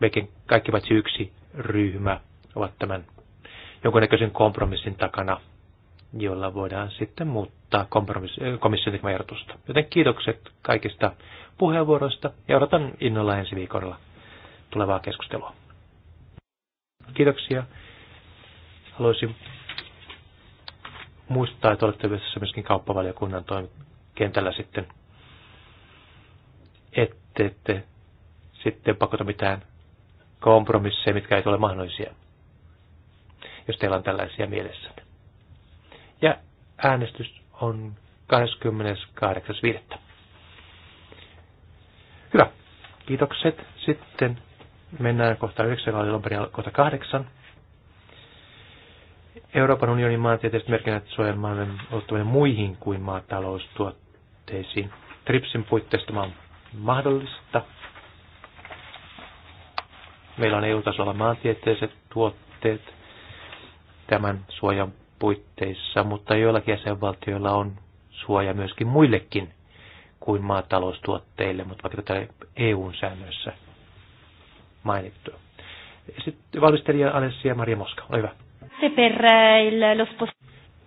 Mekin kaikki paitsi yksi ryhmä ovat tämän jonkunnäköisen kompromissin takana, jolla voidaan sitten muuttaa eh, komission tekemää ehdotusta. Joten kiitokset kaikista puheenvuoroista ja odotan innolla ensi viikolla tulevaa keskustelua. Kiitoksia. Haluaisin muistaa, että olette myöskin kauppavaliokunnan kentällä sitten, ette, ette sitten pakota mitään kompromisseja, mitkä ei ole mahdollisia jos teillä on tällaisia mielessä. Ja äänestys on 28.5. Hyvä. Kiitokset. Sitten mennään kohta 9, joka Lomperia kohta 8. Euroopan unionin maantieteelliset merkinnät suojelmaan ulottuminen muihin kuin maataloustuotteisiin. TRIPSin puitteista on mahdollista. Meillä on EU-tasolla maantieteelliset tuotteet, tämän suojan puitteissa, mutta joillakin jäsenvaltioilla on suoja myöskin muillekin kuin maataloustuotteille, mutta vaikka tätä EU-säännöissä mainittu. Sitten valmistelija Alessia Maria Moska, ole hyvä.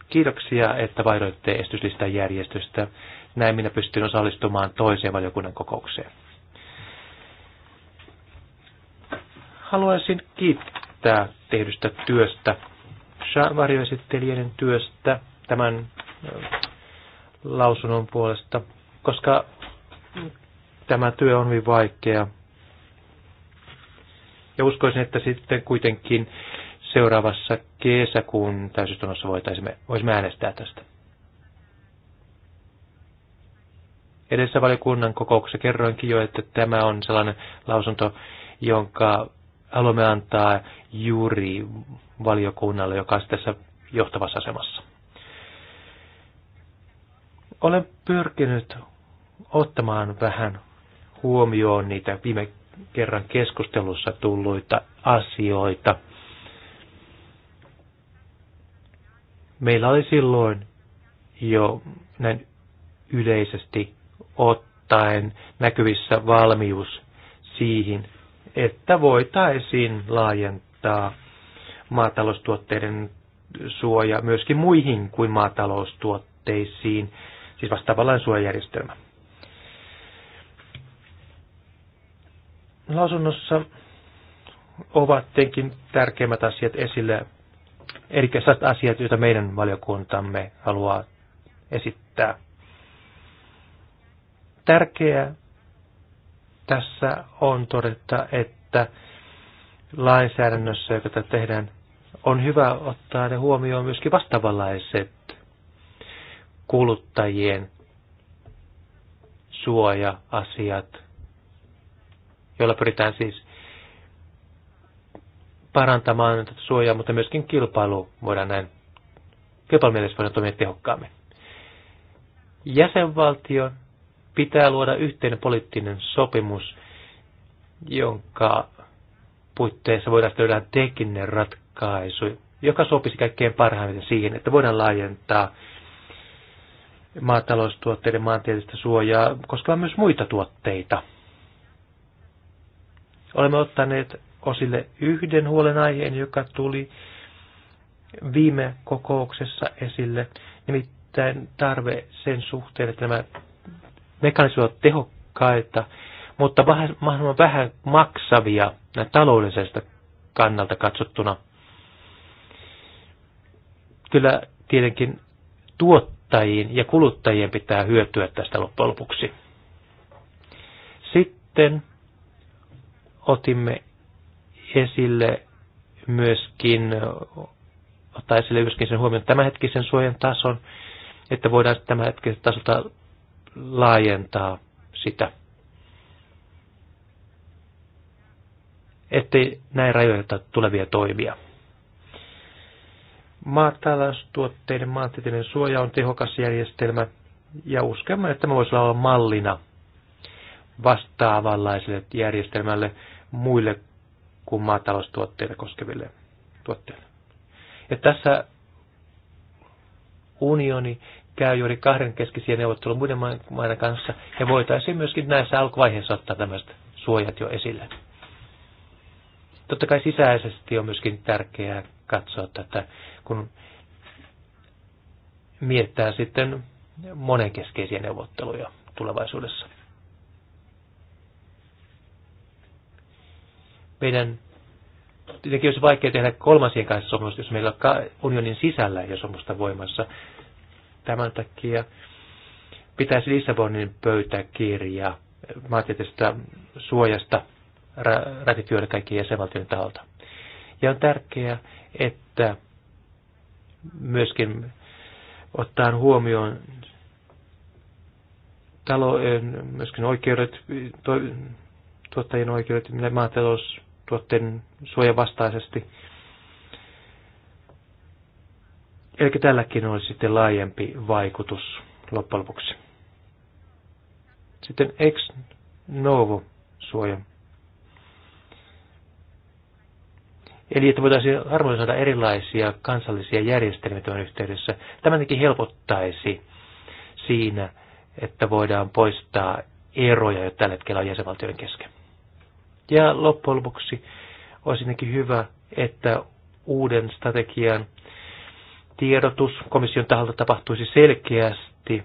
Kiitoksia, että vaihdoitte estyslistan järjestystä. Näin minä pystyn osallistumaan toiseen valiokunnan kokoukseen. Haluaisin kiittää tehdystä työstä varjoesittelijöiden työstä tämän lausunnon puolesta, koska tämä työ on hyvin vaikea. Ja uskoisin, että sitten kuitenkin seuraavassa kesäkuun täysistunnossa voitaisimme, voisimme äänestää tästä. Edessä valiokunnan kokouksessa kerroinkin jo, että tämä on sellainen lausunto, jonka haluamme antaa juuri valiokunnalle, joka on tässä johtavassa asemassa. Olen pyrkinyt ottamaan vähän huomioon niitä viime kerran keskustelussa tulluita asioita. Meillä oli silloin jo näin yleisesti ottaen näkyvissä valmius siihen, että voitaisiin laajentaa maataloustuotteiden suoja myöskin muihin kuin maataloustuotteisiin, siis vastaavallaan suojajärjestelmä. Lausunnossa ovat tietenkin tärkeimmät asiat esille, eli asiat, joita meidän valiokuntamme haluaa esittää. Tärkeää tässä on todetta, että lainsäädännössä, joka tehdään, on hyvä ottaa ne huomioon myöskin vastaavanlaiset kuluttajien suoja-asiat, joilla pyritään siis parantamaan tätä suojaa, mutta myöskin kilpailu voidaan näin, kilpailumielessä voidaan toimia tehokkaammin. Jäsenvaltion pitää luoda yhteinen poliittinen sopimus, jonka puitteissa voidaan löydä tekninen ratkaisu, joka sopisi kaikkein parhaiten siihen, että voidaan laajentaa maataloustuotteiden maantieteellistä suojaa koskemaan myös muita tuotteita. Olemme ottaneet osille yhden huolenaiheen, joka tuli viime kokouksessa esille, nimittäin tarve sen suhteen, että nämä mekanismit ovat tehokkaita, mutta mahdollisimman vähän maksavia taloudellisesta kannalta katsottuna. Kyllä tietenkin tuottajien ja kuluttajien pitää hyötyä tästä loppujen lopuksi. Sitten otimme esille myöskin, ottaa esille myöskin sen huomioon tämänhetkisen suojan tason, että voidaan tämänhetkisen tasolta laajentaa sitä. ettei näin rajoiteta tulevia toimia. Maataloustuotteiden maantieteellinen suoja on tehokas järjestelmä ja uskemme, että tämä voisi olla mallina vastaavanlaiselle järjestelmälle muille kuin maataloustuotteita koskeville tuotteille. Ja tässä unioni käy juuri kahdenkeskisiä neuvotteluja muiden maiden kanssa, ja voitaisiin myöskin näissä alkuvaiheissa ottaa tämmöiset suojat jo esille. Totta kai sisäisesti on myöskin tärkeää katsoa tätä, kun miettää sitten monenkeskeisiä neuvotteluja tulevaisuudessa. Meidän tietenkin olisi vaikea tehdä kolmansien kanssa sopimusta, jos meillä on unionin sisällä ole sopimusta voimassa. Tämän takia pitäisi Lissabonin pöytäkirja maantieteellisestä suojasta ratifioida kaikkien jäsenvaltion taholta. Ja on tärkeää, että myöskin ottaen huomioon talo, myöskin oikeudet, tuottajien oikeudet, maataloustuotteiden suojan vastaisesti, Eli tälläkin olisi sitten laajempi vaikutus loppujen lopuksi. Sitten ex novo suoja. Eli että voitaisiin harmonisoida erilaisia kansallisia järjestelmiä tämän yhteydessä. Tämä tietenkin helpottaisi siinä, että voidaan poistaa eroja, jo tällä hetkellä on jäsenvaltioiden kesken. Ja loppujen lopuksi olisi hyvä, että uuden strategian tiedotus komission taholta tapahtuisi selkeästi,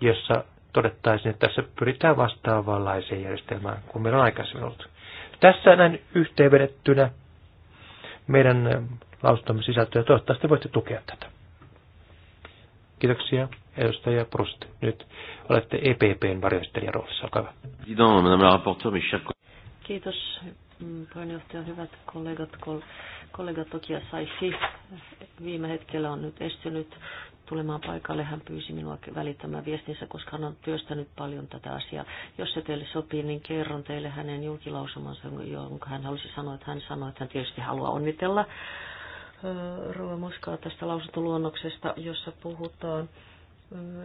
jossa todettaisiin, että tässä pyritään vastaavanlaiseen järjestelmään kuin meillä on aikaisemmin ollut. Tässä näin yhteenvedettynä meidän lausuntomme sisältöä. Toivottavasti voitte tukea tätä. Kiitoksia, edustaja Prost. Nyt olette EPPn varjoistelijan roolissa. Olkaa hyvä. Kiitos, Mm, puheenjohtaja, hyvät kollegat, kollega Tokia Saifi viime hetkellä on nyt estynyt tulemaan paikalle. Hän pyysi minua välittämään viestinsä, koska hän on työstänyt paljon tätä asiaa. Jos se teille sopii, niin kerron teille hänen julkilausumansa, jonka hän halusi sanoa, että hän sanoi, että hän tietysti haluaa onnitella Rova Moskaa tästä lausuntoluonnoksesta, jossa puhutaan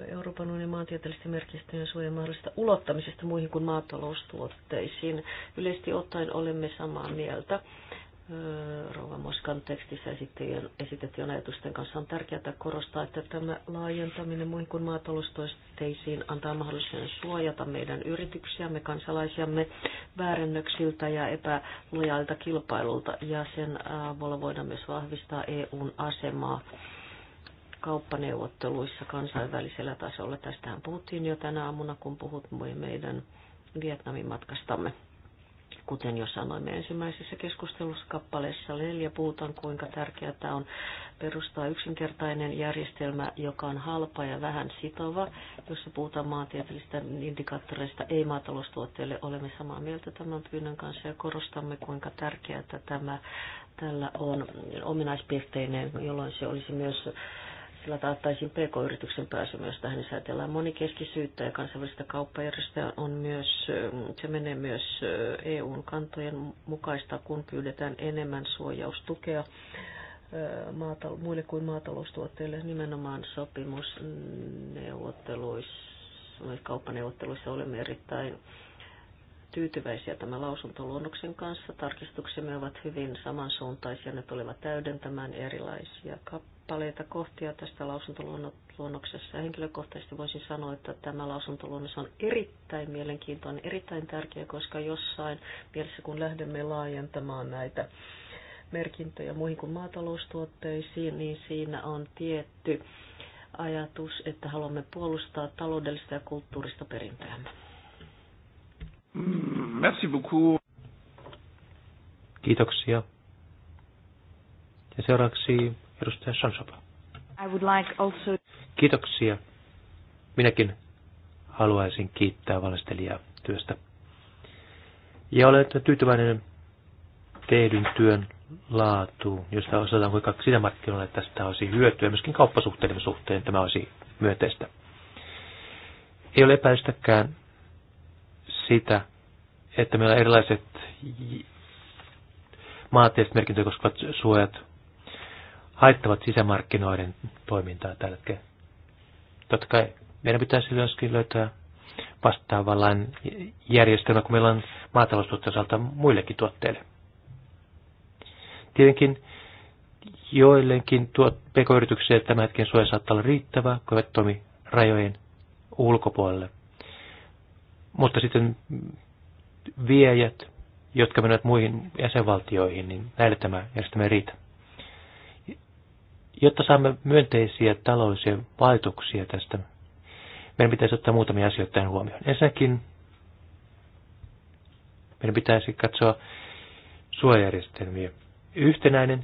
Euroopan unionin maantieteellisten merkistöjen suojan mahdollisesta ulottamisesta muihin kuin maataloustuotteisiin. Yleisesti ottaen olemme samaa mieltä. Rouva Moskan tekstissä esitettyjen ajatusten kanssa on tärkeää korostaa, että tämä laajentaminen muihin kuin maataloustoisteisiin antaa mahdollisuuden suojata meidän yrityksiämme, kansalaisiamme väärennöksiltä ja epälojailta kilpailulta ja sen avulla voidaan myös vahvistaa EUn asemaa kauppaneuvotteluissa kansainvälisellä tasolla. Tästähän puhuttiin jo tänä aamuna, kun puhut meidän Vietnamin matkastamme. Kuten jo sanoimme ensimmäisessä keskustelussa kappaleessa neljä puhutaan kuinka tärkeää tämä on perustaa yksinkertainen järjestelmä, joka on halpa ja vähän sitova, jossa puhutaan maantieteellisistä indikaattoreista, ei maataloustuotteille. Olemme samaa mieltä tämän pyynnön kanssa ja korostamme, kuinka tärkeää tämä tällä on ominaispiirteinen, jolloin se olisi myös sillä taattaisiin PK-yrityksen pääsy myös tähän. Niin ajatellaan monikeskisyyttä ja kansainvälistä kauppajärjestöä on myös, mm, se menee myös EUn kantojen mukaista, kun pyydetään enemmän suojaustukea maatal- muille kuin maataloustuotteille nimenomaan sopimusneuvotteluissa, kauppaneuvotteluissa olemme erittäin tyytyväisiä tämän lausuntoluonnoksen kanssa. Tarkistuksemme ovat hyvin samansuuntaisia, ne tulevat täydentämään erilaisia kappaleita kappaleita kohtia tästä lausuntoluonnoksessa. Henkilökohtaisesti voisin sanoa, että tämä lausuntoluonnos on erittäin mielenkiintoinen, erittäin tärkeä, koska jossain mielessä kun lähdemme laajentamaan näitä merkintöjä muihin kuin maataloustuotteisiin, niin siinä on tietty ajatus, että haluamme puolustaa taloudellista ja kulttuurista perintöämme. Merci beaucoup. Kiitoksia. Ja seuraavaksi Edustaja Sansapa. I would like also... Kiitoksia. Minäkin haluaisin kiittää valmistelijaa työstä. Ja olen tyytyväinen tehdyn työn laatuun, josta osataan kuinka sisämarkkinoille tästä olisi hyötyä, myöskin kauppasuhteiden suhteen tämä olisi myönteistä. Ei ole epäilystäkään sitä, että meillä on erilaiset maantieteelliset merkintöjä koskevat suojat haittavat sisämarkkinoiden toimintaa tällä hetkellä. Totta kai meidän pitäisi myöskin löytää vastaavallaan järjestelmä, kun meillä on maataloustuotteen osalta muillekin tuotteille. Tietenkin joillekin tuot, pk-yrityksille tämän hetken suoja saattaa olla riittävä, kun eivät toimi rajojen ulkopuolelle. Mutta sitten viejät, jotka menevät muihin jäsenvaltioihin, niin näille tämä järjestelmä ei riitä. Jotta saamme myönteisiä taloudellisia vaikutuksia tästä, meidän pitäisi ottaa muutamia asioita tähän huomioon. Ensinnäkin meidän pitäisi katsoa suojajärjestelmiä. Yhtenäinen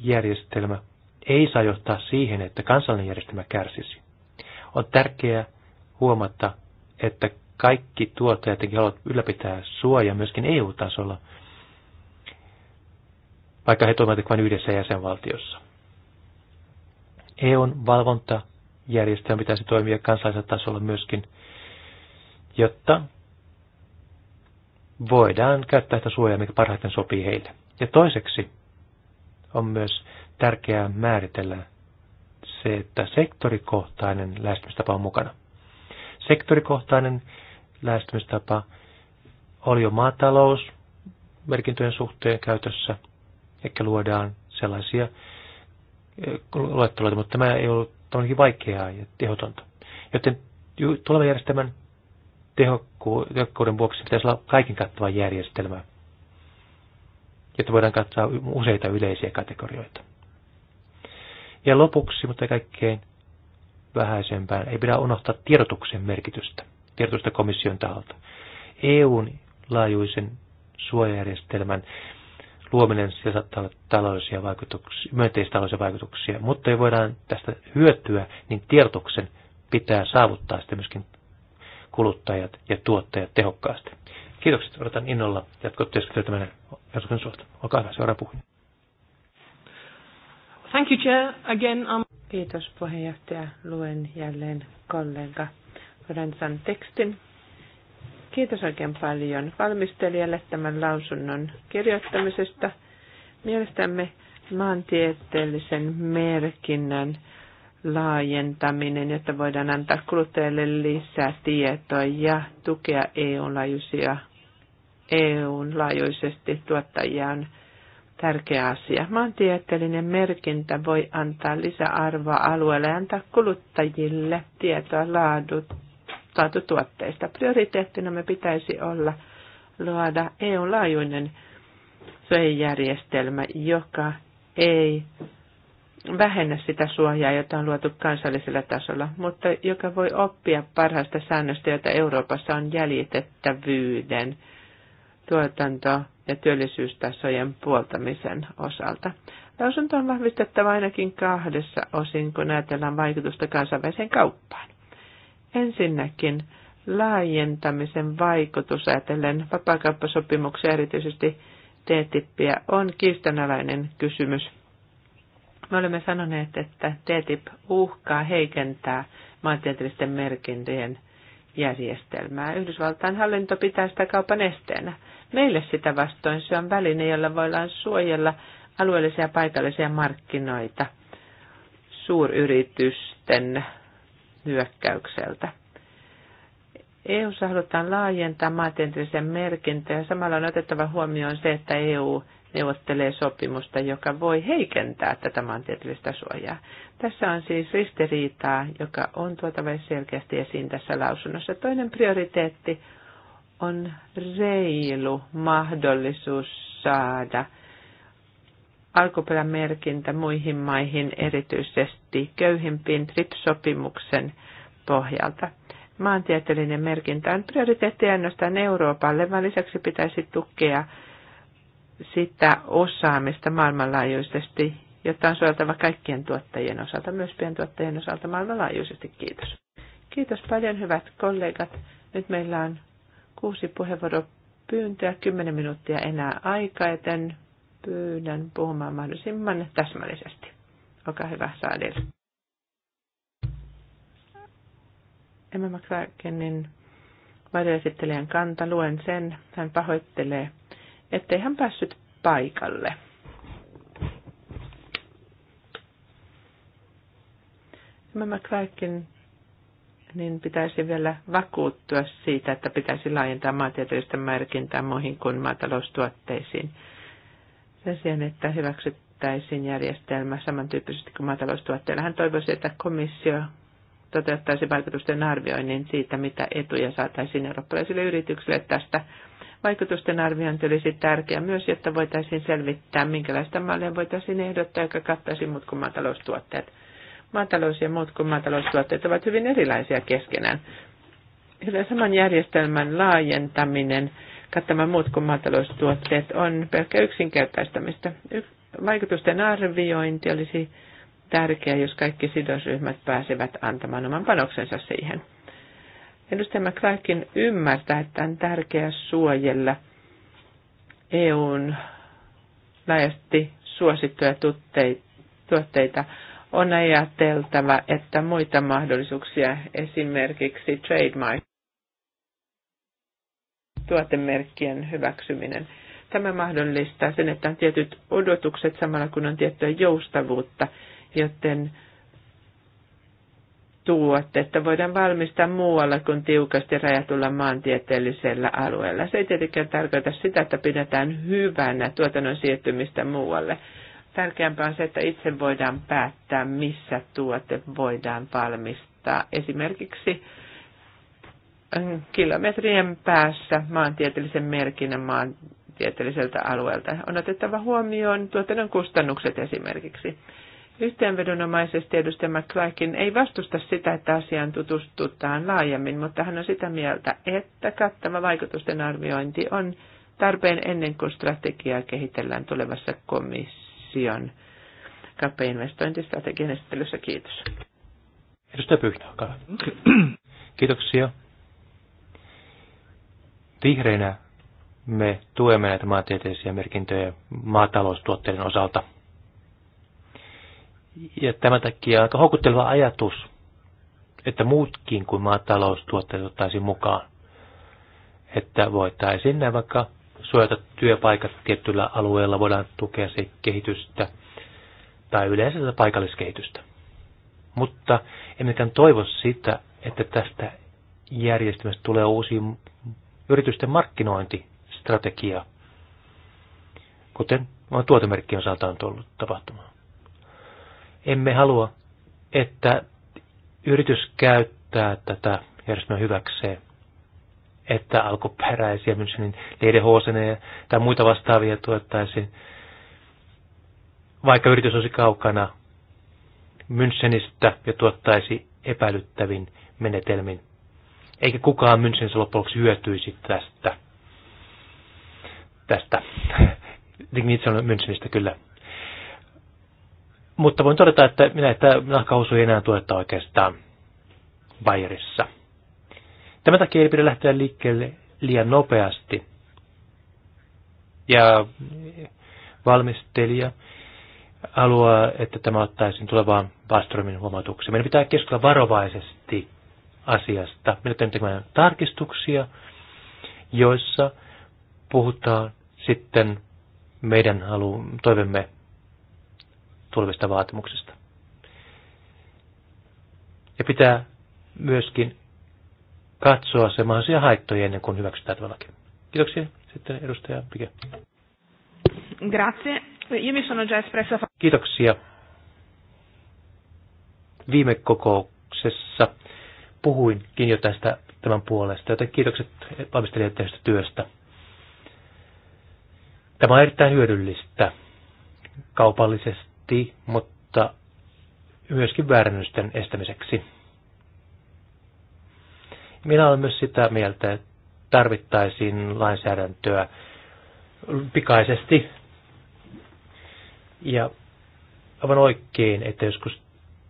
järjestelmä ei saa johtaa siihen, että kansallinen järjestelmä kärsisi. On tärkeää huomata, että kaikki tuottajat haluavat ylläpitää suojaa myöskin EU-tasolla – vaikka he toimivat vain yhdessä jäsenvaltiossa. EUn valvontajärjestelmä pitäisi toimia kansallisella tasolla myöskin, jotta voidaan käyttää sitä suojaa, mikä parhaiten sopii heille. Ja toiseksi on myös tärkeää määritellä se, että sektorikohtainen lähestymistapa on mukana. Sektorikohtainen lähestymistapa oli jo maatalous merkintöjen suhteen käytössä – ehkä luodaan sellaisia eh, luetteloita, mutta tämä ei ollut tämmöinenkin vaikeaa ja tehotonta. Joten tulevan järjestelmän tehokkuuden vuoksi pitäisi olla kaiken kattava järjestelmä, jotta voidaan katsoa useita yleisiä kategorioita. Ja lopuksi, mutta kaikkein vähäisempään, ei pidä unohtaa tiedotuksen merkitystä, tiedotusta komission taholta. EUn laajuisen suojajärjestelmän luominen, se saattaa olla taloudellisia vaikutuksia, myönteisiä taloudellisia vaikutuksia, mutta ei voidaan tästä hyötyä, niin tiedotuksen pitää saavuttaa sitten myöskin kuluttajat ja tuottajat tehokkaasti. Kiitokset, odotan innolla jatkotyöskentelyä tämän ehdotuksen suolta. Olkaa hyvä, seuraava puhuja. Thank you, Chair. Again, um... Kiitos puheenjohtaja. Luen jälleen kollega Rensan tekstin. Kiitos oikein paljon valmistelijalle tämän lausunnon kirjoittamisesta. Mielestämme maantieteellisen merkinnän laajentaminen, jotta voidaan antaa kuluttajille lisää tietoa ja tukea EU-laajuisia EUn laajuisesti tuottajia on tärkeä asia. Maantieteellinen merkintä voi antaa lisäarvoa alueelle ja antaa kuluttajille tietoa laadut, tuotteista. Prioriteettina me pitäisi olla luoda EU-laajuinen suojajärjestelmä, joka ei vähennä sitä suojaa, jota on luotu kansallisella tasolla, mutta joka voi oppia parhaista säännöstä, joita Euroopassa on jäljitettävyyden, tuotanto- ja työllisyystasojen puoltamisen osalta. Lausunto on vahvistettava ainakin kahdessa osin, kun ajatellaan vaikutusta kansainväliseen kauppaan. Ensinnäkin laajentamisen vaikutus ajatellen vapaakauppasopimuksia, erityisesti TTIPiä, on kiistanalainen kysymys. Me olemme sanoneet, että TTIP uhkaa heikentää maantieteellisten merkintöjen järjestelmää. Yhdysvaltain hallinto pitää sitä kaupan esteenä. Meille sitä vastoin se on väline, jolla voidaan suojella alueellisia ja paikallisia markkinoita suuryritysten hyökkäykseltä. EU halutaan laajentaa maantieteellisen merkintä ja samalla on otettava huomioon se, että EU neuvottelee sopimusta, joka voi heikentää tätä maantieteellistä suojaa. Tässä on siis ristiriitaa, joka on tuotava selkeästi esiin tässä lausunnossa. Toinen prioriteetti on reilu mahdollisuus saada – alkuperämerkintä muihin maihin, erityisesti köyhimpiin TRIPS-sopimuksen pohjalta. Maantieteellinen merkintä on prioriteetti ainoastaan Euroopalle, vaan lisäksi pitäisi tukea sitä osaamista maailmanlaajuisesti, jotta on suojeltava kaikkien tuottajien osalta, myös pientuottajien osalta maailmanlaajuisesti. Kiitos. Kiitos paljon hyvät kollegat. Nyt meillä on kuusi puheenvuoropyyntöä, kymmenen minuuttia enää aikaa, joten pyydän puhumaan mahdollisimman täsmällisesti. Olkaa hyvä, Saadil. Emma McCrackenin varjoesittelijän kanta, luen sen. Hän pahoittelee, ettei hän päässyt paikalle. Emma McCracken niin pitäisi vielä vakuuttua siitä, että pitäisi laajentaa maatieteellistä merkintää muihin kuin maataloustuotteisiin – sen että hyväksyttäisiin järjestelmä samantyyppisesti kuin maataloustuotteilla. Hän toivoisi, että komissio toteuttaisi vaikutusten arvioinnin siitä, mitä etuja saataisiin eurooppalaisille yrityksille tästä. Vaikutusten arviointi olisi tärkeä myös, jotta voitaisiin selvittää, minkälaista mallia voitaisiin ehdottaa, joka kattaisi muut kuin maataloustuotteet. Maatalous ja muut kuin maataloustuotteet ovat hyvin erilaisia keskenään. Hyvä saman järjestelmän laajentaminen kattamaan muut kuin maataloustuotteet on pelkkä yksinkertaistamista. Vaikutusten arviointi olisi tärkeää, jos kaikki sidosryhmät pääsevät antamaan oman panoksensa siihen. Edustaja McClarkin ymmärtää, että on tärkeää suojella EUn laajasti suosittuja tuotteita. On ajateltava, että muita mahdollisuuksia, esimerkiksi trademark, tuotemerkkien hyväksyminen. Tämä mahdollistaa sen, että on tietyt odotukset samalla kun on tiettyä joustavuutta, joten tuotetta voidaan valmistaa muualla kuin tiukasti rajatulla maantieteellisellä alueella. Se ei tietenkään tarkoita sitä, että pidetään hyvänä tuotannon siirtymistä muualle. Tärkeämpää on se, että itse voidaan päättää, missä tuote voidaan valmistaa. Esimerkiksi Äh, kilometrien päässä maantieteellisen merkinnän maantieteelliseltä alueelta. On otettava huomioon tuotannon kustannukset esimerkiksi. Yhteenvedonomaisesti edustaja McClarkin ei vastusta sitä, että asiaan tutustutaan laajemmin, mutta hän on sitä mieltä, että kattava vaikutusten arviointi on tarpeen ennen kuin strategiaa kehitellään tulevassa komission kapeinvestointistrategian esittelyssä. Kiitos. Edustaja Pyhtä, Kiitoksia. Vihreinä me tuemme näitä maantieteellisiä merkintöjä maataloustuotteiden osalta. Ja tämän takia aika houkutteleva ajatus, että muutkin kuin maataloustuotteet ottaisiin mukaan. Että voitaisiin näin vaikka suojata työpaikat tietyllä alueella, voidaan tukea se kehitystä tai yleensä sitä paikalliskehitystä. Mutta emmekään toivo sitä, että tästä järjestelmästä tulee uusi yritysten markkinointistrategia, kuten vain tuotemerkkien osalta on tullut tapahtumaan. Emme halua, että yritys käyttää tätä järjestelmää hyväkseen, että alkuperäisiä Münchenin leidehoseneja tai muita vastaavia tuettaisiin, vaikka yritys olisi kaukana Münchenistä ja tuottaisi epäilyttävin menetelmin eikä kukaan Münchenissä loppujen lopuksi hyötyisi tästä. Tästä. Niin itse olen Münchenistä kyllä. Mutta voin todeta, että minä että nahkahousu ei enää tuetta oikeastaan Bayerissa. Tämän takia ei pidä lähteä liikkeelle liian nopeasti. Ja valmistelija haluaa, että tämä ottaisiin tulevaan Bastromin huomautukseen. Meidän pitää keskustella varovaisesti asiasta. Me nyt tekemään tarkistuksia, joissa puhutaan sitten meidän halu, toivemme tulevista vaatimuksista. Ja pitää myöskin katsoa se mahdollisia haittoja ennen kuin hyväksytään tämä laki. Kiitoksia. Sitten edustaja Pike. Grazie. Io mi sono già espressa... Kiitoksia. Viime kokouksessa puhuinkin jo tästä tämän puolesta, joten kiitokset valmistelijat tehdystä työstä. Tämä on erittäin hyödyllistä kaupallisesti, mutta myöskin väärännysten estämiseksi. Minä olen myös sitä mieltä, että tarvittaisiin lainsäädäntöä pikaisesti. Ja aivan oikein, että joskus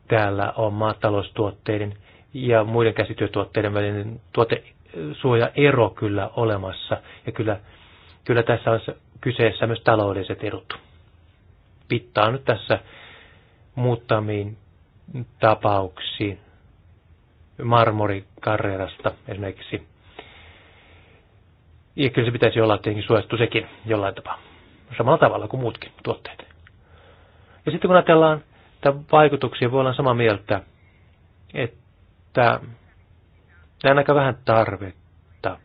täällä on maataloustuotteiden ja muiden käsityötuotteiden välinen tuotesuojaero kyllä olemassa. Ja kyllä, kyllä tässä on kyseessä myös taloudelliset edut. Pittaa nyt tässä muutamiin tapauksiin. Marmorikarrerasta esimerkiksi. Ja kyllä se pitäisi olla tietenkin suojattu sekin jollain tapaa. Samalla tavalla kuin muutkin tuotteet. Ja sitten kun ajatellaan että vaikutuksia, voi olla samaa mieltä, että että näen aika vähän tarvetta.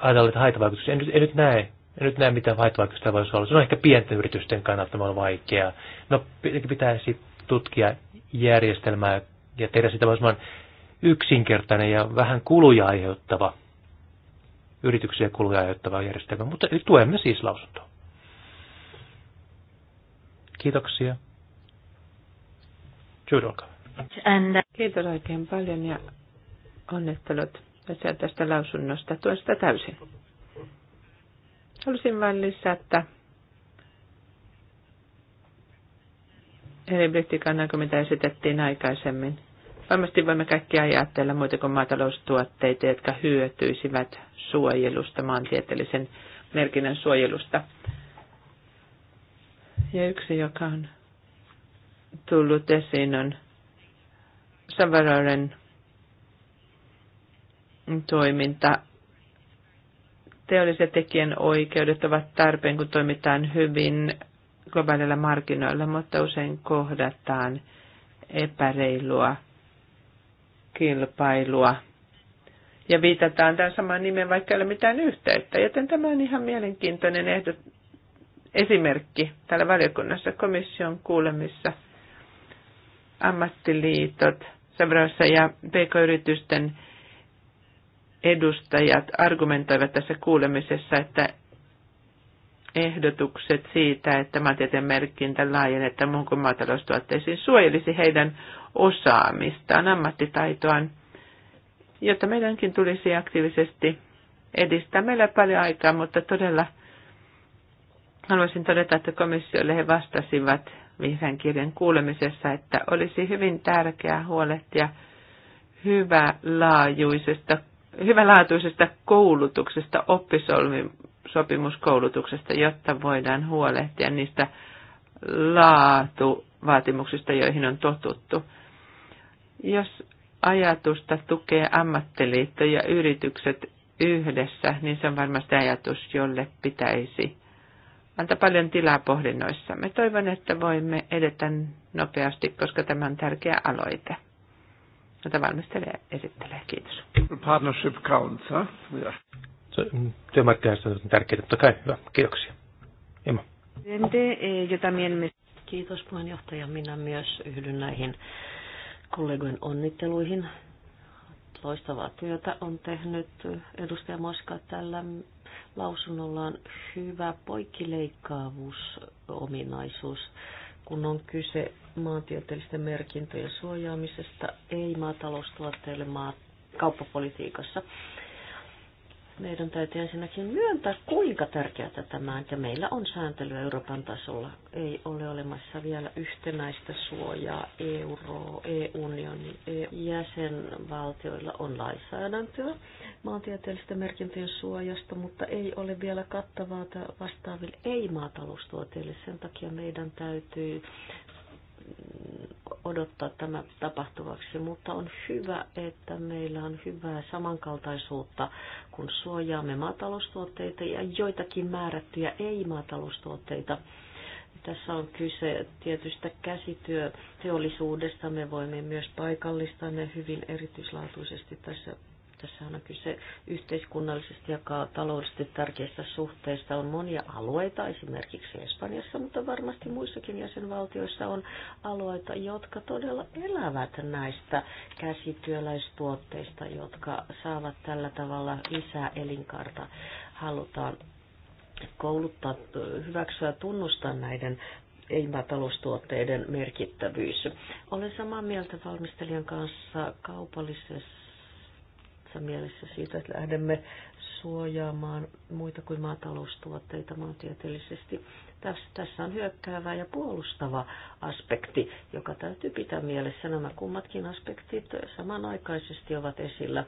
Ajatellaan, että haitavaikutuksia. En, nyt, en nyt näe. En nyt näe, mitä haitavaikutuksia voisi olla. Se on ehkä pienten yritysten kannalta on vaikeaa. No, pitäisi tutkia järjestelmää ja tehdä sitä mahdollisimman yksinkertainen ja vähän kuluja aiheuttava, yrityksiä kuluja aiheuttava järjestelmä. Mutta tuemme siis lausuntoa. Kiitoksia. Jude, olkaa uh, Kiitos oikein paljon ja onnittelut tästä lausunnosta. Tuen sitä täysin. Haluaisin vain lisätä eri brittikannanko, mitä esitettiin aikaisemmin. Varmasti voimme kaikki ajatella muita kuin maataloustuotteita, jotka hyötyisivät suojelusta, maantieteellisen merkinnän suojelusta. Ja yksi, joka on tullut esiin, on Savararen toiminta. Teolliset tekijän oikeudet ovat tarpeen, kun toimitaan hyvin globaaleilla markkinoilla, mutta usein kohdataan epäreilua kilpailua. Ja viitataan tämän samaan nimeen, vaikka ei ole mitään yhteyttä. Joten tämä on ihan mielenkiintoinen ehdot, esimerkki täällä valiokunnassa komission kuulemissa – ammattiliitot Sabrassa ja PK-yritysten edustajat argumentoivat tässä kuulemisessa, että ehdotukset siitä, että maantieteen merkintä laajennetaan muun kuin maataloustuotteisiin, suojelisi heidän osaamistaan, ammattitaitoaan, jotta meidänkin tulisi aktiivisesti edistää. Meillä on paljon aikaa, mutta todella haluaisin todeta, että komissiolle he vastasivat vihreän kirjan kuulemisessa, että olisi hyvin tärkeää huolehtia hyvälaajuisesta, hyvälaatuisesta koulutuksesta, oppisopimuskoulutuksesta, jotta voidaan huolehtia niistä laatuvaatimuksista, joihin on totuttu. Jos ajatusta tukee ammattiliitto ja yritykset yhdessä, niin se on varmasti ajatus, jolle pitäisi Anta paljon tilaa Me Toivon, että voimme edetä nopeasti, koska tämä on tärkeä aloite. Mutta valmistelee esittelee. Kiitos. Partnership counts, huh? yeah. Työmarkkinajärjestöt on tärkeää. totta kai. Hyvä, kiitoksia. Emma. Eh, Kiitos puheenjohtaja. Minä myös yhdyn näihin kollegojen onnitteluihin. Loistavaa työtä on tehnyt edustaja Moska tällä lausunnollaan hyvä poikkileikkaavuusominaisuus, kun on kyse maantieteellisten merkintöjen suojaamisesta, ei maataloustuotteille maa kauppapolitiikassa meidän täytyy ensinnäkin myöntää, kuinka tärkeää tämä on. Ja meillä on sääntely Euroopan tasolla. Ei ole olemassa vielä yhtenäistä suojaa euro, EU-unionin jäsenvaltioilla on lainsäädäntöä maantieteellisten merkintöjen suojasta, mutta ei ole vielä kattavaa vastaaville ei maataloustuotteille Sen takia meidän täytyy odottaa tämä tapahtuvaksi, mutta on hyvä, että meillä on hyvää samankaltaisuutta, kun suojaamme maataloustuotteita ja joitakin määrättyjä ei-maataloustuotteita. Tässä on kyse tietystä käsityöteollisuudesta. Me voimme myös paikallistaa ne hyvin erityislaatuisesti tässä tässä on kyse yhteiskunnallisesti ja taloudellisesti tärkeistä suhteista. On monia alueita, esimerkiksi Espanjassa, mutta varmasti muissakin jäsenvaltioissa on alueita, jotka todella elävät näistä käsityöläistuotteista, jotka saavat tällä tavalla lisää elinkaarta. Halutaan kouluttaa, hyväksyä, tunnustaa näiden ei merkittävyys. Olen samaa mieltä valmistelijan kanssa kaupallisessa tässä mielessä siitä, että lähdemme suojaamaan muita kuin maataloustuotteita maantieteellisesti. Tässä on hyökkäävä ja puolustava aspekti, joka täytyy pitää mielessä. Nämä kummatkin aspektit samanaikaisesti ovat esillä.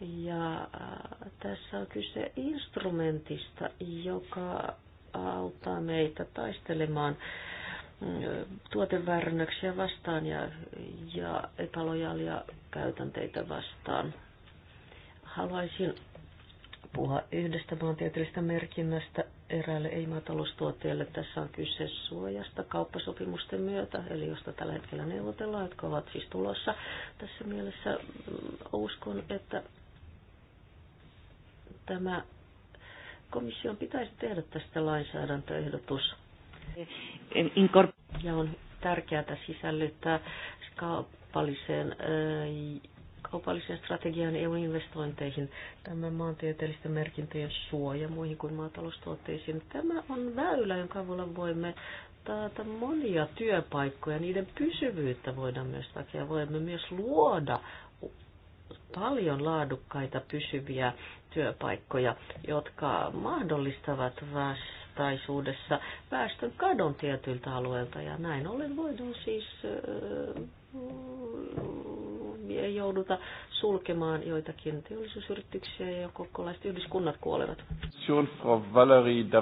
Ja äh, tässä on kyse instrumentista, joka auttaa meitä taistelemaan mm, tuoteväärännöksiä vastaan ja, ja epälojaalia käytänteitä vastaan. Haluaisin puhua yhdestä maantieteellisestä merkinnästä eräälle ei-maataloustuotteelle. Tässä on kyse suojasta kauppasopimusten myötä, eli josta tällä hetkellä neuvotellaan, jotka ovat siis tulossa. Tässä mielessä mm, uskon, että tämä komission pitäisi tehdä tästä lainsäädäntöehdotus. Ja on tärkeää sisällyttää kaupalliseen kaupallisen strategian niin EU-investointeihin, tämä maantieteellisten merkintöjen suoja muihin kuin maataloustuotteisiin. Tämä on väylä, jonka avulla voimme taata monia työpaikkoja, niiden pysyvyyttä voidaan myös takia. Voimme myös luoda paljon laadukkaita pysyviä työpaikkoja, jotka mahdollistavat vastaisuudessa väestön kadon tietyiltä alueilta ja näin ollen voidaan siis ei jouduta sulkemaan joitakin teollisuusyrityksiä ja kokonaiset yhdyskunnat kuolevat. Valerie te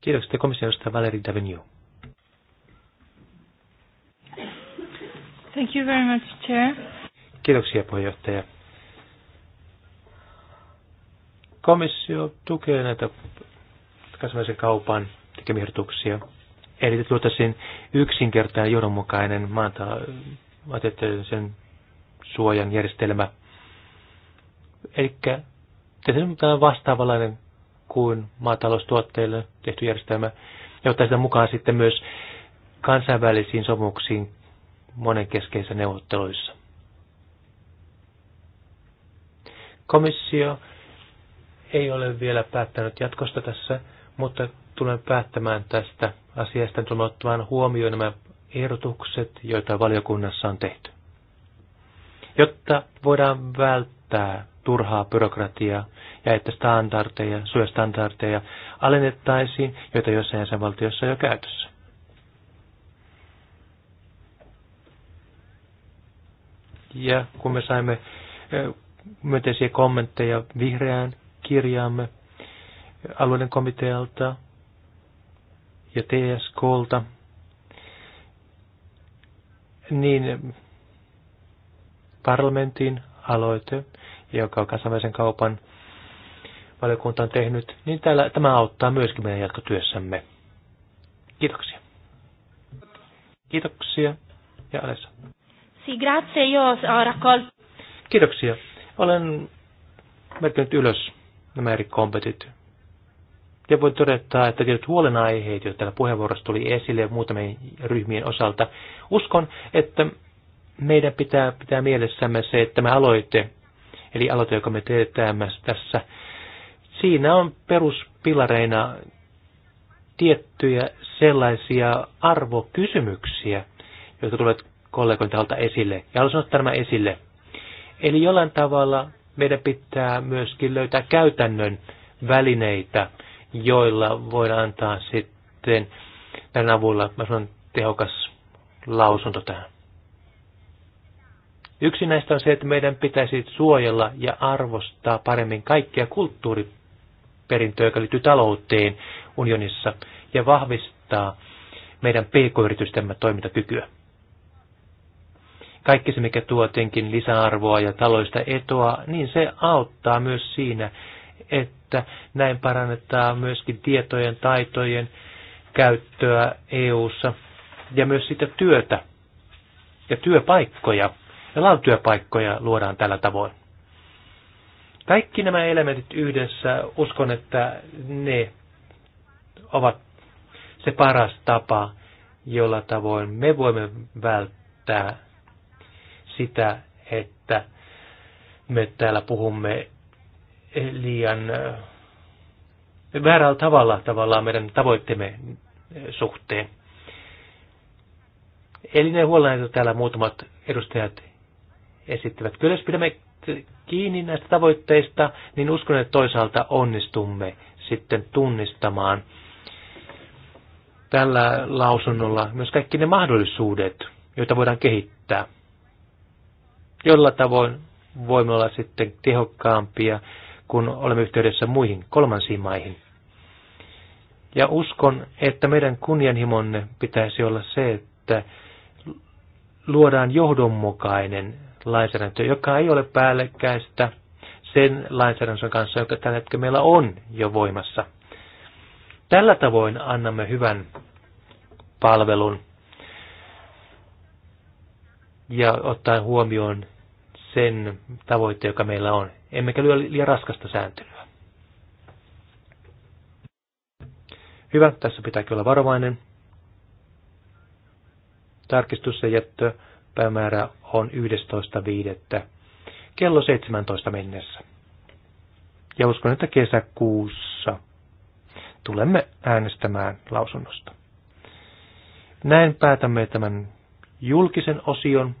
Kiitoksia komissiosta Valerie Davignou. Thank you very much, Chair. Kiitoksia puheenjohtaja. Komissio tukee näitä kansainvälisen kaupan tekemiehdotuksia. Eli tuotaisiin yksinkertainen johdonmukainen maata, sen suojan järjestelmä. Eli tehdään tällainen vastaavanlainen kuin maataloustuotteille tehty järjestelmä, ja ottaa sitä mukaan sitten myös kansainvälisiin sopimuksiin monenkeskeisissä neuvotteluissa. Komissio ei ole vielä päättänyt jatkosta tässä, mutta tulen päättämään tästä asiasta. tulen ottamaan huomioon nämä ehdotukset, joita valiokunnassa on tehty jotta voidaan välttää turhaa byrokratiaa ja että standardeja, suojastandardeja alennettaisiin, joita jossain jäsenvaltiossa on jo käytössä. Ja kun me saimme myönteisiä kommentteja vihreään kirjaamme alueiden komitealta ja TSKlta, niin parlamentin aloite, joka on kansainvälisen kaupan valiokunta on tehnyt, niin täällä, tämä auttaa myöskin meidän jatkotyössämme. Kiitoksia. Kiitoksia. Ja Alessa. Si, grazie, io raccol. Kiitoksia. Olen merkinnyt ylös nämä eri kompetit. Ja voin todeta, että tietyt huolenaiheet, joita täällä puheenvuorossa tuli esille muutamien ryhmien osalta, uskon, että meidän pitää pitää mielessämme se, että me aloite, eli aloite, joka me teetään tässä, siinä on peruspilareina tiettyjä sellaisia arvokysymyksiä, jotka tulevat kollegojen taholta esille. Ja haluaisin ottaa nämä esille. Eli jollain tavalla meidän pitää myöskin löytää käytännön välineitä, joilla voidaan antaa sitten tämän avulla mä sanon, tehokas lausunto tähän. Yksi näistä on se, että meidän pitäisi suojella ja arvostaa paremmin kaikkia kulttuuriperintöä, joka liittyy talouteen unionissa, ja vahvistaa meidän pk-yritystemme toimintakykyä. Kaikki se, mikä tuo tietenkin lisäarvoa ja taloista etoa, niin se auttaa myös siinä, että näin parannetaan myöskin tietojen, taitojen käyttöä EU-ssa ja myös sitä työtä ja työpaikkoja ja laatutyöpaikkoja luodaan tällä tavoin. Kaikki nämä elementit yhdessä, uskon, että ne ovat se paras tapa, jolla tavoin me voimme välttää sitä, että me täällä puhumme liian eh, väärällä tavalla tavallaan meidän tavoitteemme suhteen. Eli ne huolenaito täällä muutamat edustajat esittävät. Kyllä jos pidämme kiinni näistä tavoitteista, niin uskon, että toisaalta onnistumme sitten tunnistamaan tällä lausunnolla myös kaikki ne mahdollisuudet, joita voidaan kehittää. Jolla tavoin voimme olla sitten tehokkaampia, kun olemme yhteydessä muihin kolmansiin maihin. Ja uskon, että meidän kunnianhimonne pitäisi olla se, että luodaan johdonmukainen lainsäädäntöä, joka ei ole päällekkäistä sen lainsäädännön kanssa, joka tällä hetkellä meillä on jo voimassa. Tällä tavoin annamme hyvän palvelun ja ottaen huomioon sen tavoitteen, joka meillä on. Emmekä lyö liian raskasta sääntelyä. Hyvä, tässä pitääkin olla varovainen. Tarkistus ja jättö päivämäärä on 11.5. kello 17 mennessä. Ja uskon, että kesäkuussa tulemme äänestämään lausunnosta. Näin päätämme tämän julkisen osion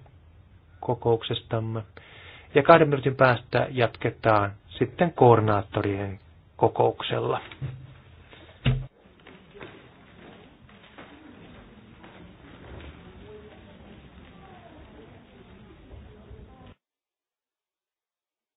kokouksestamme. Ja kahden minuutin päästä jatketaan sitten koordinaattorien kokouksella.